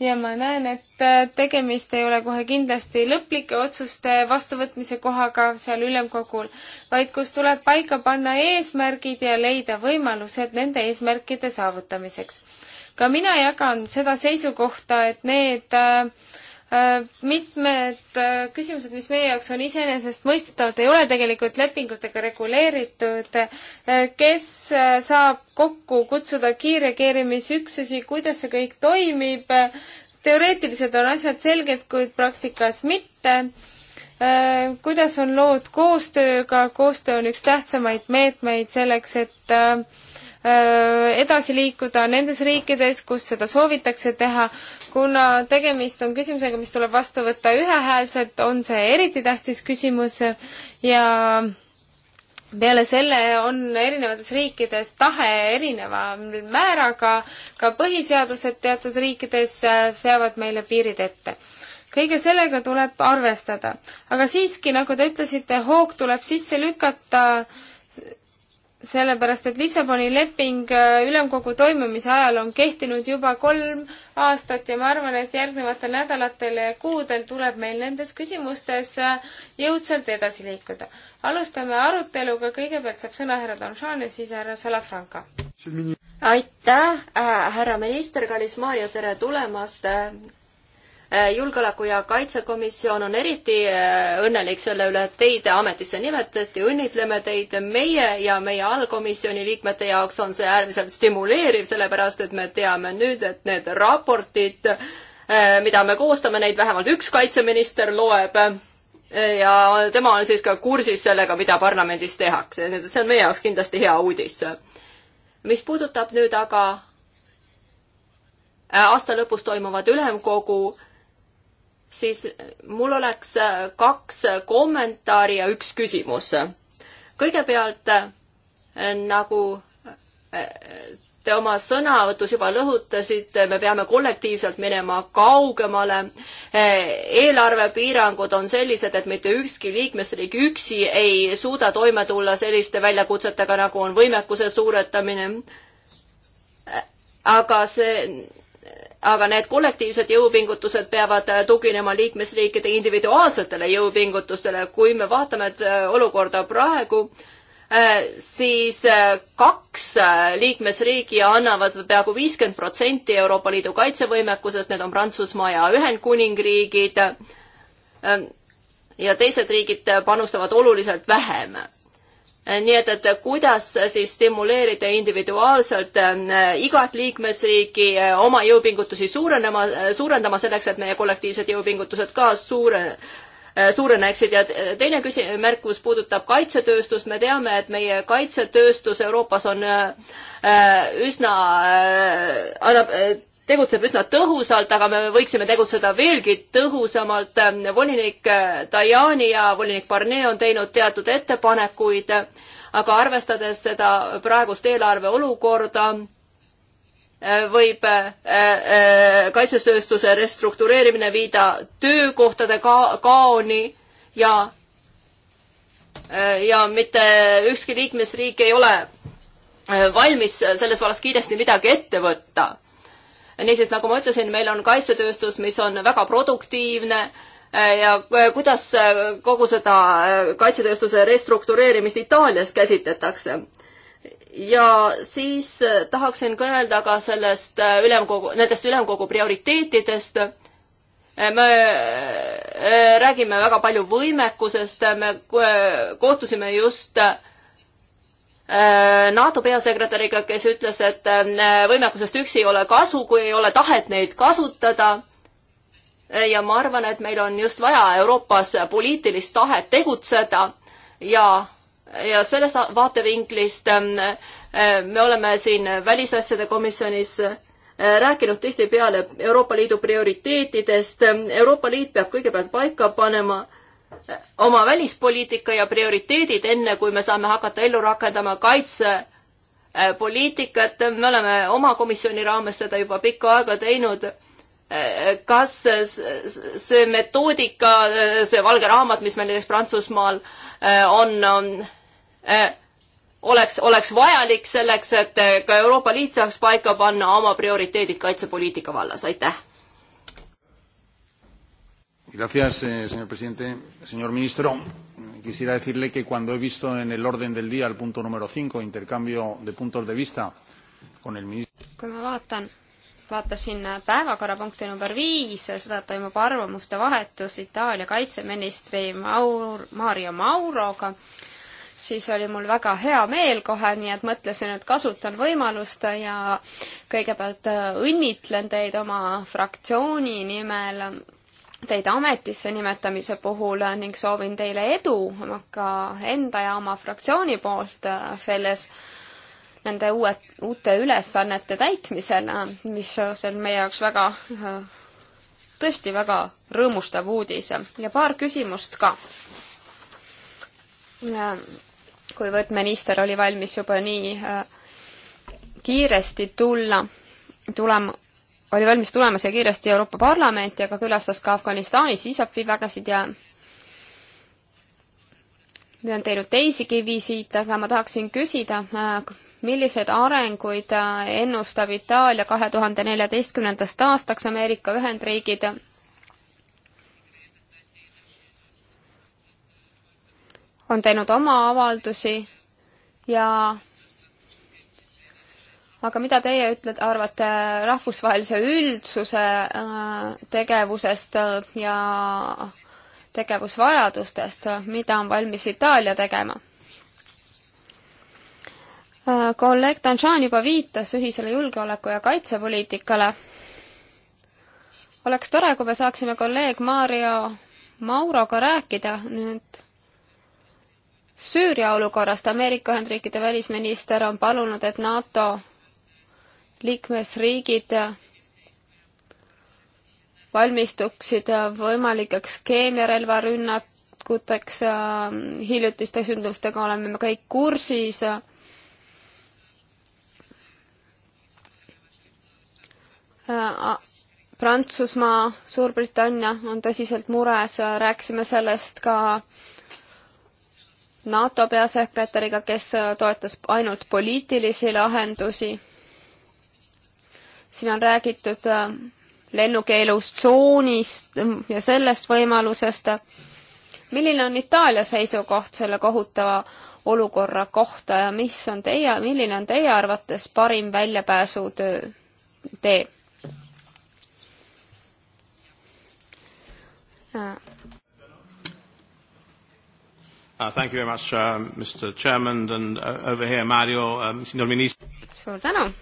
ja ma näen, et äh, tegemist ei ole kohe kindlasti lõplike otsuste vastuvõtmise kohaga seal ülemkogul, vaid kus tuleb paika panna eesmärgid ja leida võimalused nende eesmärkide saavutamiseks. ka mina jagan seda seisukohta, et need äh, Äh, mitmed äh, küsimused, mis meie jaoks on iseenesestmõistetavad, ei ole tegelikult lepingutega reguleeritud. Äh, kes saab kokku kutsuda kiirreageerimisüksusi, kuidas see kõik toimib? teoreetiliselt on asjad selged, kuid praktikas mitte. kuidas on lood koostööga? koostöö on üks tähtsamaid meetmeid selleks, et Äh, edasi liikuda nendes riikides, kus seda soovitakse teha. kuna tegemist on küsimusega, mis tuleb vastu võtta ühehäälselt, on see eriti tähtis küsimus ja peale selle on erinevates riikides tahe erineva määraga, ka põhiseadused teatud riikides äh, seavad meile piirid ette kõige sellega tuleb arvestada, aga siiski, nagu te ütlesite, hoog tuleb sisse lükata äh, sellepärast, et Lissaboni leping äh, ülemkogu toimumise ajal on kehtinud juba kolm aastat ja ma arvan, et järgnevatel nädalatel ja kuudel tuleb meil nendes küsimustes äh, jõudsalt edasi liikuda. alustame aruteluga, kõigepealt saab sõna härra Donžan ja siis härra Salafranca. aitäh, äh, härra minister, kallis Maarja, tere tulemast Äh, julgeoleku- ja kaitsekomisjon on eriti äh, õnnelik selle üle, et teid ametisse nimetati, õnnitleme teid, meie ja meie allkomisjoni liikmete jaoks on see äärmiselt stimuleeriv, sellepärast et me teame nüüd, et need raportid, äh, mida me koostame, neid vähemalt üks kaitseminister loeb ja tema on siis ka kursis sellega, mida parlamendis tehakse, nii et see on meie jaoks kindlasti hea uudis. mis puudutab nüüd aga aasta lõpus toimuvat ülemkogu, siis mul oleks äh, kaks kommentaari ja üks küsimus. kõigepealt äh, nagu äh, te oma sõnavõtus juba lõhutasite, me peame kollektiivselt minema kaugemale. eelarvepiirangud on sellised, et mitte ükski liikmesriik üksi ei suuda toime tulla selliste väljakutsetega, nagu on võimekuse suuretamine. aga see aga need kollektiivsed jõupingutused peavad äh, tuginema liikmesriikide individuaalsetele jõupingutustele. kui me vaatame äh, olukorda praegu, äh, siis kaks liikmesriigi annavad peaaegu viiskümmend protsenti Euroopa Liidu kaitsevõimekusest, need on Prantsusmaa ja Ühendkuningriigid. ja teised riigid panustavad oluliselt vähem Äh, nii et, et kuidas siis stimuleerida individuaalselt äh, igat liikmesriiki äh, oma jõupingutusi suurenema, suurendama selleks, et meie kollektiivsed jõupingutused ka suure, suureneksid ja teine küsi-, märkus puudutab kaitsetööstust, me teame, et meie kaitsetööstus Euroopas on üsna, annab tegutseb üsna tõhusalt, aga me võiksime tegutseda veelgi tõhusamalt. volinik Tajani ja volinik Barnier on teinud teatud ettepanekuid, aga arvestades seda praegust eelarve olukorda, võib äh, äh, kaitsetööstuse restruktureerimine viida töökohtade ka-, kaoni ja äh, ja mitte ükski liikmesriik ei ole valmis selles vallas kiiresti midagi ette võtta niisiis, nagu ma ütlesin, meil on kaitsetööstus, mis on väga produktiivne äh, ja äh, kuidas äh, kogu seda kaitsetööstuse restruktureerimist Itaalias käsitletakse. ja siis tahaksin kõnelda ka sellest ülemkogu, nendest ülemkogu prioriteetidest. me räägime väga palju võimekusest, me kohtusime just äh, Äh, NATO peasekretäriga, kes ütles, et äh, võimekusest üksi ei ole kasu, kui ei ole tahet neid kasutada. Äh, ja ma arvan, et meil on just vaja Euroopas poliitilist tahet tegutseda ja, ja sellest vaatevinklist me oleme siin välisasjade komisjonis rääkinud tihtipeale Euroopa Liidu prioriteetidest. Euroopa Liit peab kõigepealt paika panema oma välispoliitika ja prioriteedid, enne kui me saame hakata ellu rakendama kaitsepoliitikat. me oleme oma komisjoni raames seda juba pikka aega teinud. kas see metoodika, see valge raamat, mis meil näiteks Prantsusmaal on, on oleks, oleks vajalik selleks, et ka Euroopa Liit saaks paika panna oma prioriteedid kaitsepoliitika vallas, aitäh! Gracias, eh, señor presidente. Señor ministro, quisiera decirle que cuando he visto en el orden del día el punto número 5, intercambio de puntos de vista con el ministro... Kui ma vaatan, vaatasin eh, päevakorrapunkti number viis, seda toimub arvamuste vahetus Itaalia kaitseministri Maur, Mario Mauroga, siis oli mul väga hea meel kohe, nii et mõtlesin, et kasutan võimalust ja kõigepealt eh, õnnitlen teid oma fraktsiooni nimel teid ametisse nimetamise puhul ning soovin teile edu ka enda ja oma fraktsiooni poolt äh, selles nende uue, uute ülesannete täitmisel, äh, mis on meie jaoks väga, äh, tõesti väga rõõmustav uudis ja paar küsimust ka. kuivõrd minister oli valmis juba nii kiiresti tulla, tulema oli valmis tulema siia kiiresti Euroopa Parlamenti, aga külastas ka Afganistanis ISAF-i vägesid ja me oleme teinud teisigi visiite, aga ma tahaksin küsida, milliseid arenguid ennustab Itaalia kahe tuhande neljateistkümnendast aastaks Ameerika Ühendriigid on teinud oma avaldusi ja aga mida teie ütlete, arvate rahvusvahelise üldsuse äh, tegevusest äh, ja tegevusvajadustest, mida on valmis Itaalia tegema? Äh, kolleeg Danjan juba viitas ühisele julgeoleku- ja kaitsepoliitikale. oleks tore, kui me saaksime kolleeg Mario Mauroga rääkida nüüd Süüria olukorrast. Ameerika Ühendriikide välisminister on palunud, et NATO liikmesriigid valmistuksid võimalikeks keemiarelvarünnakuteks, hiljutiste sündmustega oleme me kõik kursis. Prantsusmaa, Suurbritannia on tõsiselt mures, rääkisime sellest ka NATO peasekretäriga, kes toetas ainult poliitilisi lahendusi siin on räägitud äh, lennukeelustsoonist mm, ja sellest võimalusest. milline on Itaalia seisukoht selle kohutava olukorra kohta ja mis on teie, milline on teie arvates parim väljapääsutöö, tee? Äh. Uh, thank you very much, uh, Mr. Chairman, and uh, over here, Mario, uh, signor Ministro. Suur tänu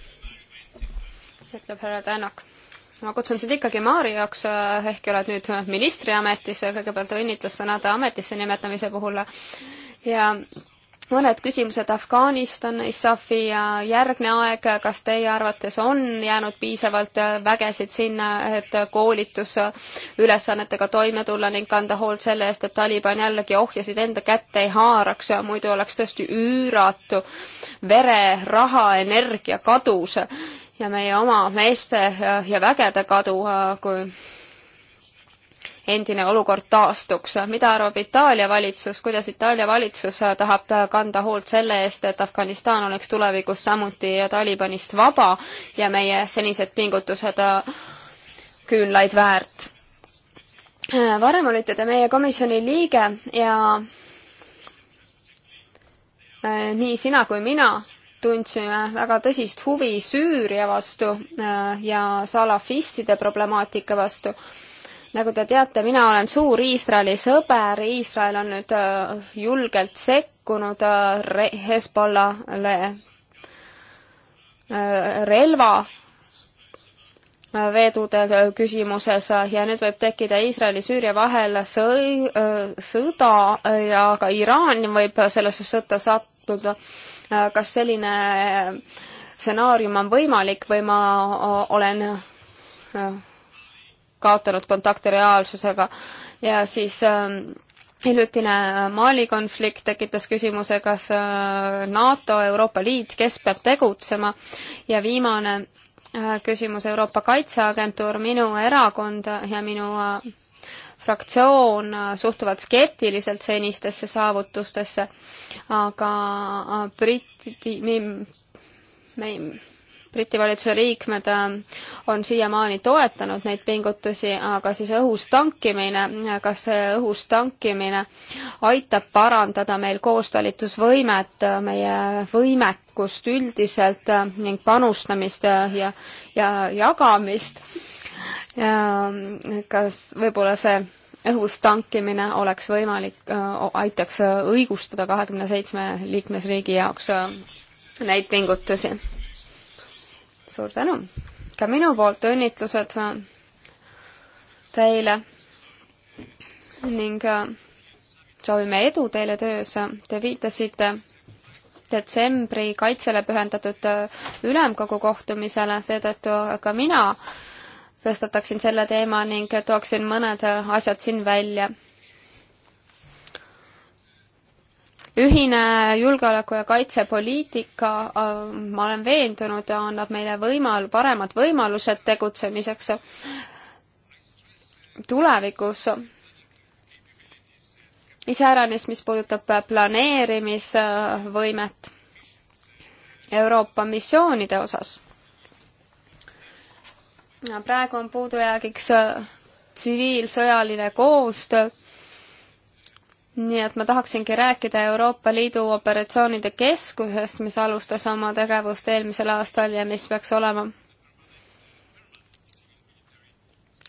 ütleb härra Tänak. ma kutsun sind ikkagi Maarioks, eh, ehkki oled nüüd ministriametis, eh, kõigepealt õnnitlussõnad ametisse nimetamise puhul ja mõned küsimused Afganistan, ISAF-i ja järgne aeg, kas teie arvates on jäänud piisavalt vägesid sinna, et koolitusülesannetega toime tulla ning kanda hoolt selle eest, et Taliban jällegi ohjasid enda kätte ei haaraks ja muidu oleks tõesti üüratu vere, raha, energia kadus ja meie oma meeste ja, ja vägede kadu, äh, kui endine olukord taastuks. mida arvab Itaalia valitsus, kuidas Itaalia valitsus äh, tahab äh, kanda hoolt selle eest, et Afganistan oleks tulevikus samuti Talibanist vaba ja meie senised pingutused küünlaid väärt? varem olite te meie komisjoni liige ja nii sina kui mina tundsime väga tõsist huvi Süüria vastu äh, ja salafistide problemaatika vastu. nagu te teate, mina olen suur Iisraeli sõber, Iisrael on nüüd äh, julgelt sekkunud äh, Hezbollah'le relva veedude küsimuses ja nüüd võib tekkida Iisraeli-Süüria vahel sõi, sõda ja ka Iraan võib sellesse sõtta sattuda kas selline stsenaarium on võimalik või ma olen äh, kaotanud kontakti reaalsusega ja siis ähm, hiljutine äh, Mali konflikt tekitas küsimuse, kas äh, NATO, Euroopa Liit, kes peab tegutsema ja viimane küsimus Euroopa Kaitseagentuur, minu erakond ja minu fraktsioon äh, suhtuvad skeptiliselt senistesse saavutustesse, aga äh, Briti, me, Briti valitsuse liikmed äh, on siiamaani toetanud neid pingutusi, aga siis õhus tankimine, kas see õhus tankimine aitab parandada meil koostalitusvõimet, meie võimekust üldiselt ning panustamist ja, ja jagamist Eh, kas võib-olla see õhus tankimine oleks võimalik, eh, aitaks eh, õigustada kahekümne seitsme liikmesriigi jaoks neid pingutusi. suur tänu! ka minu poolt õnnitlused teile ning soovime edu teile töös. Te viitasite detsembri kaitsele pühendatud ülemkogu kohtumisele, seetõttu ka mina tõstataksin selle teema ning tooksin mõned asjad siin välja. ühine julgeoleku- ja kaitsepoliitika, äh, ma olen veendunud, annab meile võimal-, paremad võimalused tegutsemiseks tulevikus iseäranis, mis puudutab planeerimisvõimet Euroopa missioonide osas praegu on puudujäägiks äh, tsiviilsõjaline koostöö. nii et ma tahaksingi rääkida Euroopa Liidu operatsioonide keskusest, mis alustas oma tegevust eelmisel aastal ja mis peaks olema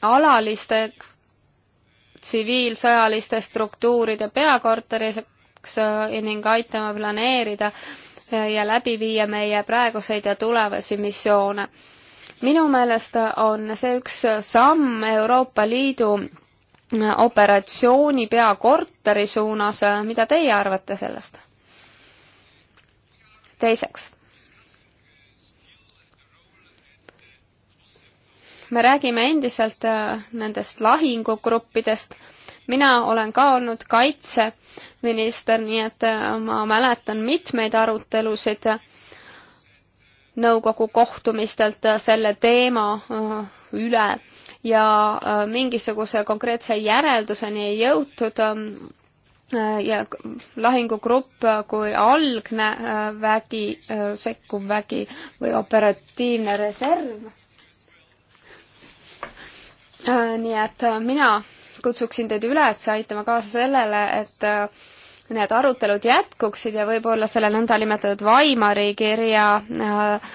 alaliste tsiviilsõjaliste struktuuride peakorteriks äh, ning aitama planeerida ja läbi viia meie praeguseid ja tulevasi missioone minu meelest on see üks samm Euroopa Liidu operatsiooni peakorteri suunas, mida teie arvate sellest? teiseks, me räägime endiselt äh, nendest lahingugruppidest, mina olen ka olnud kaitseminister, nii et äh, ma mäletan mitmeid arutelusid äh, nõukogu kohtumistelt selle teema äh, üle ja äh, mingisuguse konkreetse järelduseni ei jõutud ähm, äh, ja lahingugrupp kui algne vägi, sekkuv vägi või operatiivne reserv. nii et mina kutsuksin teid üles aitama kaasa sellele, et need arutelud jätkuksid ja võib-olla selle nõndanimetatud Vaimari kirja äh,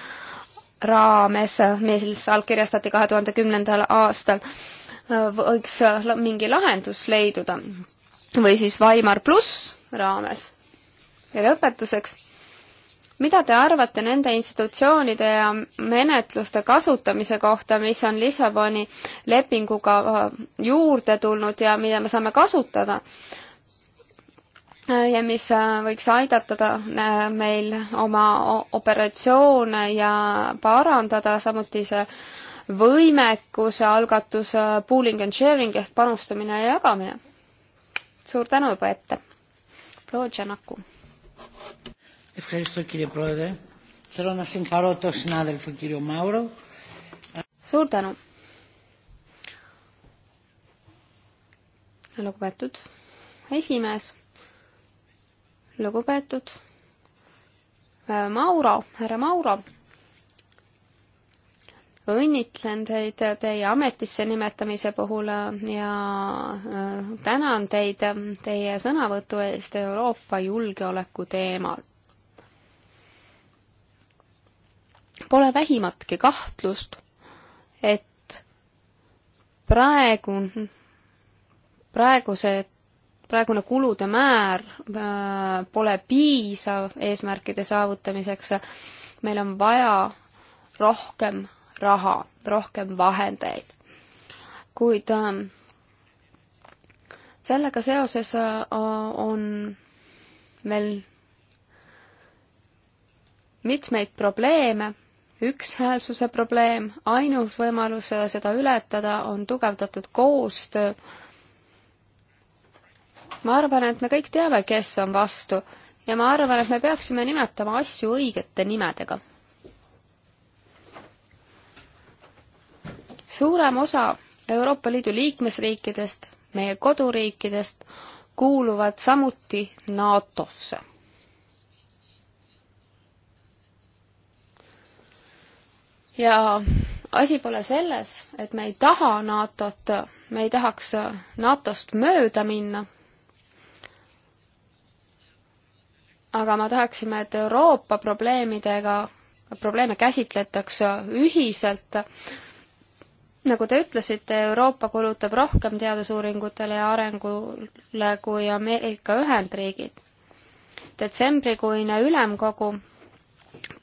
raames, mis allkirjastati kahe tuhande kümnendal aastal, äh, võiks äh, mingi lahendus leiduda. või siis Vaimar pluss raames. ja lõpetuseks, mida te arvate nende institutsioonide ja menetluste kasutamise kohta, mis on Lissaboni lepinguga äh, juurde tulnud ja mida me saame kasutada? ja mis äh, võiks aidata äh, meil oma operatsioone ja parandada, samuti see võimekuse algatus äh, pooling and sharing ehk panustamine ja jagamine. suur tänu juba ette. proua Tšanaku. suur tänu. lugupeetud esimees lugupeetud äh, Mauro, härra Mauro, õnnitlen teid teie ametisse nimetamise puhul äh, ja äh, tänan teid teie sõnavõtu eest Euroopa julgeoleku teemal. Pole vähimatki kahtlust, et praegu, praegused praegune kulude määr äh, pole piisav eesmärkide saavutamiseks. meil on vaja rohkem raha, rohkem vahendeid. kuid ähm, sellega seoses äh, on meil mitmeid probleeme ükshäälsuse probleem, ainus võimalus seda ületada on tugevdatud koostöö ma arvan, et me kõik teame, kes on vastu ja ma arvan, et me peaksime nimetama asju õigete nimedega. suurem osa Euroopa Liidu liikmesriikidest, meie koduriikidest, kuuluvad samuti NATO-sse. ja asi pole selles, et me ei taha NATO-t, me ei tahaks NATO-st mööda minna, aga me tahaksime, et Euroopa probleemidega, probleeme käsitletaks ühiselt. nagu te ütlesite, Euroopa kulutab rohkem teadusuuringutele ja arengule kui Ameerika Ühendriigid. detsembrikuine ülemkogu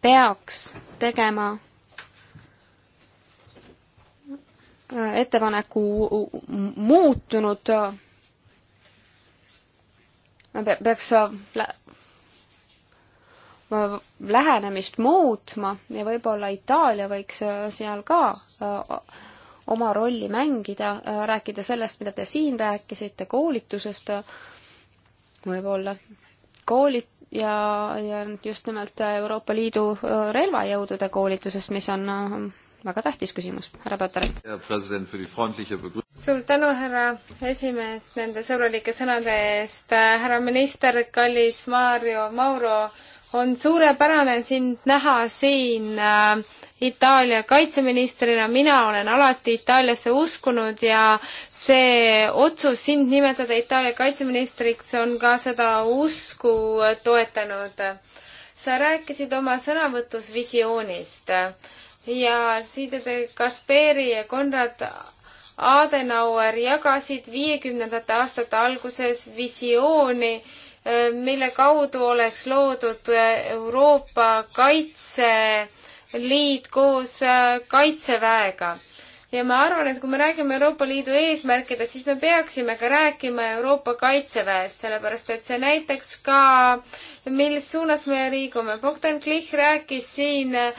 peaks tegema ettepaneku muutunud peaks lähenemist muutma ja võib-olla Itaalia võiks äh, seal ka äh, oma rolli mängida, äh, rääkida sellest, mida te siin rääkisite, koolitusest võib-olla, koolit- ja, ja just nimelt Euroopa Liidu relvajõudude koolitusest, mis on väga tähtis küsimus, härra Patarei. suur tänu, härra esimees, nende sõbralike sõnade eest, härra minister, kallis Maarjo Mauro, on suurepärane sind näha siin äh, Itaalia kaitseministrina, mina olen alati Itaaliasse uskunud ja see otsus sind nimetada Itaalia kaitseministriks on ka seda usku toetanud. sa rääkisid oma sõnavõtus visioonist ja Siide Kasperi ja Konrad Adenauer jagasid viiekümnendate aastate alguses visiooni, mille kaudu oleks loodud Euroopa Kaitseliit koos äh, Kaitseväega. ja ma arvan, et kui me räägime Euroopa Liidu eesmärkidest, siis me peaksime ka rääkima Euroopa Kaitseväest, sellepärast et see näitaks ka, milles suunas me liigume. Bogdan Klich rääkis siin äh,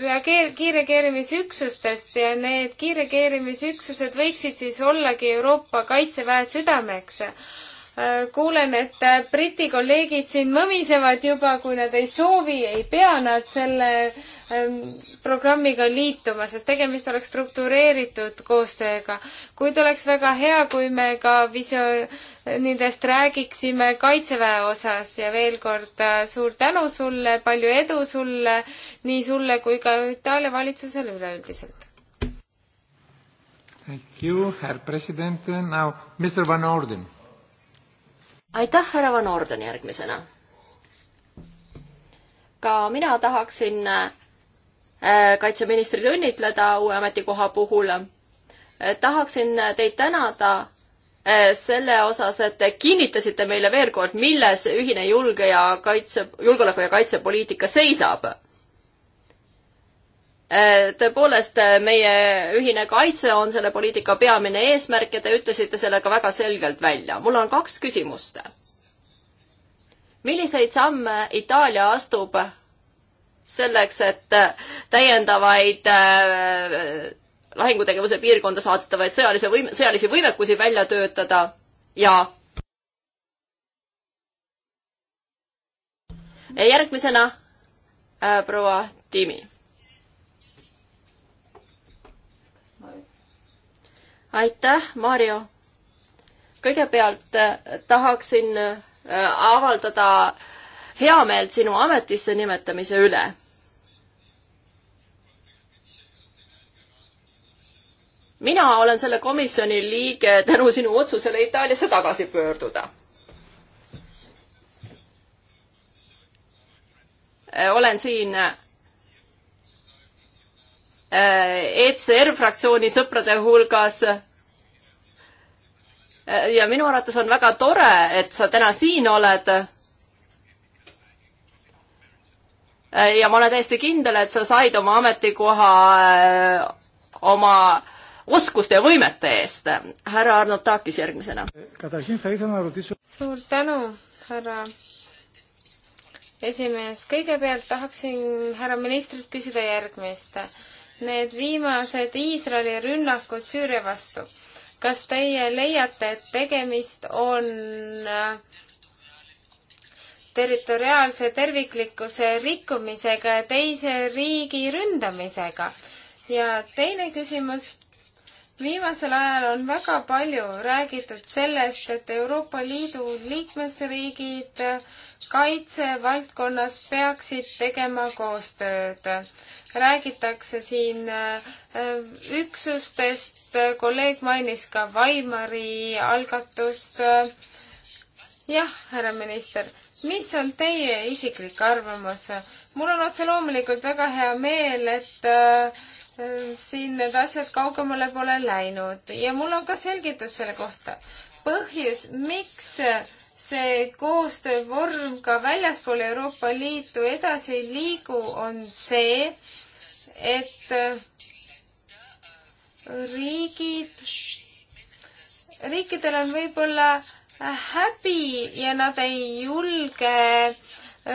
reageer-, kiirreageerimisüksustest ja need kiirreageerimisüksused võiksid siis ollagi Euroopa Kaitseväe südameks Äh, kuulen, et äh, Briti kolleegid siin mõmisevad juba, kui nad ei soovi, ei pea nad selle ähm, programmiga liituma, sest tegemist oleks struktureeritud koostööga. kuid oleks väga hea, kui me ka visioonidest räägiksime Kaitseväe osas ja veel kord äh, suur tänu sulle, palju edu sulle, nii sulle kui ka Itaalia valitsusele üleüldiselt. Thank you, härra president, now Mr Van Orden aitäh, härra Van Orden järgmisena. ka mina tahaksin äh, kaitseministrit õnnitleda uue ametikoha puhul. tahaksin teid tänada äh, selle osas, et te kinnitasite meile veel kord, milles ühine julge ja kaitse, julgeoleku ja kaitsepoliitika seisab Äh, tõepoolest, äh, meie ühine kaitse on selle poliitika peamine eesmärk ja te ütlesite selle ka väga selgelt välja. mul on kaks küsimust. milliseid samme Itaalia astub selleks, et äh, täiendavaid lahingutegevuse piirkonda saadetavaid sõjalise võim-, sõjalisi võimekusi välja töötada ja järgmisena äh, proua Timi aitäh, Mario. kõigepealt äh, tahaksin äh, avaldada heameelt sinu ametisse nimetamise üle mina olen selle komisjoni liige tänu sinu otsusele Itaaliasse tagasi pöörduda. Äh, olen siin Äh, ECR fraktsiooni sõprade hulgas. Äh, ja minu arvates on väga tore, et sa täna siin oled. Äh, ja ma olen täiesti kindel, et sa said oma ametikoha oma oskuste ja võimete eest. härra Arno Taakis järgmisena. suur tänu, härra esimees. kõigepealt tahaksin härra ministrilt küsida järgmist need viimased Iisraeli rünnakud Süüria vastu. kas teie leiate, et tegemist on äh, territoriaalse terviklikkuse rikkumisega ja teise riigi ründamisega? ja teine küsimus. viimasel ajal on väga palju räägitud sellest, et Euroopa Liidu liikmesriigid kaitsevaldkonnas peaksid tegema koostööd räägitakse siin äh, üksustest, kolleeg mainis ka Vaimari algatust. jah, härra minister, mis on teie isiklik arvamus? mul on otse loomulikult väga hea meel, et äh, siin need asjad kaugemale pole läinud ja mul on ka selgitus selle kohta. põhjus, miks see koostöövorm ka väljaspool Euroopa Liitu edasi ei liigu, on see, et riigid, riikidel on võib-olla häbi ja nad ei julge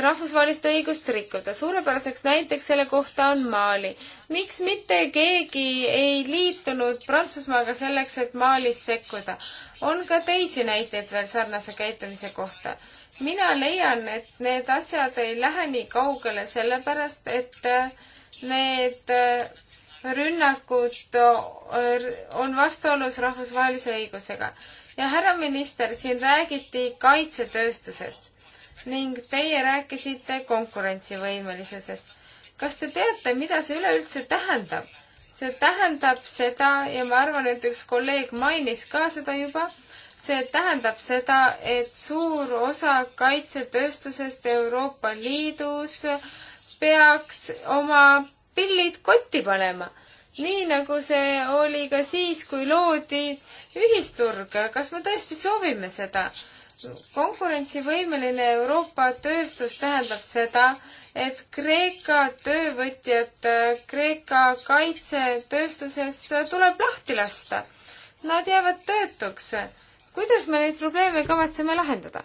rahvusvahelist õigust rikkuda. suurepäraseks näiteks selle kohta on Mali. miks mitte keegi ei liitunud Prantsusmaaga selleks, et Malis sekkuda? on ka teisi näiteid veel sarnase käitumise kohta. mina leian, et need asjad ei lähe nii kaugele, sellepärast et äh, need äh, rünnakud äh, on vastuolus rahvusvahelise õigusega. ja härra minister, siin räägiti kaitsetööstusest ning teie rääkisite konkurentsivõimelisusest. kas te teate, mida see üleüldse tähendab? see tähendab seda ja ma arvan, et üks kolleeg mainis ka seda juba, see tähendab seda, et suur osa kaitsetööstusest Euroopa Liidus äh, peaks oma pillid kotti panema. nii nagu see oli ka siis, kui loodi ühisturg. kas me tõesti soovime seda? konkurentsivõimeline Euroopa tööstus tähendab seda, et Kreeka töövõtjad Kreeka kaitsetööstuses tuleb lahti lasta. Nad jäävad töötuks. kuidas me neid probleeme kavatseme lahendada?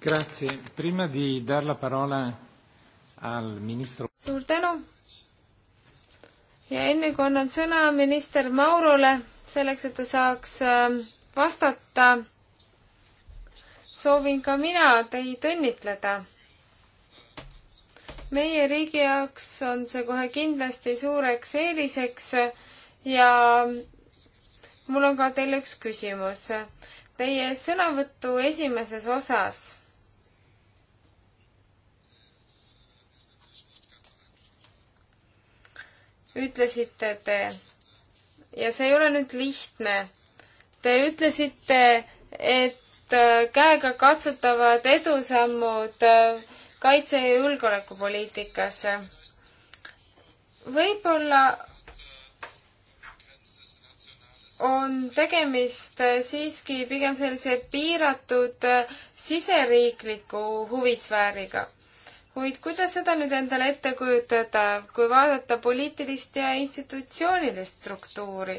Grazie, prima di dar la parola ministro... suur tänu ja enne kui annan sõna minister Maurule, selleks et ta saaks ähm, vastata, soovin ka mina teid õnnitleda. meie riigi jaoks on see kohe kindlasti suureks eeliseks ja mul on ka teile üks küsimus. Teie sõnavõtu esimeses osas ütlesite te, ja see ei ole nüüd lihtne, te ütlesite, et äh, käega katsutavad edusammud äh, kaitse- ja julgeolekupoliitikas. võib-olla on tegemist äh, siiski pigem sellise piiratud siseriikliku huvisfääriga kuid kuidas seda nüüd endale ette kujutada, kui vaadata poliitilist ja institutsioonilist struktuuri?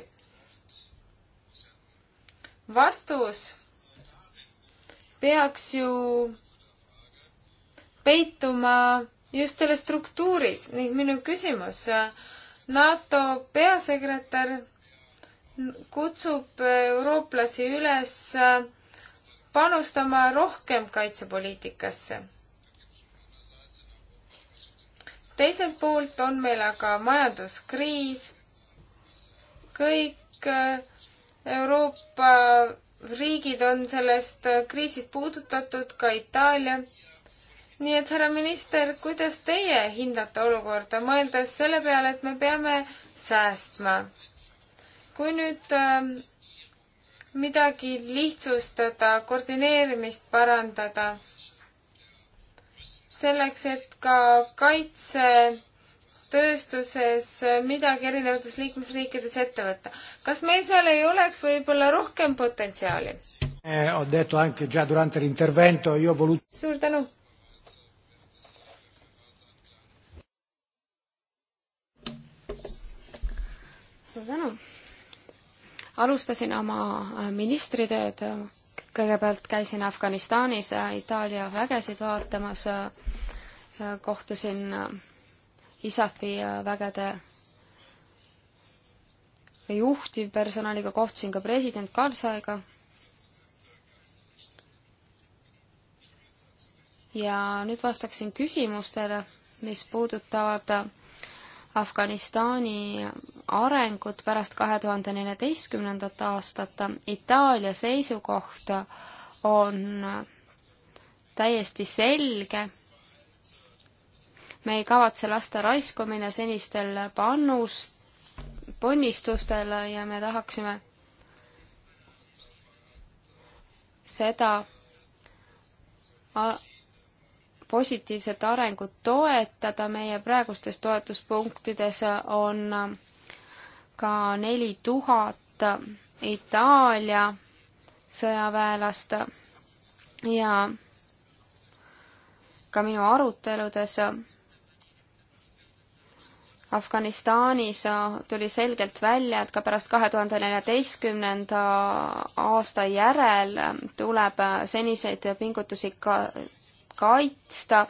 vastus peaks ju peituma just selles struktuuris ning minu küsimus. NATO peasekretär kutsub eurooplasi üles panustama rohkem kaitsepoliitikasse teiselt poolt on meil aga majanduskriis, kõik äh, Euroopa riigid on sellest äh, kriisist puudutatud, ka Itaalia. nii et härra minister, kuidas teie hindate olukorda, mõeldes selle peale, et me peame säästma? kui nüüd äh, midagi lihtsustada, koordineerimist parandada selleks, et ka kaitsetööstuses midagi erinevates liikmesriikides ette võtta. kas meil seal ei oleks võib-olla rohkem potentsiaali? Eh, suur tänu! suur tänu! alustasin oma äh, ministritööd äh, kõigepealt käisin Afganistanis Itaalia vägesid vaatamas, kohtusin ISAF-i vägede juhtivpersonaliga, kohtusin ka president Karzaiga. ja nüüd vastaksin küsimustele, mis puudutavad Afganistani arengut pärast kahe tuhande neljateistkümnendat aastat. Itaalia seisukoht on täiesti selge. me ei kavatse lasta raisku minna senistel pannust, ponnistustel ja me tahaksime seda positiivset arengut toetada meie praegustes toetuspunktides on ka neli tuhat Itaalia sõjaväelast ja ka minu aruteludes Afganistanis tuli selgelt välja, et ka pärast kahe tuhande neljateistkümnenda aasta järel tuleb seniseid pingutusi ka kaitsta.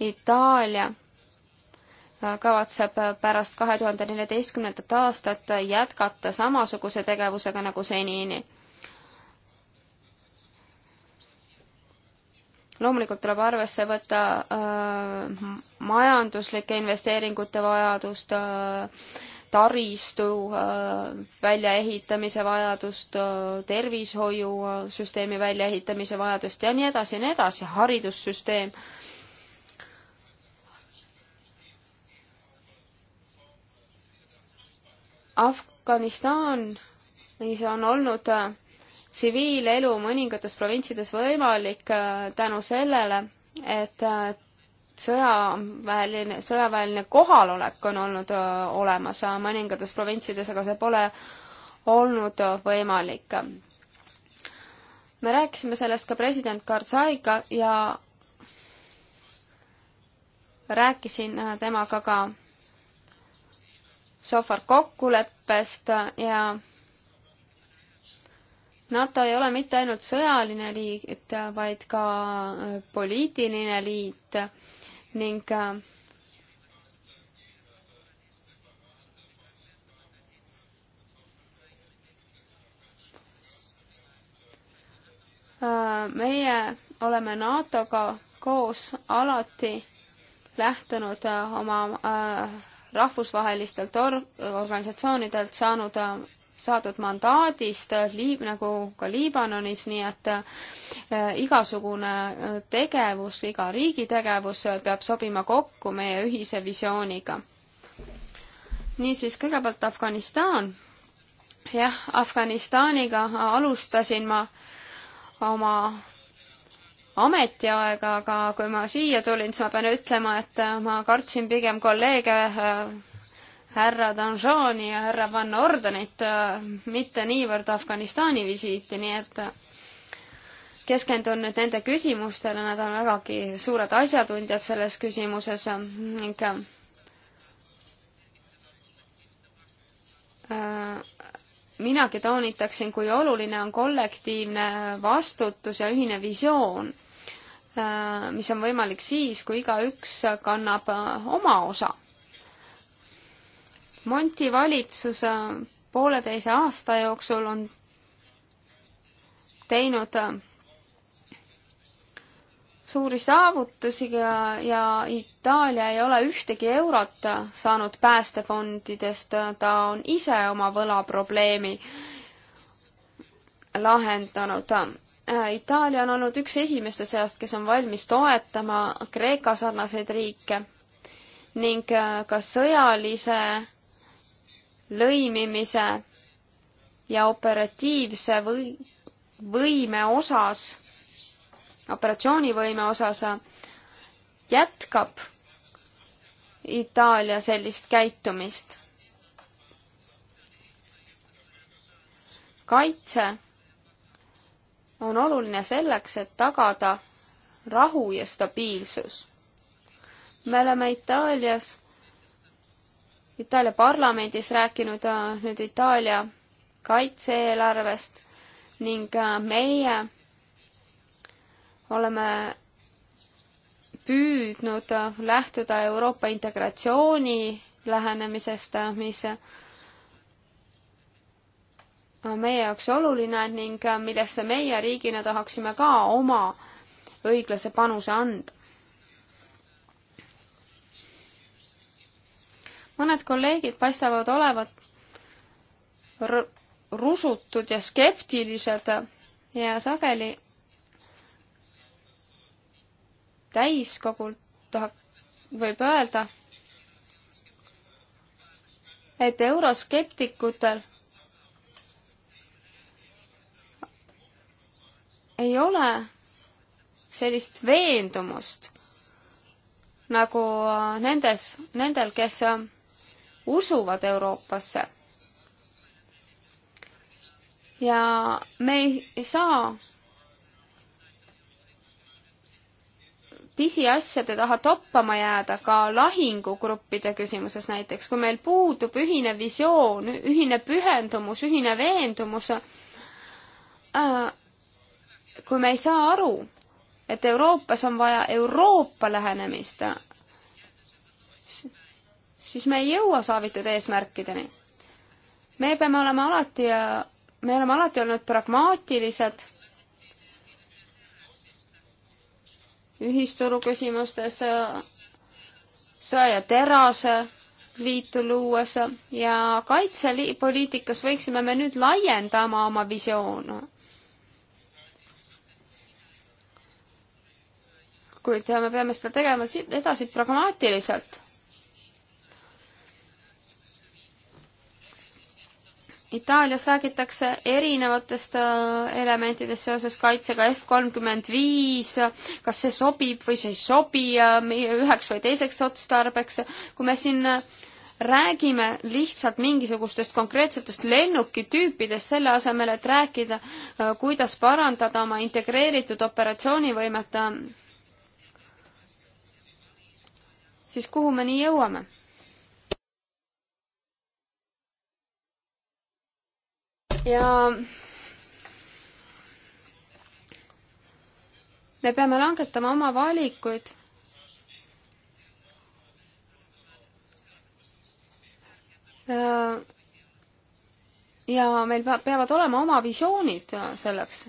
Itaalia kavatseb pärast kahe tuhande neljateistkümnendat aastat jätkata samasuguse tegevusega nagu senini. loomulikult tuleb arvesse võtta öö, äh, majanduslike investeeringute vajadust öö, äh, taristu äh, väljaehitamise vajadust, äh, tervishoiusüsteemi väljaehitamise vajadust ja nii edasi ja nii edasi, haridussüsteem. Afganistan see on olnud äh, tsiviilelu mõningates provintsides võimalik tänu sellele, et sõjaväeline, sõjaväeline kohalolek on olnud olemas mõningates provintsides, aga see pole olnud võimalik. me rääkisime sellest ka president Karzaiga ja rääkisin temaga ka Sofar kokkuleppest ja NATO ei ole mitte ainult sõjaline liit, vaid ka poliitiline liit ning äh, meie oleme NATO-ga koos alati lähtunud äh, oma äh, rahvusvahelistelt or-, organisatsioonidelt saanud saadud mandaadist, liib-, nagu ka Liibanonis, nii et äh, igasugune äh, tegevus, iga riigi tegevus peab sobima kokku meie ühise visiooniga. niisiis, kõigepealt Afganistan. jah, Afganistaniga alustasin ma oma ametiaega, aga kui ma siia tulin, siis ma pean ütlema, et ma kartsin pigem kolleege äh, härra Danjani ja härra Van Ordenit, äh, mitte niivõrd Afganistani visiiti, nii et äh, keskendun nüüd nende küsimustele, nad on vägagi suured asjatundjad selles küsimuses ning äh, minagi toonitaksin, kui oluline on kollektiivne vastutus ja ühine visioon, mis on võimalik siis, kui igaüks kannab oma osa Monti valitsus pooleteise aasta jooksul on teinud äh, suuri saavutusi ja, ja Itaalia ei ole ühtegi eurot saanud päästefondidest, ta on ise oma võlaprobleemi lahendanud. Äh, Itaalia on olnud üks esimeste seast, kes on valmis toetama Kreeka sarnaseid riike ning äh, ka sõjalise lõimimise ja operatiivse või võime osas, operatsioonivõime osas jätkab Itaalia sellist käitumist. kaitse on oluline selleks, et tagada rahu ja stabiilsus. me oleme Itaalias Itaalia parlamendis rääkinud äh, nüüd Itaalia kaitse-eelarvest ning äh, meie oleme püüdnud äh, lähtuda Euroopa integratsiooni lähenemisest, mis on meie jaoks oluline ning millesse meie riigina tahaksime ka oma õiglase panuse anda. mõned kolleegid paistavad olevat rusutud ja skeptilised ja sageli täiskogult tahab, võib öelda, et euroskeptikutel ei ole sellist veendumust nagu nendes, nendel, kes usuvad Euroopasse. ja me ei saa pisiasjade taha toppama jääda ka lahingugruppide küsimuses näiteks, kui meil puudub ühine visioon, ühine pühendumus, ühine veendumus äh,, kui me ei saa aru, et Euroopas on vaja Euroopa lähenemist, siis me ei jõua saavitud eesmärkideni. me peame olema alati, me oleme alati olnud pragmaatilised ühisturu küsimustes, söe ja terase liitu luues ja kaitsepoliitikas võiksime me nüüd laiendama oma visioone kuid me peame seda tegema edasi pragmaatiliselt. Itaalias räägitakse erinevatest äh, elementidest seoses kaitsega F kolmkümmend viis, kas see sobib või see ei sobi üheks või teiseks otstarbeks. kui me siin äh, räägime lihtsalt mingisugustest konkreetsetest lennukitüüpidest, selle asemel, et rääkida, äh, kuidas parandada oma integreeritud operatsioonivõimet, siis kuhu me nii jõuame? ja me peame langetama oma valikuid. ja meil peavad olema oma visioonid selleks.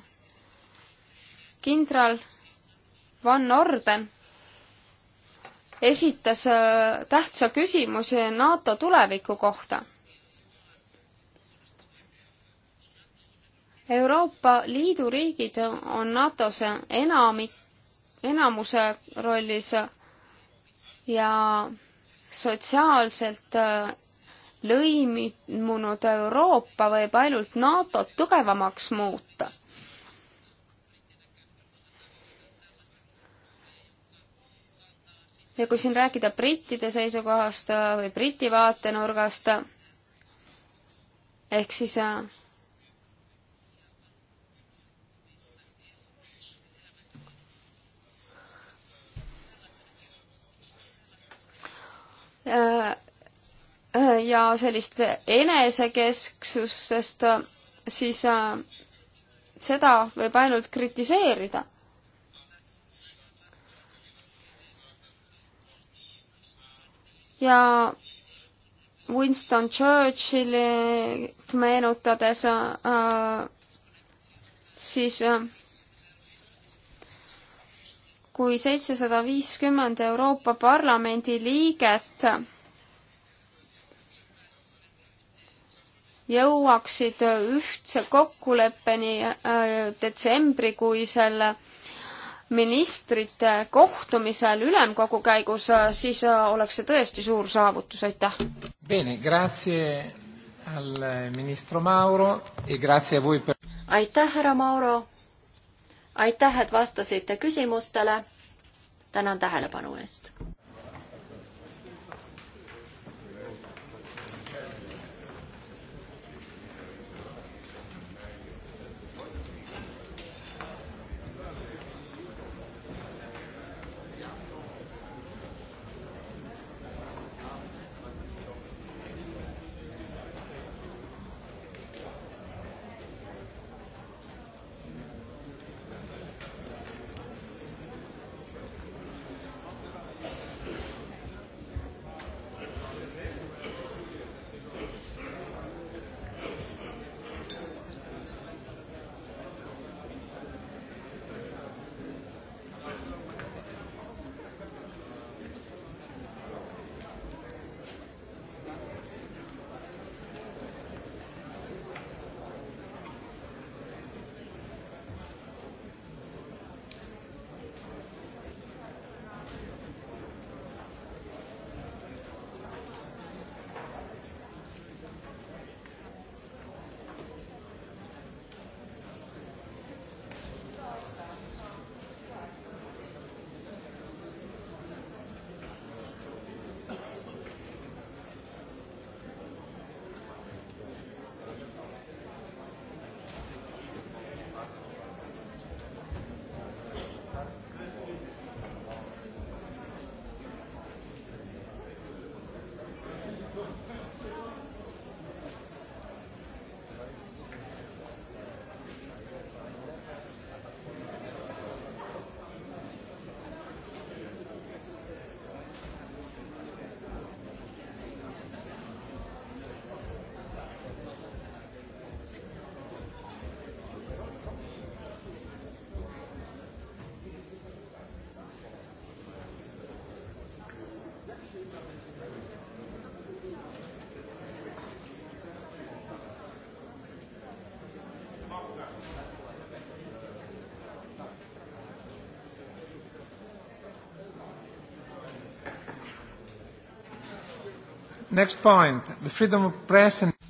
kindral Van Orden esitas äh, tähtsa küsimuse NATO tuleviku kohta Euroopa Liidu riigid on NATO-s enamik, enamuse rollis ja sotsiaalselt äh, lõimunud Euroopa võib ainult NATO-t tugevamaks muuta. ja kui siin rääkida brittide seisukohast või Briti vaatenurgast, ehk siis äh, Äh, äh, ja sellist enesekesksusest, äh, siis seda võib ainult kritiseerida. ja Winston Churchillit meenutades äh, siis äh, kui seitsesada viiskümmend Euroopa Parlamendi liiget jõuaksid ühtse kokkuleppeni äh, detsembrikuisel ministrite kohtumisel ülemkogu käigus, äh, siis äh, oleks see tõesti suur saavutus, aitäh! E aitäh, härra Mauro! aitäh, et vastasite küsimustele. tänan tähelepanu eest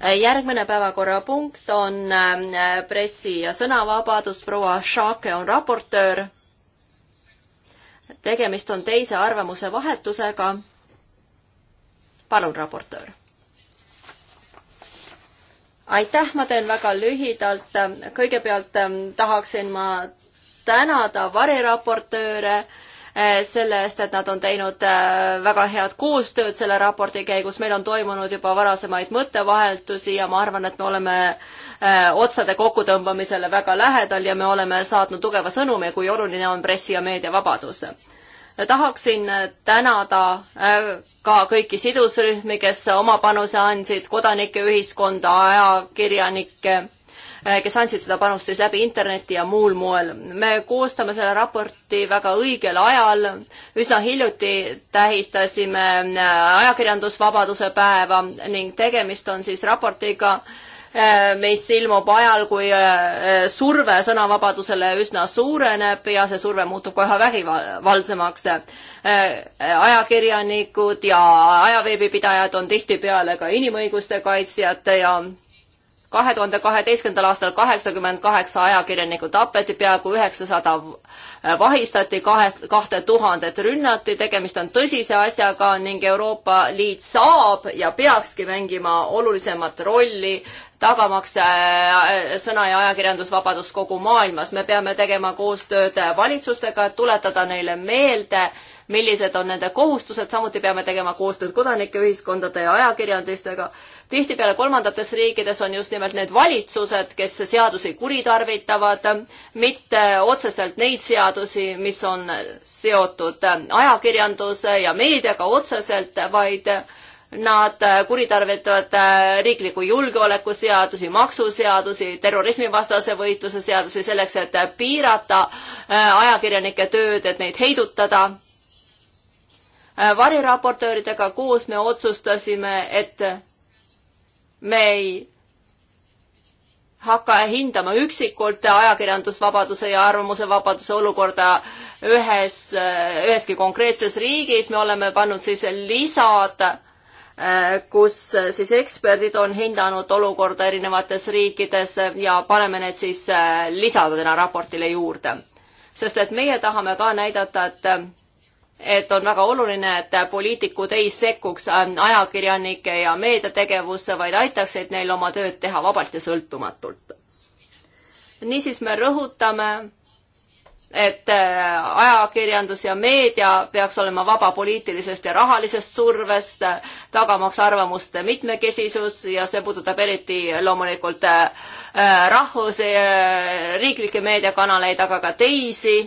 Äh, järgmine päevakorrapunkt on äh, pressi- ja sõnavabadus, proua Šake on raportöör. tegemist on teise arvamuse vahetusega. palun, raportöör. aitäh, ma teen väga lühidalt. kõigepealt ähm, tahaksin ma tänada variraportööre äh, Eh, selle eest, et nad on teinud eh, väga head koostööd selle raporti käigus, meil on toimunud juba varasemaid mõttevaheldusi ja ma arvan, et me oleme eh, otsade kokkutõmbamisele väga lähedal ja me oleme saatnud tugeva sõnumi, kui oluline on pressi- ja meediavabadus. tahaksin tänada ka kõiki sidusrühmi, kes oma panuse andsid, kodanike ühiskonda, ajakirjanikke Äh, kes andsid seda panust siis läbi interneti ja muul moel. me koostame selle raporti väga õigel ajal. üsna hiljuti tähistasime äh, ajakirjandusvabaduse päeva ning tegemist on siis raportiga, äh, mis ilmub ajal, kui surve sõnavabadusele üsna suureneb ja see surve muutub kohe vägivaldsemaks. ajakirjanikud ja ajaveebipidajad on tihtipeale ka inimõiguste kaitsjad ja kahe tuhande kaheteistkümnendal aastal kaheksakümmend kaheksa ajakirjanikku tapeti, peaaegu üheksasada vahistati, kahe, kahte tuhandet rünnati, tegemist on tõsise asjaga ning Euroopa Liit saab ja peakski mängima olulisemat rolli tagamaks äh, sõna- ja ajakirjandusvabadus kogu maailmas. me peame tegema koostööd valitsustega, et tuletada neile meelde, millised on nende kohustused, samuti peame tegema koostööd kodanikeühiskondade ja ajakirjandustega. tihtipeale kolmandates riikides on just nimelt need valitsused, kes seadusi kuritarvitavad, mitte otseselt neid seadusi, mis on seotud ajakirjanduse ja meediaga otseselt, vaid Nad kuritarvitavad riikliku julgeoleku seadusi, maksuseadusi, terrorismivastase võitluse seadusi selleks, et piirata äh, ajakirjanike tööd, et neid heidutada. Äh, variraportööridega koos me otsustasime, et me ei hakka hindama üksikult ajakirjandusvabaduse ja arvamusevabaduse olukorda ühes, äh, üheski konkreetses riigis, me oleme pannud siis lisad, äh, kus siis eksperdid on hinnanud olukorda erinevates riikides ja paneme need siis lisadena raportile juurde. sest et meie tahame ka näidata, et et on väga oluline, et poliitikud ei sekkuks ajakirjanike ja meediategevusse, vaid aitaksid neil oma tööd teha vabalt ja sõltumatult. niisiis me rõhutame, et äh, ajakirjandus ja meedia peaks olema vaba poliitilisest ja rahalisest survest, tagamaks arvamuste mitmekesisus ja see puudutab eriti loomulikult äh, äh, rahvuse, riiklikke meediakanaleid, aga ka teisi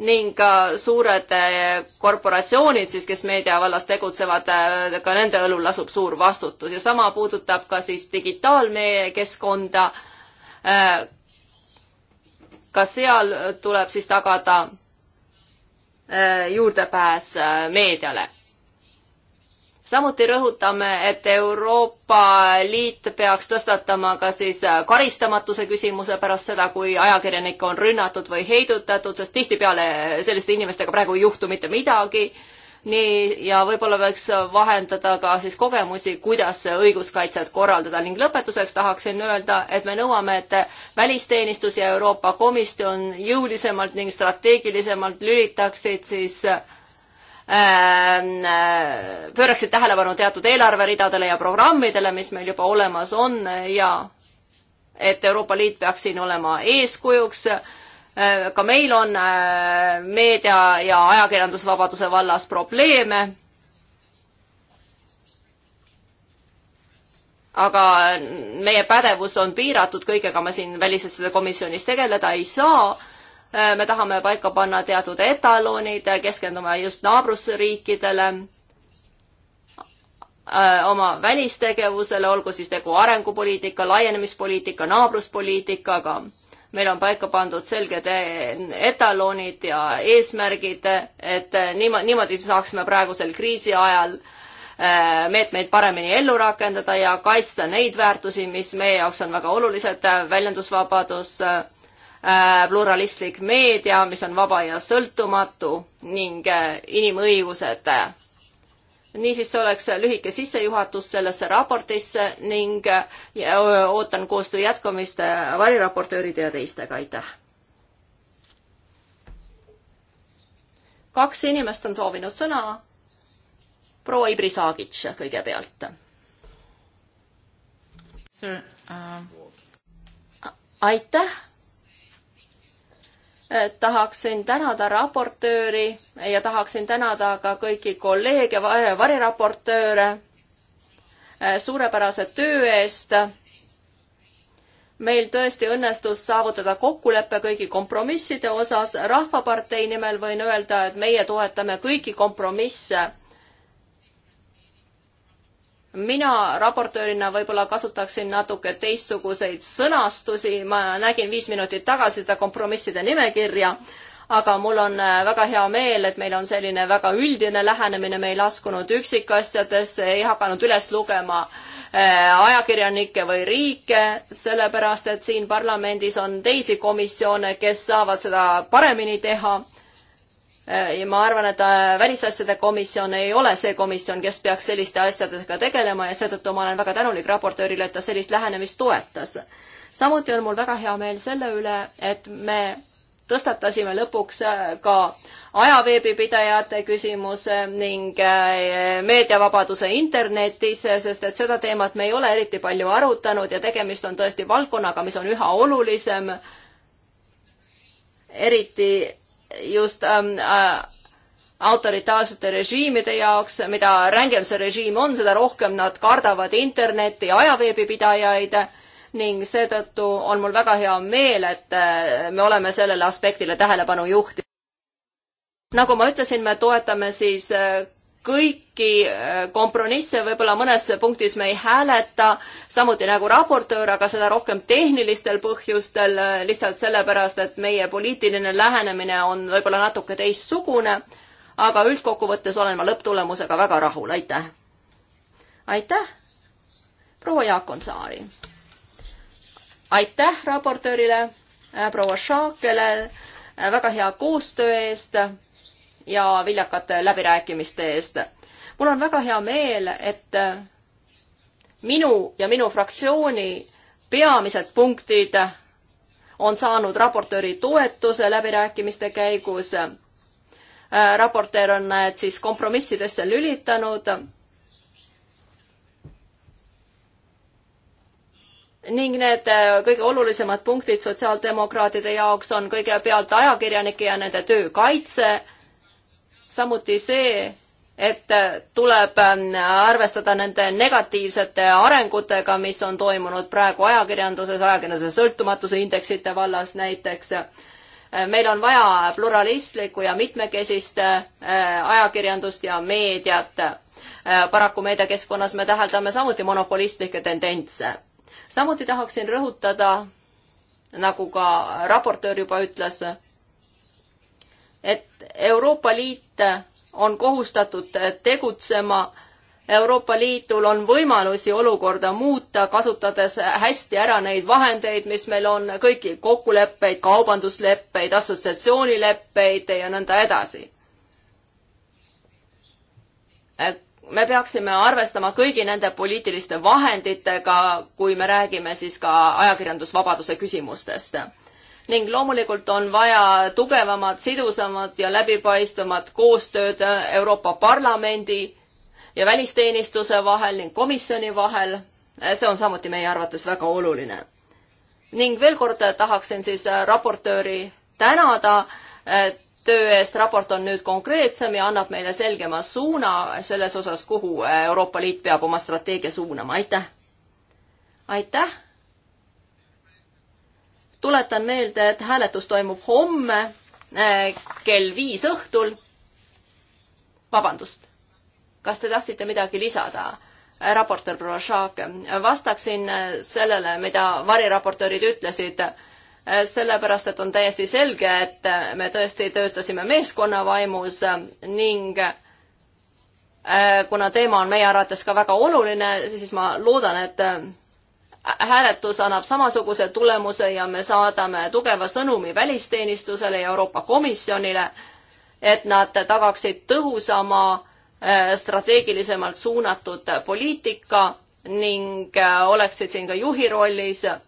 ning ka suured eh, korporatsioonid siis, kes meedia vallas tegutsevad, eh, ka nende õlul lasub suur vastutus ja sama puudutab ka siis digitaalmeediakeskkonda. Eh, ka seal tuleb siis tagada juurdepääs meediale samuti rõhutame, et Euroopa Liit peaks tõstatama ka siis äh, karistamatuse küsimuse pärast seda, kui ajakirjanikke on rünnatud või heidutatud, sest tihtipeale selliste inimestega praegu ei juhtu mitte midagi. nii, ja võib-olla võiks vahendada ka siis kogemusi, kuidas õiguskaitset korraldada ning lõpetuseks tahaksin öelda, et me nõuame, et välisteenistus ja Euroopa Komisjon jõulisemalt ning strateegilisemalt lülitaksid siis äh, Ähm, äh, pööraksid tähelepanu teatud eelarveridadele ja programmidele, mis meil juba olemas on ja et Euroopa Liit peaks siin olema eeskujuks. Äh, ka meil on äh, meedia ja ajakirjandusvabaduse vallas probleeme aga meie pädevus on piiratud, kõigega me siin välisasjade komisjonis tegeleda ei saa Äh, me tahame paika panna teatud etalonid, äh, keskendume just naabrusriikidele, äh, oma välistegevusele, olgu siis tegu arengupoliitika, laienemispoliitika, naabruspoliitikaga. meil on paika pandud selged e-, etalonid ja eesmärgid, et niimoodi, niimoodi saaksime praegusel kriisi ajal meetmeid paremini ellu rakendada ja kaitsta neid väärtusi, mis meie jaoks on väga olulised, väljendusvabadus äh,, Äh, pluralistlik meedia, mis on vaba ja sõltumatu ning äh, inimõigused. niisiis, see oleks lühike sissejuhatus sellesse raportisse ning äh, ootan koostöö jätkumist variraportööride ja teistega, aitäh! kaks inimest on soovinud sõna. proua Ibri Saagitš kõigepealt. Um, aitäh Eh, tahaksin tänada raportööri ja tahaksin tänada ka kõiki kolleege, eh, variraportööre eh, suurepärase töö eest. meil tõesti õnnestus saavutada kokkulepe kõigi kompromisside osas. rahvapartei nimel võin öelda, et meie toetame kõiki kompromisse mina raportöörina võib-olla kasutaksin natuke teistsuguseid sõnastusi, ma nägin viis minutit tagasi seda kompromisside nimekirja, aga mul on äh, väga hea meel, et meil on selline väga üldine lähenemine, me ei laskunud üksikasjadesse, ei hakanud üles lugema äh, ajakirjanikke või riike, sellepärast et siin parlamendis on teisi komisjone, kes saavad seda paremini teha Äh, ja ma arvan, et äh, Välisasjade komisjon ei ole see komisjon, kes peaks selliste asjadega tegelema ja seetõttu ma olen väga tänulik raportöörile, et ta sellist lähenemist toetas. samuti on mul väga hea meel selle üle, et me tõstatasime lõpuks äh, ka ajaveebipidajate küsimuse ning meediavabaduse internetis, sest et seda teemat me ei ole eriti palju arutanud ja tegemist on tõesti valdkonnaga, mis on üha olulisem. eriti just ähm, äh, autoritaarsete režiimide jaoks, mida rängem see režiim on, seda rohkem nad kardavad Internetti ja ajaveebipidajaid ning seetõttu on mul väga hea meel, et äh, me oleme sellele aspektile tähelepanu juhtinud. nagu ma ütlesin, me toetame siis äh, kõiki äh, kompromisse võib-olla mõnes punktis me ei hääleta, samuti nagu raportöör, aga seda rohkem tehnilistel põhjustel, äh, lihtsalt sellepärast, et meie poliitiline lähenemine on võib-olla natuke teistsugune, aga üldkokkuvõttes olen ma lõpptulemusega väga rahul, aitäh! aitäh, proua Jaakonsaari! aitäh raportöörile, äh, proua Šaakele väga hea koostöö eest ja viljakate läbirääkimiste eest. mul on väga hea meel, et minu ja minu fraktsiooni peamised punktid on saanud raportööri toetuse läbirääkimiste käigus. raportöör on need siis kompromissidesse lülitanud. ning need kõige olulisemad punktid sotsiaaldemokraatide jaoks on kõigepealt ajakirjanike ja nende töö kaitse samuti see, et tuleb ähm, arvestada nende negatiivsete arengutega, mis on toimunud praegu ajakirjanduses, ajakirjanduse sõltumatuse indeksite vallas näiteks. Äh, meil on vaja pluralistlikku ja mitmekesist äh, ajakirjandust ja meediat. Äh, paraku meediakeskkonnas me täheldame samuti monopolistlikke tendentse. samuti tahaksin rõhutada, nagu ka raportöör juba ütles, et Euroopa Liit on kohustatud tegutsema. Euroopa Liidul on võimalusi olukorda muuta, kasutades hästi ära neid vahendeid, mis meil on, kõiki kokkuleppeid, kaubandusleppeid, assotsiatsioonileppeid ja nõnda edasi me peaksime arvestama kõigi nende poliitiliste vahenditega, kui me räägime siis ka ajakirjandusvabaduse küsimustest ning loomulikult on vaja tugevamat, sidusamat ja läbipaistvamat koostööd Euroopa Parlamendi ja välisteenistuse vahel ning komisjoni vahel. see on samuti meie arvates väga oluline. ning veel kord tahaksin siis raportööri tänada töö eest, raport on nüüd konkreetsem ja annab meile selgema suuna selles osas, kuhu Euroopa Liit peab oma strateegia suunama, aitäh! aitäh! tuletan meelde, et hääletus toimub homme äh, kell viis õhtul. vabandust, kas te tahtsite midagi lisada? Äh, raportöör proua Šaak, vastaksin äh, sellele, mida variraportöörid ütlesid, sellepärast et on täiesti selge, et me tõesti töötasime meeskonna vaimus ning kuna teema on meie arvates ka väga oluline, siis ma loodan, et hääletus annab samasuguse tulemuse ja me saadame tugeva sõnumi välisteenistusele ja Euroopa Komisjonile, et nad tagaksid tõhusama, äh, strateegilisemalt suunatud poliitika ning äh, oleksid siin ka juhi rollis äh,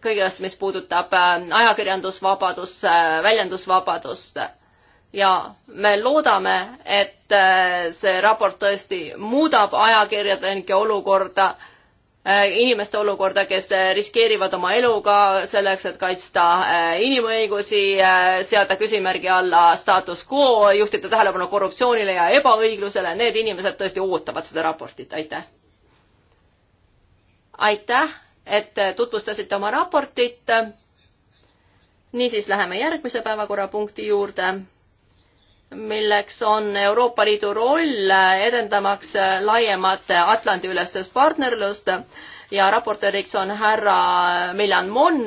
kõigest, mis puudutab ajakirjandusvabadust, väljendusvabadust ja me loodame, et äh, see raport tõesti muudab ajakirjanike olukorda, äh, inimeste olukorda, kes äh, riskeerivad oma eluga selleks, et kaitsta inimõigusi, seada küsimärgi alla status quo, juhtida tähelepanu korruptsioonile ja ebaõiglusele, need inimesed tõesti ootavad seda raportit, aitäh! aitäh, et tutvustasite oma raportit. niisiis läheme järgmise päevakorrapunkti juurde milleks on Euroopa Liidu roll edendamaks laiemat Atlandi-ülestest partnerlust ja raportööriks on härra Miljan Mon.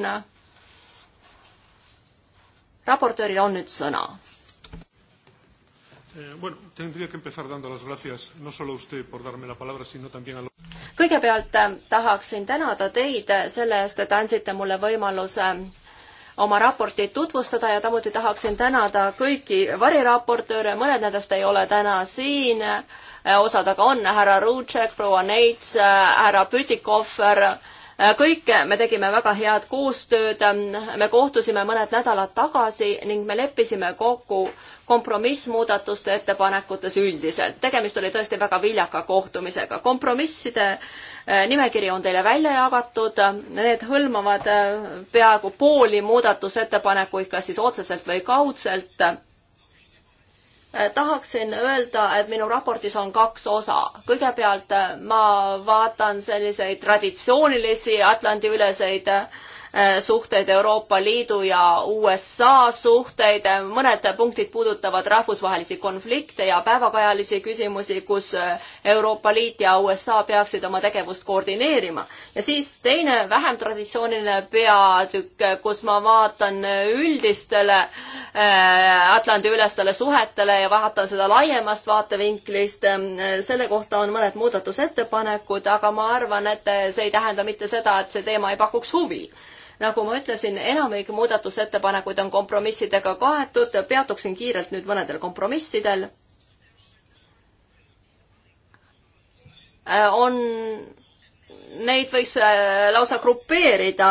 raportööril on nüüd sõna. Eh, kõigepealt eh, tahaksin tänada teid selle eest, et andsite mulle võimaluse oma raportit tutvustada ja samuti tahaksin tänada kõiki variraportööre, mõned nendest ei ole täna siin, osad aga on, härra Rutšek, proua Neits, härra Pütikohver, kõik me tegime väga head koostööd, me kohtusime mõned nädalad tagasi ning me leppisime kokku äh, kompromissmuudatuste ettepanekutes üldiselt. tegemist oli tõesti väga viljaka kohtumisega. kompromisside eh, nimekiri on teile välja jagatud, need hõlmavad eh, peaaegu pooli muudatusettepanekuid, kas siis otseselt või kaudselt. Eh, tahaksin öelda, et minu raportis on kaks osa. kõigepealt ma vaatan selliseid traditsioonilisi Atlandi-üleseid äh, Äh, suhteid, Euroopa Liidu ja USA suhteid, mõned punktid puudutavad rahvusvahelisi konflikte ja päevakajalisi küsimusi, kus äh, Euroopa Liit ja USA peaksid oma tegevust koordineerima. ja siis teine vähem traditsiooniline peatükk, äh, kus ma vaatan üldistele Atlandi-ülestele suhetele ja vaatan seda laiemast vaatevinklist, selle kohta on mõned muudatusettepanekud, aga ma arvan, et see ei tähenda mitte seda, et see teema ei pakuks huvi nagu ma ütlesin, enamik muudatusettepanekuid on kompromissidega kaetud, peatuksin kiirelt nüüd mõnedel kompromissidel. Äh, on, neid võiks äh, lausa grupeerida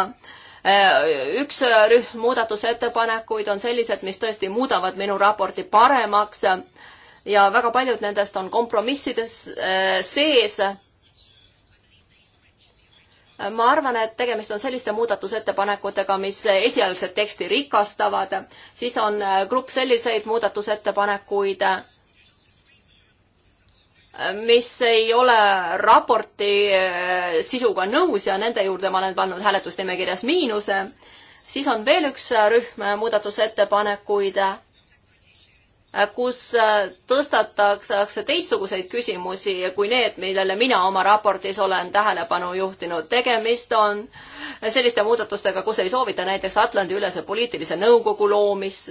äh, üks rühm muudatusettepanekuid on sellised, mis tõesti muudavad minu raporti paremaks ja väga paljud nendest on kompromissides sees ma arvan, et tegemist on selliste muudatusettepanekutega, mis esialgset teksti rikastavad, siis on äh, grupp selliseid muudatusettepanekuid, äh, mis ei ole raporti äh, sisuga nõus ja nende juurde ma olen pannud hääletusnimekirjas miinuse, siis on veel üks rühm muudatusettepanekuid Äh, kus äh, tõstatakse teistsuguseid küsimusi kui need, millele mina oma raportis olen tähelepanu juhtinud. tegemist on selliste muudatustega, kus ei soovita näiteks Atlandi-ülese poliitilise nõukogu loomist,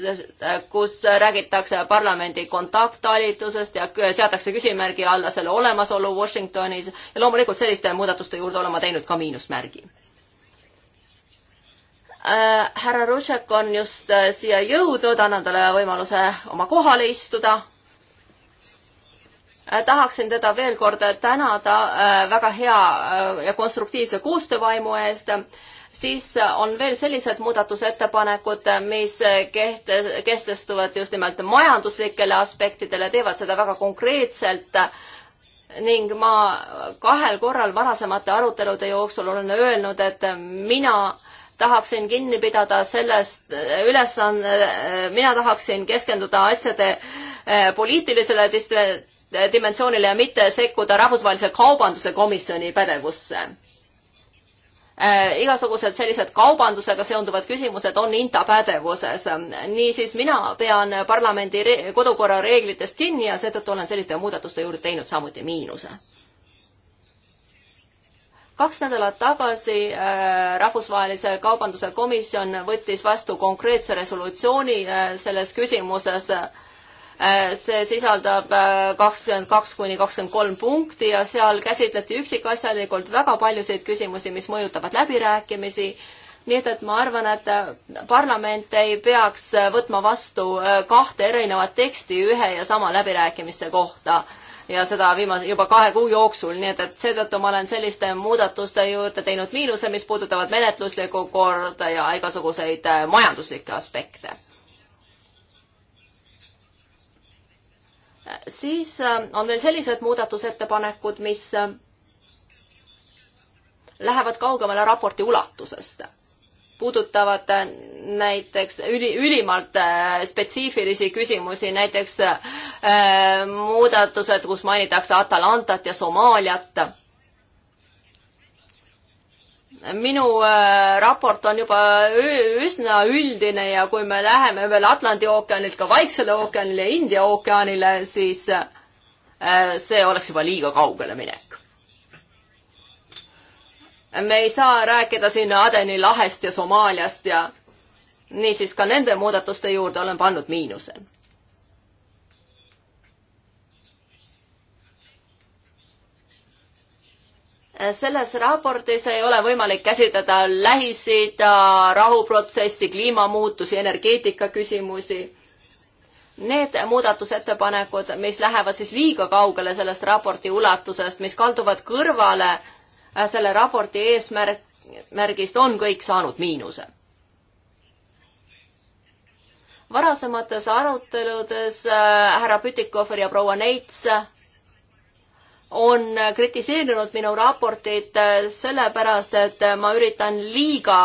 äh, kus räägitakse parlamendi kontakttalitusest ja seatakse küsimärgi alla selle olemasolu Washingtonis ja loomulikult selliste muudatuste juurde olen ma teinud ka miinusmärgi Äh, härra Rutšek on just äh, siia jõudnud, annan talle võimaluse oma kohale istuda. Äh, tahaksin teda veel kord tänada väga hea ja konstruktiivse koostöövaimu eest. siis on veel sellised muudatusettepanekud, mis keht-, kehtestuvad just nimelt majanduslikele aspektidele, teevad seda väga konkreetselt ning ma kahel korral varasemate arutelude jooksul olen öelnud, et mina äh, tahaksin kinni pidada sellest äh, ülesanne, äh, mina tahaksin keskenduda asjade äh, poliitilisele dimensioonile ja mitte sekkuda Rahvusvahelise Kaubanduse Komisjoni pädevusse. igasugused sellised kaubandusega seonduvad küsimused on INTA pädevuses. niisiis mina pean parlamendi re kodukorra reeglitest kinni ja seetõttu olen selliste muudatuste juurde teinud samuti miinuse kaks nädalat tagasi äh, Rahvusvahelise Kaubanduse Komisjon võttis vastu konkreetse resolutsiooni äh, selles küsimuses äh,. see sisaldab äh, kakskümmend kaks kuni kakskümmend kolm punkti ja seal käsitleti üksikasjalikult väga paljusid küsimusi, mis mõjutavad läbirääkimisi nii et, et ma arvan, et äh, parlament ei peaks äh, võtma vastu kahte erinevat teksti ühe ja sama läbirääkimiste kohta äh, ja seda viimase, juba kahe kuu jooksul, nii et, et seetõttu ma olen selliste muudatuste juurde teinud miinuse, mis puudutavad menetluslikku korda ja igasuguseid äh, majanduslikke aspekte. siis äh, on veel sellised muudatusettepanekud, mis äh, lähevad kaugemale raporti ulatusest puudutavad äh, näiteks üli, ülimalt äh, spetsiifilisi küsimusi, näiteks äh, muudatused, kus mainitakse Atalantat ja Somaaliat. minu äh, raport on juba üsna üldine ja kui me läheme veel Atlandi ookeanilt ka Vaiksele ookeanile ja India ookeanile, siis äh, see oleks juba liiga kaugele minek me ei saa rääkida siin Adeni lahest ja Somaaliast ja niisiis ka nende muudatuste juurde olen pannud miinuse. selles raportis ei ole võimalik käsitleda Lähis-Ida rahuprotsessi, kliimamuutusi, energeetika küsimusi. Need muudatusettepanekud, mis lähevad siis liiga kaugele sellest raporti ulatusest, mis kalduvad kõrvale äh, Äh, selle raporti eesmärk, märgist on kõik saanud miinuse. varasemates aruteludes äh, härra Pütikofer ja proua Neits on kritiseerinud minu raportit äh, sellepärast, et ma üritan liiga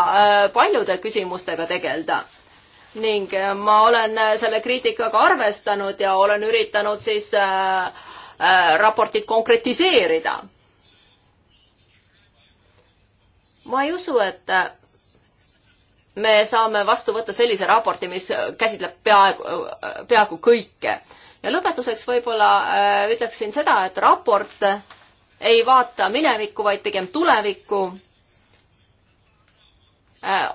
paljude küsimustega tegeleda. ning ma olen selle kriitikaga arvestanud ja olen üritanud siis raportit konkretiseerida ma ei usu, et me saame vastu võtta sellise raporti, mis käsitleb peaaegu, peaaegu kõike. ja lõpetuseks võib-olla äh, ütleksin seda, et raport ei vaata minevikku, vaid pigem tulevikku äh,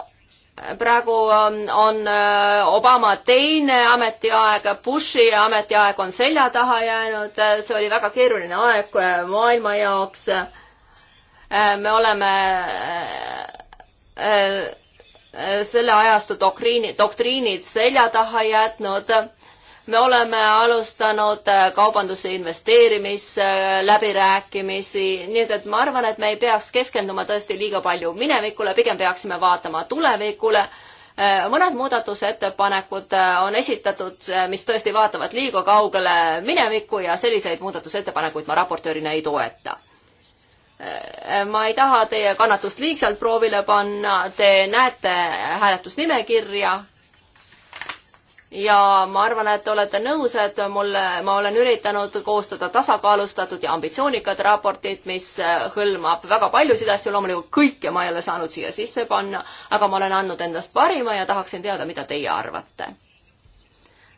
praegu ähm, on, on äh, Obama teine ametiaeg, Bushi ametiaeg on selja taha jäänud, äh, see oli väga keeruline aeg äh, maailma jaoks äh, Äh, me oleme äh, äh, selle ajastu doktriini, doktriinid selja taha jätnud. me oleme alustanud kaubanduse investeerimisläbirääkimisi, nii et, et ma arvan, et me ei peaks keskenduma tõesti liiga palju minevikule, pigem peaksime vaatama tulevikule mõned muudatusettepanekud on esitatud, mis tõesti vaatavad liiga kaugele minevikku ja selliseid muudatusettepanekuid ma raportöörina ei toeta Äh, ma ei taha teie kannatust liigselt proovile panna, te näete hääletusnimekirja. ja ma arvan, et te olete nõus, et mulle, ma olen üritanud koostada tasakaalustatud ja ambitsioonikat raportit, mis äh, hõlmab väga paljusid asju, loomulikult kõike ma ei ole saanud siia sisse panna, aga ma olen andnud endast parima ja tahaksin teada, mida teie arvate.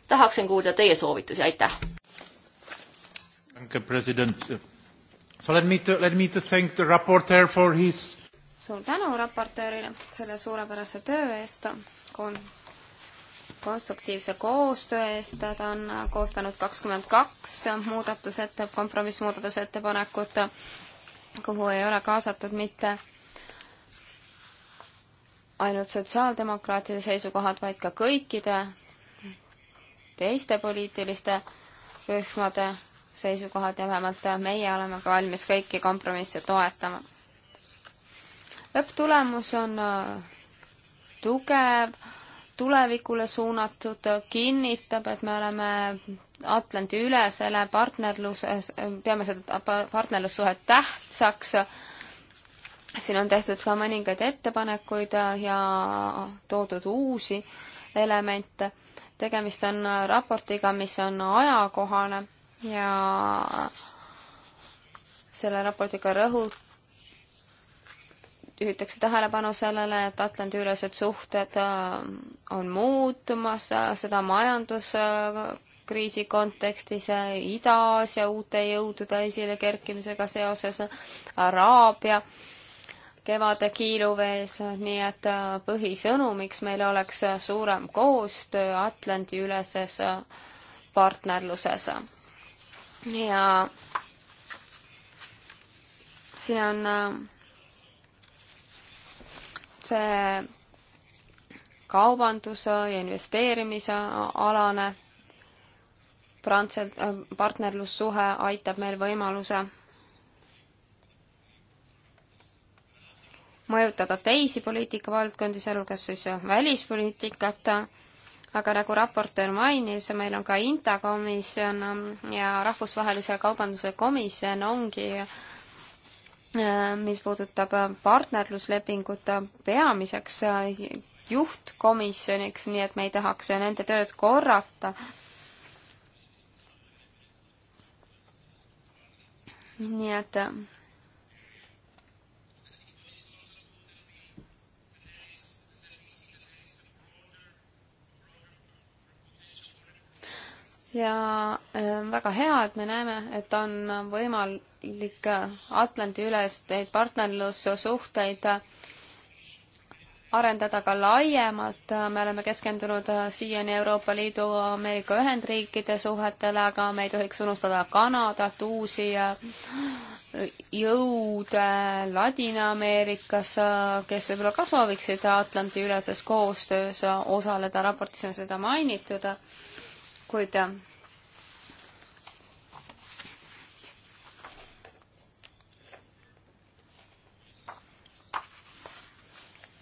tahaksin kuulda teie soovitusi, aitäh. Danke, president So let me to, let me to thank the raporteur for his suur tänu raportöörile selle suurepärase töö eest, konstruktiivse koostöö eest, ta on koostanud kakskümmend kaks muudatusette-, kompromissmuudatusettepanekut, kuhu ei ole kaasatud mitte ainult sotsiaaldemokraatide seisukohad, vaid ka kõikide teiste poliitiliste rühmade seisukohad ja vähemalt meie oleme ka valmis kõiki kompromisse toetama. lõpptulemus on äh, tugev, tulevikule suunatud, kinnitab, et me oleme Atlandi ülesele partnerluses, peame seda partnerlussuhet tähtsaks siin on tehtud ka mõningaid ettepanekuid ja toodud uusi elemente. tegemist on raportiga, mis on ajakohane ja selle raportiga rõhut-, juhitakse tähelepanu sellele, et Atlandi-ülesed suhted äh, on muutumas, äh, seda majanduskriisi kontekstis, äh, Ida-Aasia uute jõudude esilekerkimisega seoses, Araabia kevade kiiluvees, nii et põhisõnumiks meil oleks suurem koostöö Atlandi-üleses partnerluses ja see on äh, see kaubanduse ja investeerimise alane prantselt-, äh, partnerlussuhe aitab meil võimaluse mõjutada teisi poliitikavaldkondi, sealhulgas siis välispoliitikat aga nagu raportöör mainis, meil on ka INTA komisjon ähm, ja Rahvusvahelise Kaubanduse Komisjon ongi äh, mis puudutab äh, partnerluslepingut äh, peamiseks juhtkomisjoniks, nii et me ei tahaks nende tööd korrata. nii et ja äh, väga hea, et me näeme, et on võimalik äh, Atlandi üles neid partnerlussuhteid äh, arendada ka laiemalt, me oleme keskendunud siiani Euroopa Liidu, Ameerika Ühendriikide suhetele, aga me ei tohiks unustada Kanadat, uusi jõude Ladina-Ameerikas, kes võib-olla ka sooviksid Atlandi-üleses koostöös osaleda, raportis on seda mainitud kuid äh,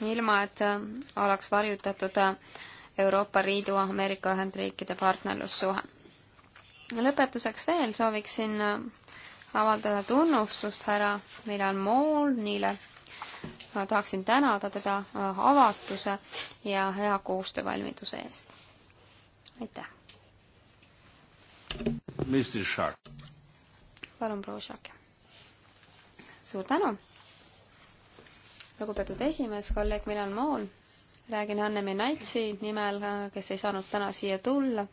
ilma, et äh, oleks varjutatud äh, Euroopa Liidu Ameerika Ühendriikide partnerlussuhe. lõpetuseks veel sooviksin avaldada tunnustust härra Milan Moolnile. ma tahaksin tänada teda avatuse ja hea koostöövalmiduse eest. aitäh! palun, proua Šak. suur tänu. lugupeetud esimees, kolleeg Milan Moon räägin Anne-Mii Naitsi nimel, kes ei saanud täna siia tulla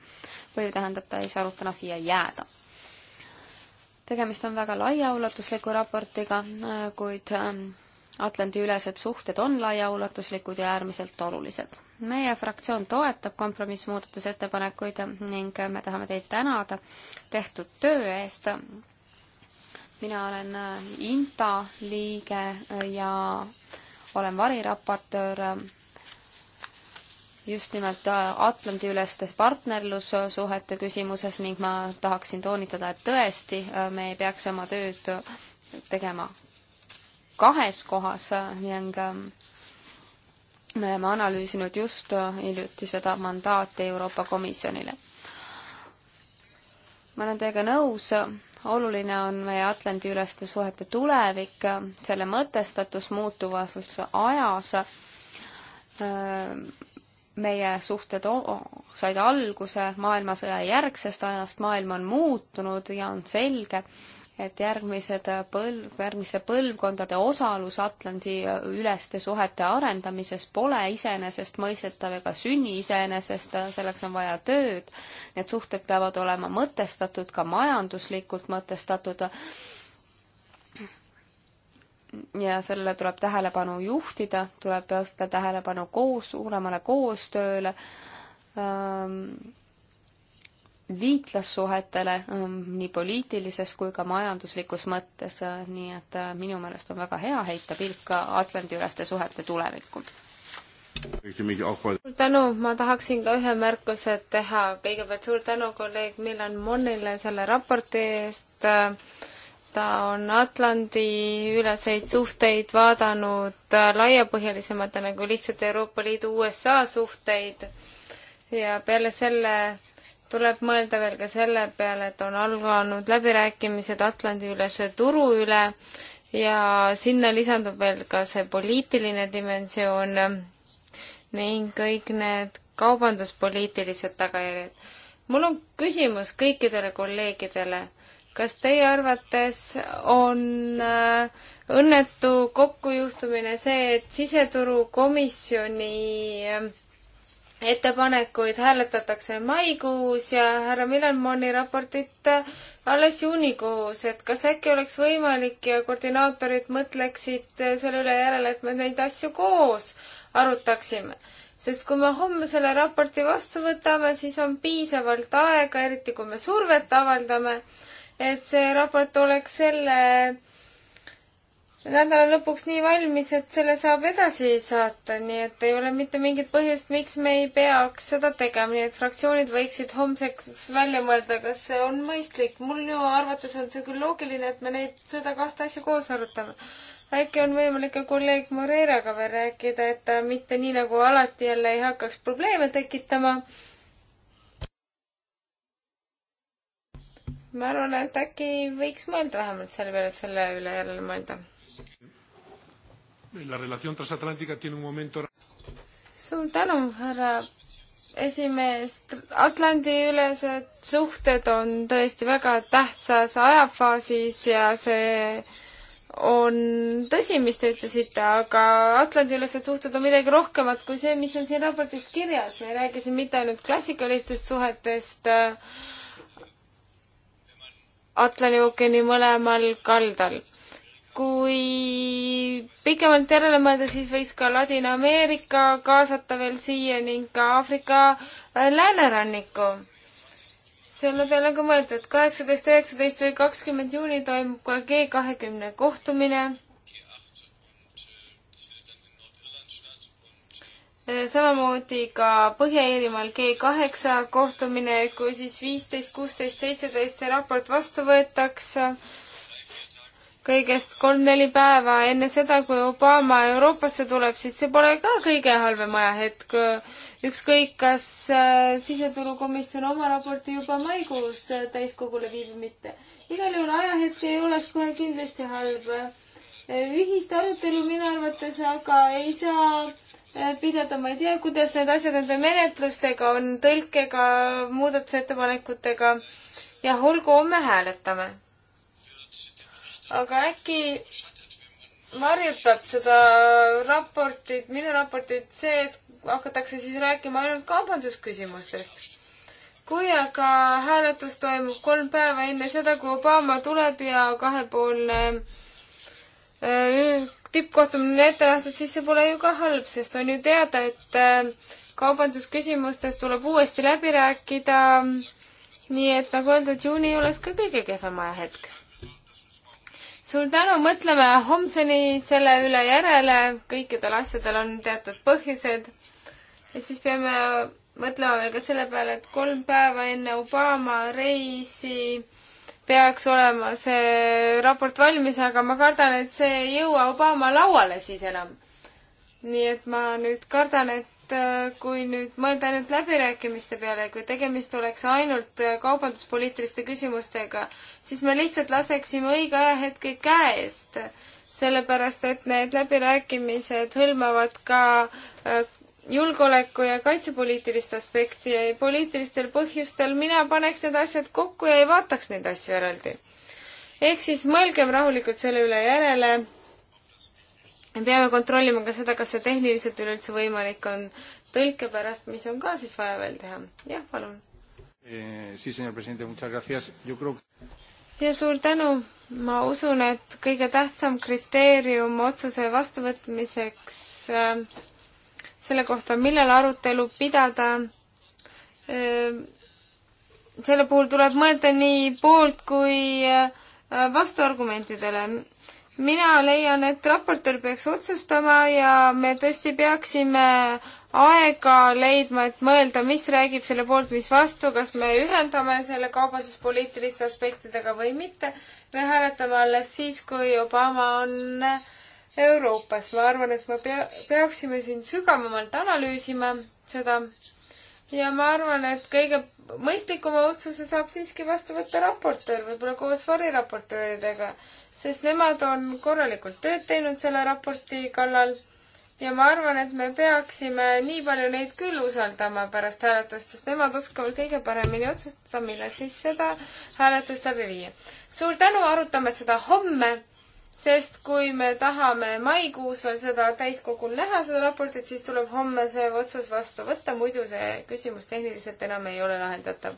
või tähendab, ta ei saanud täna siia jääda. tegemist on väga laiaulatusliku raportiga, kuid ähm, Atlandi-ülesed suhted on laiaulatuslikud ja äärmiselt olulised. meie fraktsioon toetab kompromissmuudatusettepanekuid ning me tahame teid tänada tehtud töö eest. mina olen äh, INTA liige äh, ja olen variraportöör äh, just nimelt Atlandi-ülestes partnerlussuhete küsimuses ning ma tahaksin toonitada, et tõesti, me ei peaks oma tööd tegema kahes kohas ning ähm, me oleme analüüsinud just äh, hiljuti seda mandaati Euroopa Komisjonile. ma olen teiega nõus, oluline on meie Atlandi-üleste suhete tulevik, selle mõtestatus muutuvas ajas äh, meie suhted said alguse maailmasõja järgsest ajast, maailm on muutunud ja on selge, et järgmised põlv, järgmiste põlvkondade osalus Atlandi äh, üleste suhete arendamises pole iseenesestmõistetav ega sünni iseenesest, äh, selleks on vaja tööd. Need suhted peavad olema mõtestatud, ka majanduslikult mõtestatud. ja sellele tuleb tähelepanu juhtida, tuleb pöörata tähelepanu koos, suuremale koostööle ähm, liitlassuhetele ähm, nii poliitilises kui ka majanduslikus mõttes, äh, nii et äh, minu meelest on väga hea heita pilk ka Atlandi-üleste suhete tulevikku. suur tänu, ma tahaksin ka ühe märkuse teha, kõigepealt suur tänu kolleeg Milan Monile selle raporti eest, ta on Atlandi-üleseid suhteid vaadanud laiapõhjalisematena nagu kui lihtsalt Euroopa Liidu-USA suhteid ja peale selle tuleb mõelda veel ka selle peale, et on alganud läbirääkimised Atlandi-ülese turu üle ja sinna lisandub veel ka see poliitiline dimensioon ning kõik need kaubanduspoliitilised tagajärjed. mul on küsimus kõikidele kolleegidele. kas teie arvates on äh, õnnetu kokkujuhtumine see, et siseturukomisjoni äh, ettepanekuid hääletatakse maikuus ja härra Milenmoni raportit alles juunikuus, et kas äkki oleks võimalik ja koordinaatorid mõtleksid selle üle järele, et me neid asju koos arutaksime. sest kui me homme selle raporti vastu võtame, siis on piisavalt aega, eriti kui me survet avaldame, et see raport oleks selle nädala lõpuks nii valmis, et selle saab edasi saata, nii et ei ole mitte mingit põhjust, miks me ei peaks seda tegema, nii et fraktsioonid võiksid homseks välja mõelda, kas see on mõistlik. minu arvates on see küll loogiline, et me neid, seda kahte asja koos arutame. äkki on võimalik ka kolleeg Moreeraga veel rääkida, et ta mitte nii nagu alati jälle ei hakkaks probleeme tekitama. ma arvan, et äkki võiks mõelda vähemalt selle peale, et selle üle järele mõelda suur tänu, härra esimees, Atlandi-ülesed suhted on tõesti väga tähtsas ajafaasis ja see on tõsi, mis te ütlesite, aga Atlandi-ülesed suhted on midagi rohkemat kui see, mis on siin raportis kirjas. me ei räägi siin mitte ainult klassikalistest suhetest äh, Atlandi ookeani mõlemal kaldal kui pikemalt järele mõelda, siis võiks ka Ladina-Ameerika kaasata veel siia ning ka Aafrika äh, lääneranniku. selle peale on ka mõeldud, kaheksateist, üheksateist või kakskümmend juuni toimub ka G kahekümne kohtumine. Äh, samamoodi ka Põhja-Iirimaal G kaheksa kohtumine, kui siis viisteist, kuusteist, seitseteist see raport vastu võetakse kõigest kolm-neli päeva enne seda, kui Obama Euroopasse tuleb, siis see pole ka kõige halvem ajahetk. ükskõik, kas äh, siseturukomisjon oma raporti juba maikuus äh, täiskogule viib või mitte. igal juhul ajahetk ei oleks kohe kindlasti halb. Äh, ühist arutelu minu arvates aga ei saa pidada, ma ei tea, kuidas need asjad nende menetlustega on, tõlkega, muudatusettepanekutega ja olgu, homme hääletame aga äkki varjutab seda raportit, minu raportit see, et hakatakse siis rääkima ainult kaubandusküsimustest. kui aga hääletus toimub kolm päeva enne seda, kui Obama tuleb ja kahepoolne tippkohtumine on ette nähtud, siis see pole ju ka halb, sest on ju teada, et äh, kaubandusküsimustes tuleb uuesti läbi rääkida. nii et nagu öeldud, juuni oleks ka kõige kehvem ajahetk suur tänu, mõtleme homseni selle üle järele, kõikidel asjadel on teatud põhjused. ja siis peame mõtlema veel ka selle peale, et kolm päeva enne Obama reisi peaks olema see raport valmis, aga ma kardan, et see ei jõua Obama lauale siis enam. nii et ma nüüd kardan, et et äh, kui nüüd mõelda ainult läbirääkimiste peale, kui tegemist oleks ainult äh, kaubanduspoliitiliste küsimustega, siis me lihtsalt laseksime õige ajahetke käest, sellepärast et need läbirääkimised hõlmavad ka äh, julgeoleku ja kaitsepoliitilist aspekti ja poliitilistel põhjustel mina paneks need asjad kokku ja ei vaataks neid asju eraldi. ehk siis mõelgem rahulikult selle üle järele me peame kontrollima ka seda, kas see tehniliselt üleüldse võimalik on tõlke pärast, mis on ka siis vaja veel teha. jah, palun eh,. Sí, señor presidente, muchas gracias. Yo creo ja suur tänu. ma usun, et kõige tähtsam kriteerium otsuse vastuvõtmiseks äh, selle kohta, millal arutelu pidada äh,, selle puhul tuleb mõelda nii poolt kui äh, vastuargumentidele mina leian, et raportöör peaks otsustama ja me tõesti peaksime aega leidma, et mõelda, mis räägib selle poolt, mis vastu, kas me ühendame selle kaubanduspoliitiliste aspektidega või mitte. me hääletame alles siis, kui Obama on Euroopas. ma arvan, et me pea, peaksime siin sügavamalt analüüsima seda ja ma arvan, et kõige mõistlikuma otsuse saab siiski vastu võtta raportöör, võib-olla koos variraportööridega sest nemad on korralikult tööd teinud selle raporti kallal ja ma arvan, et me peaksime nii palju neid küll usaldama pärast hääletust, sest nemad oskavad kõige paremini otsustada, millal siis seda hääletust läbi viia. suur tänu, arutame seda homme, sest kui me tahame maikuus veel seda täiskogul näha, seda raportit, siis tuleb homme see otsus vastu võtta, muidu see küsimus tehniliselt enam ei ole lahendatav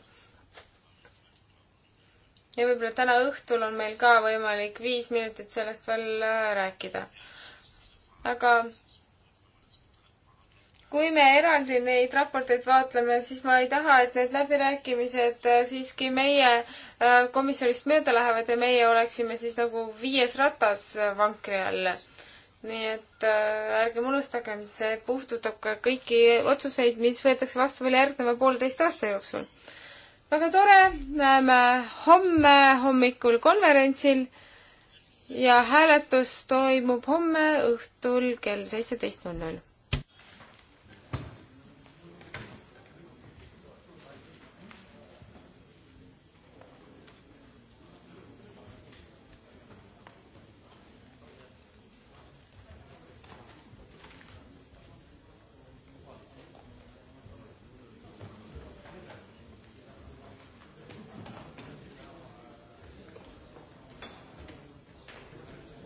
ja võib-olla täna õhtul on meil ka võimalik viis minutit sellest veel äh, rääkida. aga kui me eraldi neid raporteid vaatleme, siis ma ei taha, et need läbirääkimised äh, siiski meie äh, komisjonist mööda lähevad ja meie oleksime siis nagu viies ratas vankri all. nii et ärgem unustagem, see puudutab ka kõiki otsuseid, mis võetakse vastu veel järgneva pooleteist aasta jooksul väga tore, näeme homme hommikul konverentsil ja hääletus toimub homme õhtul kell seitseteist null null.